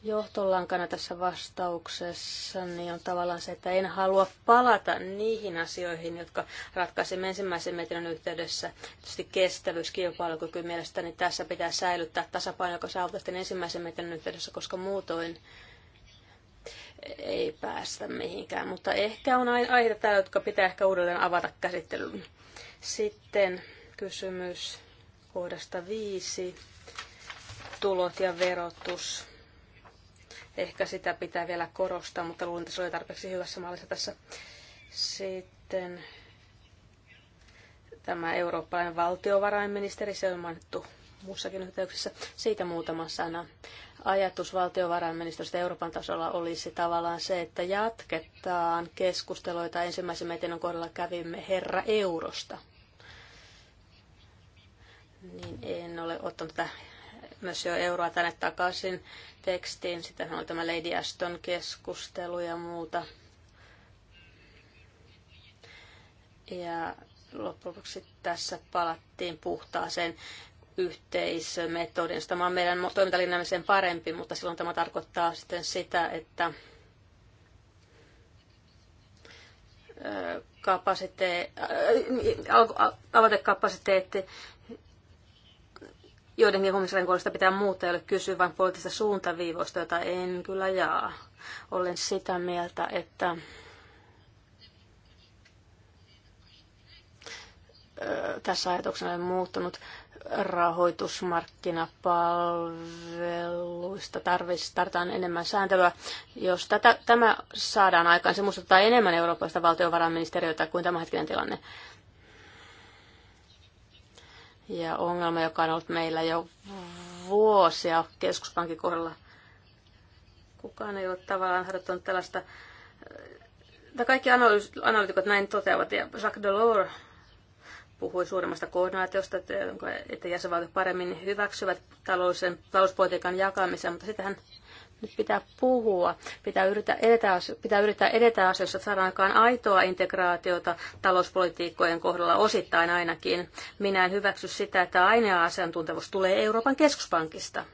Johtolankana tässä vastauksessa niin on tavallaan se, että en halua palata niihin asioihin, jotka ratkaisimme ensimmäisen metrin yhteydessä. Tietysti kestävyys, kilpailukyky mielestäni tässä pitää säilyttää tasapaino, joka saavutettiin ensimmäisen metrin yhteydessä, koska muutoin ei päästä mihinkään. Mutta ehkä on aiheita täällä, jotka pitää ehkä uudelleen avata käsittelyyn. Sitten kysymys kohdasta viisi, tulot ja verotus. Ehkä sitä pitää vielä korostaa, mutta luulen, että se oli tarpeeksi hyvässä mallissa tässä. Sitten tämä eurooppalainen valtiovarainministeri, se on mainittu muussakin yhteyksissä. Siitä muutama sana. Ajatus valtiovarainministeriöstä Euroopan tasolla olisi tavallaan se, että jatketaan keskusteluita. Ensimmäisen mietinnön kohdalla kävimme herra eurosta niin en ole ottanut tätä myös jo euroa tänne takaisin tekstiin. Sitten on tämä Lady Aston keskustelu ja muuta. Ja lopuksi tässä palattiin puhtaaseen yhteisömetodin. Tämä on meidän toimintalinjamme sen parempi, mutta silloin tämä tarkoittaa sitten sitä, että kapasiteetti, niin, avoitekapasiteetti joidenkin komissarin puolesta pitää muuta, ei ole kysyä vain poliittisista suuntaviivoista, joita en kyllä jaa. Olen sitä mieltä, että tässä ajatuksena on muuttunut rahoitusmarkkinapalveluista tarvitaan enemmän sääntelyä. Jos tätä, tämä saadaan aikaan, se muistuttaa enemmän eurooppalaista valtiovarainministeriötä kuin tämänhetkinen tilanne. Ja ongelma, joka on ollut meillä jo vuosia keskuspankin kohdalla, kukaan ei ole tavallaan harjoittanut tällaista, Tämä kaikki analytikot näin toteavat, ja Jacques Delors puhui suuremmasta koordinaatiosta, että, että jäsenvaltiot paremmin hyväksyvät talouspolitiikan jakamisen, mutta sitten hän nyt pitää puhua, pitää yrittää edetä, pitää yrittää edetä asioissa, että saadaan aikaan aitoa integraatiota talouspolitiikkojen kohdalla osittain ainakin. Minä en hyväksy sitä, että aina asiantuntemus tulee Euroopan keskuspankista.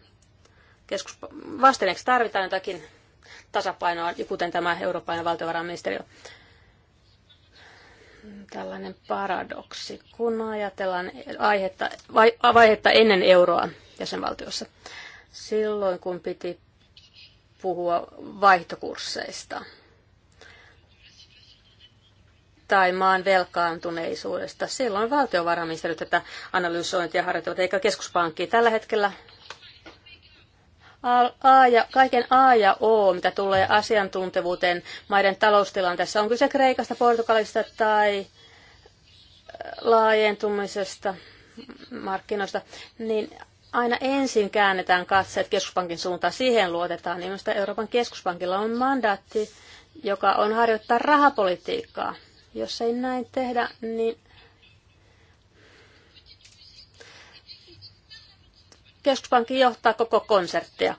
Keskusp- vastineeksi tarvitaan jotakin tasapainoa, kuten tämä Euroopan valtiovarainministeriö tällainen paradoksi, kun ajatellaan aihetta, vai, vaihetta ennen euroa jäsenvaltiossa. Silloin kun piti puhua vaihtokursseista tai maan velkaantuneisuudesta. Silloin valtiovarainministeri tätä analysointia harjoittavat, eikä keskuspankki. Tällä hetkellä A ja, kaiken A ja O, mitä tulee asiantuntevuuteen maiden taloustilanteessa, on kyse Kreikasta, Portugalista tai äh, laajentumisesta markkinoista, niin aina ensin käännetään katseet keskuspankin suuntaan, siihen luotetaan, niin minusta Euroopan keskuspankilla on mandaatti, joka on harjoittaa rahapolitiikkaa. Jos ei näin tehdä, niin keskuspankki johtaa koko konserttia.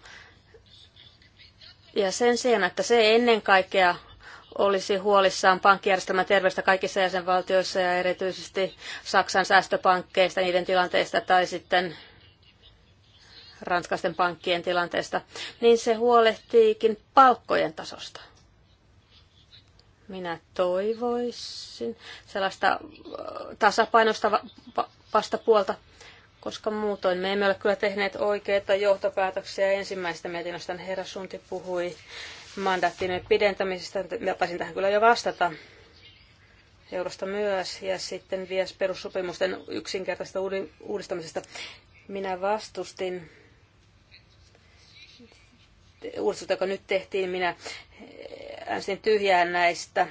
Ja sen sijaan, että se ennen kaikkea olisi huolissaan pankkijärjestelmän terveystä kaikissa jäsenvaltioissa ja erityisesti Saksan säästöpankkeista, niiden tilanteista tai sitten ranskaisten pankkien tilanteesta, niin se huolehtiikin palkkojen tasosta. Minä toivoisin sellaista tasapainosta vastapuolta, koska muutoin me emme ole kyllä tehneet oikeita johtopäätöksiä. Ensimmäistä mietinnöstä herra Sunti puhui mandaattimme pidentämisestä. Mä pääsin tähän kyllä jo vastata eurosta myös, ja sitten vies perussopimusten yksinkertaisesta uudistamisesta. Minä vastustin uudistusta, joka nyt tehtiin, minä äänestin tyhjää näistä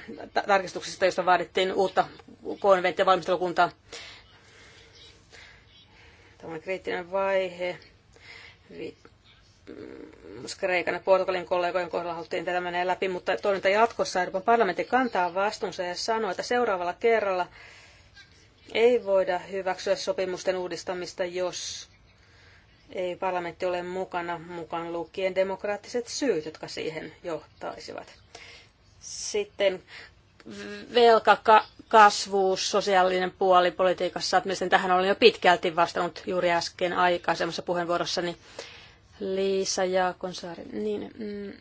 tarkistuksista, joista vaadittiin uutta KNV-valmistelukuntaa. Tämä on kriittinen vaihe. Mm, Kreikan ja Portugalin kollegojen kohdalla haluttiin tätä menee läpi, mutta toiminta jatkossa Euroopan parlamentti kantaa vastuunsa ja sanoo, että seuraavalla kerralla ei voida hyväksyä sopimusten uudistamista, jos ei parlamentti ole mukana, mukaan lukien demokraattiset syyt, jotka siihen johtaisivat. Sitten velka kasvuus sosiaalinen puoli politiikassa, että tähän olen jo pitkälti vastannut juuri äsken aikaisemmassa puheenvuorossani. Liisa Jaakonsaari, niin, mm,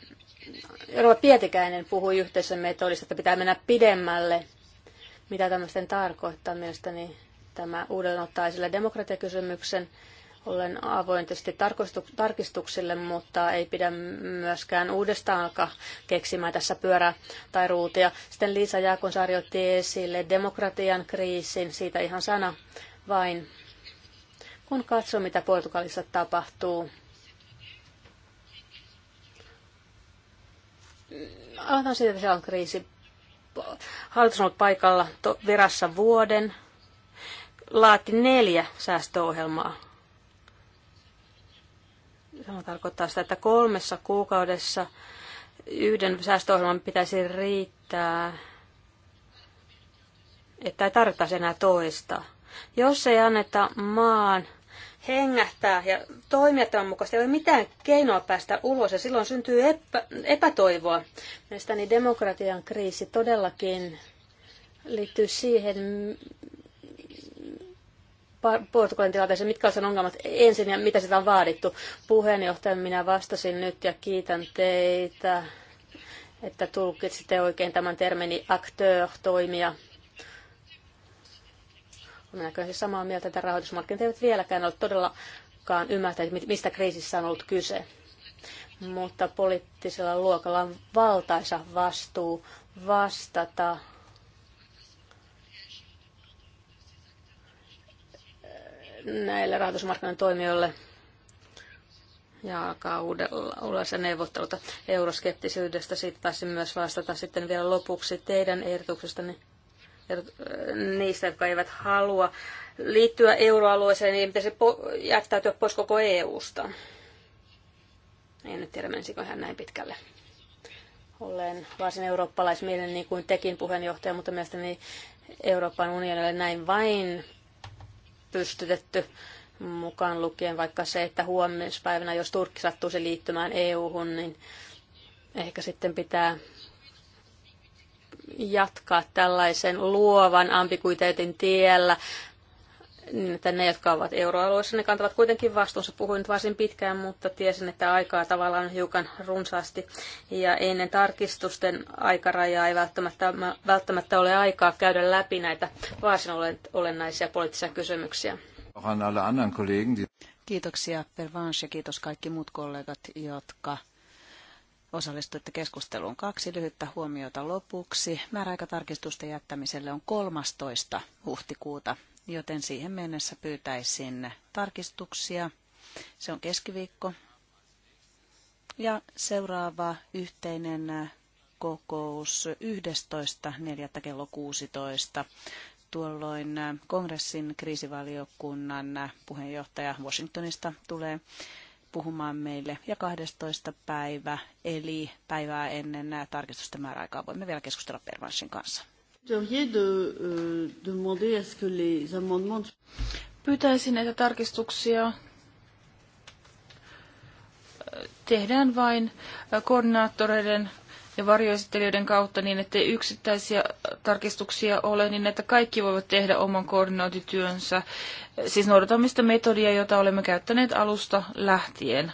Pietikäinen puhui yhteisön metodista, että pitää mennä pidemmälle. Mitä tämmöisten tarkoittaa mielestäni tämä uudelleen ottaa esille demokratiakysymyksen. kysymyksen olen avoin tietysti tarkistuksille, mutta ei pidä myöskään uudestaan alkaa keksimään tässä pyörää tai ruutia. Sitten Liisa Jaakonsaari otti esille demokratian kriisin, siitä ihan sana vain. Kun katsoo, mitä Portugalissa tapahtuu, aloitan siitä, että siellä on kriisi. Hallitus on ollut paikalla virassa vuoden, laati neljä säästöohjelmaa Tämä tarkoittaa sitä, että kolmessa kuukaudessa yhden säästöohjelman pitäisi riittää, että ei tarvittaisi enää toista. Jos ei anneta maan hengähtää ja toimia tämän mukaan, ei ole mitään keinoa päästä ulos ja silloin syntyy epä, epätoivoa. Mielestäni demokratian kriisi todellakin liittyy siihen, Portugalin tilanteeseen, mitkä ovat sen ongelmat ensin ja mitä sitä on vaadittu. Puheenjohtajan minä vastasin nyt ja kiitän teitä, että tulkitsitte oikein tämän termini acteur, toimija. Minä näköisesti samaa mieltä, että rahoitusmarkkinat eivät vieläkään ole todellakaan ymmärtäneet, mistä kriisissä on ollut kyse. Mutta poliittisella luokalla on valtaisa vastuu vastata näille rahoitusmarkkinoiden toimijoille ja alkaa uudenlaisia neuvotteluita euroskeptisyydestä. Siitä pääsin myös vastata sitten vielä lopuksi teidän ehdotuksestanne äh, niistä, jotka eivät halua liittyä euroalueeseen, niin pitäisi jättäytyä pois koko EU-sta. En nyt tiedä, menisikö hän näin pitkälle. Olen varsin eurooppalaismielinen niin kuin tekin puheenjohtaja, mutta mielestäni Euroopan unionille näin vain pystytetty mukaan lukien vaikka se, että huomispäivänä, jos Turkki sattuisi liittymään EU-hun, niin ehkä sitten pitää jatkaa tällaisen luovan ambikuiteetin tiellä niin että ne, jotka ovat euroalueessa, ne kantavat kuitenkin vastuunsa. Puhuin nyt varsin pitkään, mutta tiesin, että aikaa tavallaan hiukan runsaasti. Ja ennen tarkistusten aikarajaa ei välttämättä, välttämättä ole aikaa käydä läpi näitä varsin olennaisia poliittisia kysymyksiä. Kiitoksia Pervans ja kiitos kaikki muut kollegat, jotka osallistuitte keskusteluun. Kaksi lyhyttä huomiota lopuksi. Määräaikatarkistusten jättämiselle on 13. huhtikuuta joten siihen mennessä pyytäisin tarkistuksia. Se on keskiviikko. Ja seuraava yhteinen kokous 11.4. kello 16. Tuolloin kongressin kriisivaliokunnan puheenjohtaja Washingtonista tulee puhumaan meille. Ja 12. päivä, eli päivää ennen tarkistusten määräaikaa, voimme vielä keskustella Pervansin kanssa. Euh, Pyytäisin, että tarkistuksia äh, tehdään vain äh, koordinaattoreiden ja varjoesittelijöiden kautta niin, ettei yksittäisiä äh, tarkistuksia ole, niin että kaikki voivat tehdä oman koordinaatityönsä. Siis noudatamme sitä metodia, jota olemme käyttäneet alusta lähtien.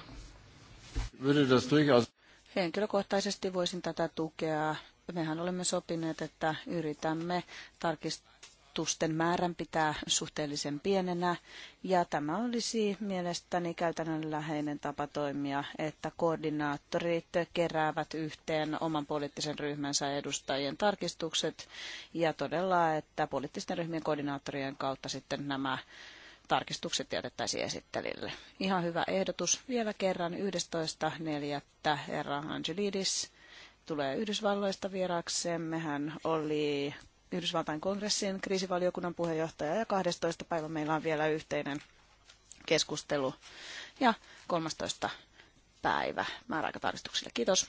Henkilökohtaisesti voisin tätä tukea mehän olemme sopineet, että yritämme tarkistusten määrän pitää suhteellisen pienenä. Ja tämä olisi mielestäni käytännönläheinen tapa toimia, että koordinaattorit keräävät yhteen oman poliittisen ryhmänsä edustajien tarkistukset ja todella, että poliittisten ryhmien koordinaattorien kautta sitten nämä tarkistukset jätettäisiin esittelille. Ihan hyvä ehdotus. Vielä kerran 11.4. herra Angelidis tulee Yhdysvalloista vieraaksemme. Hän oli Yhdysvaltain kongressin kriisivaliokunnan puheenjohtaja ja 12. päivä meillä on vielä yhteinen keskustelu ja 13. päivä määräaikatarkistuksille. Kiitos.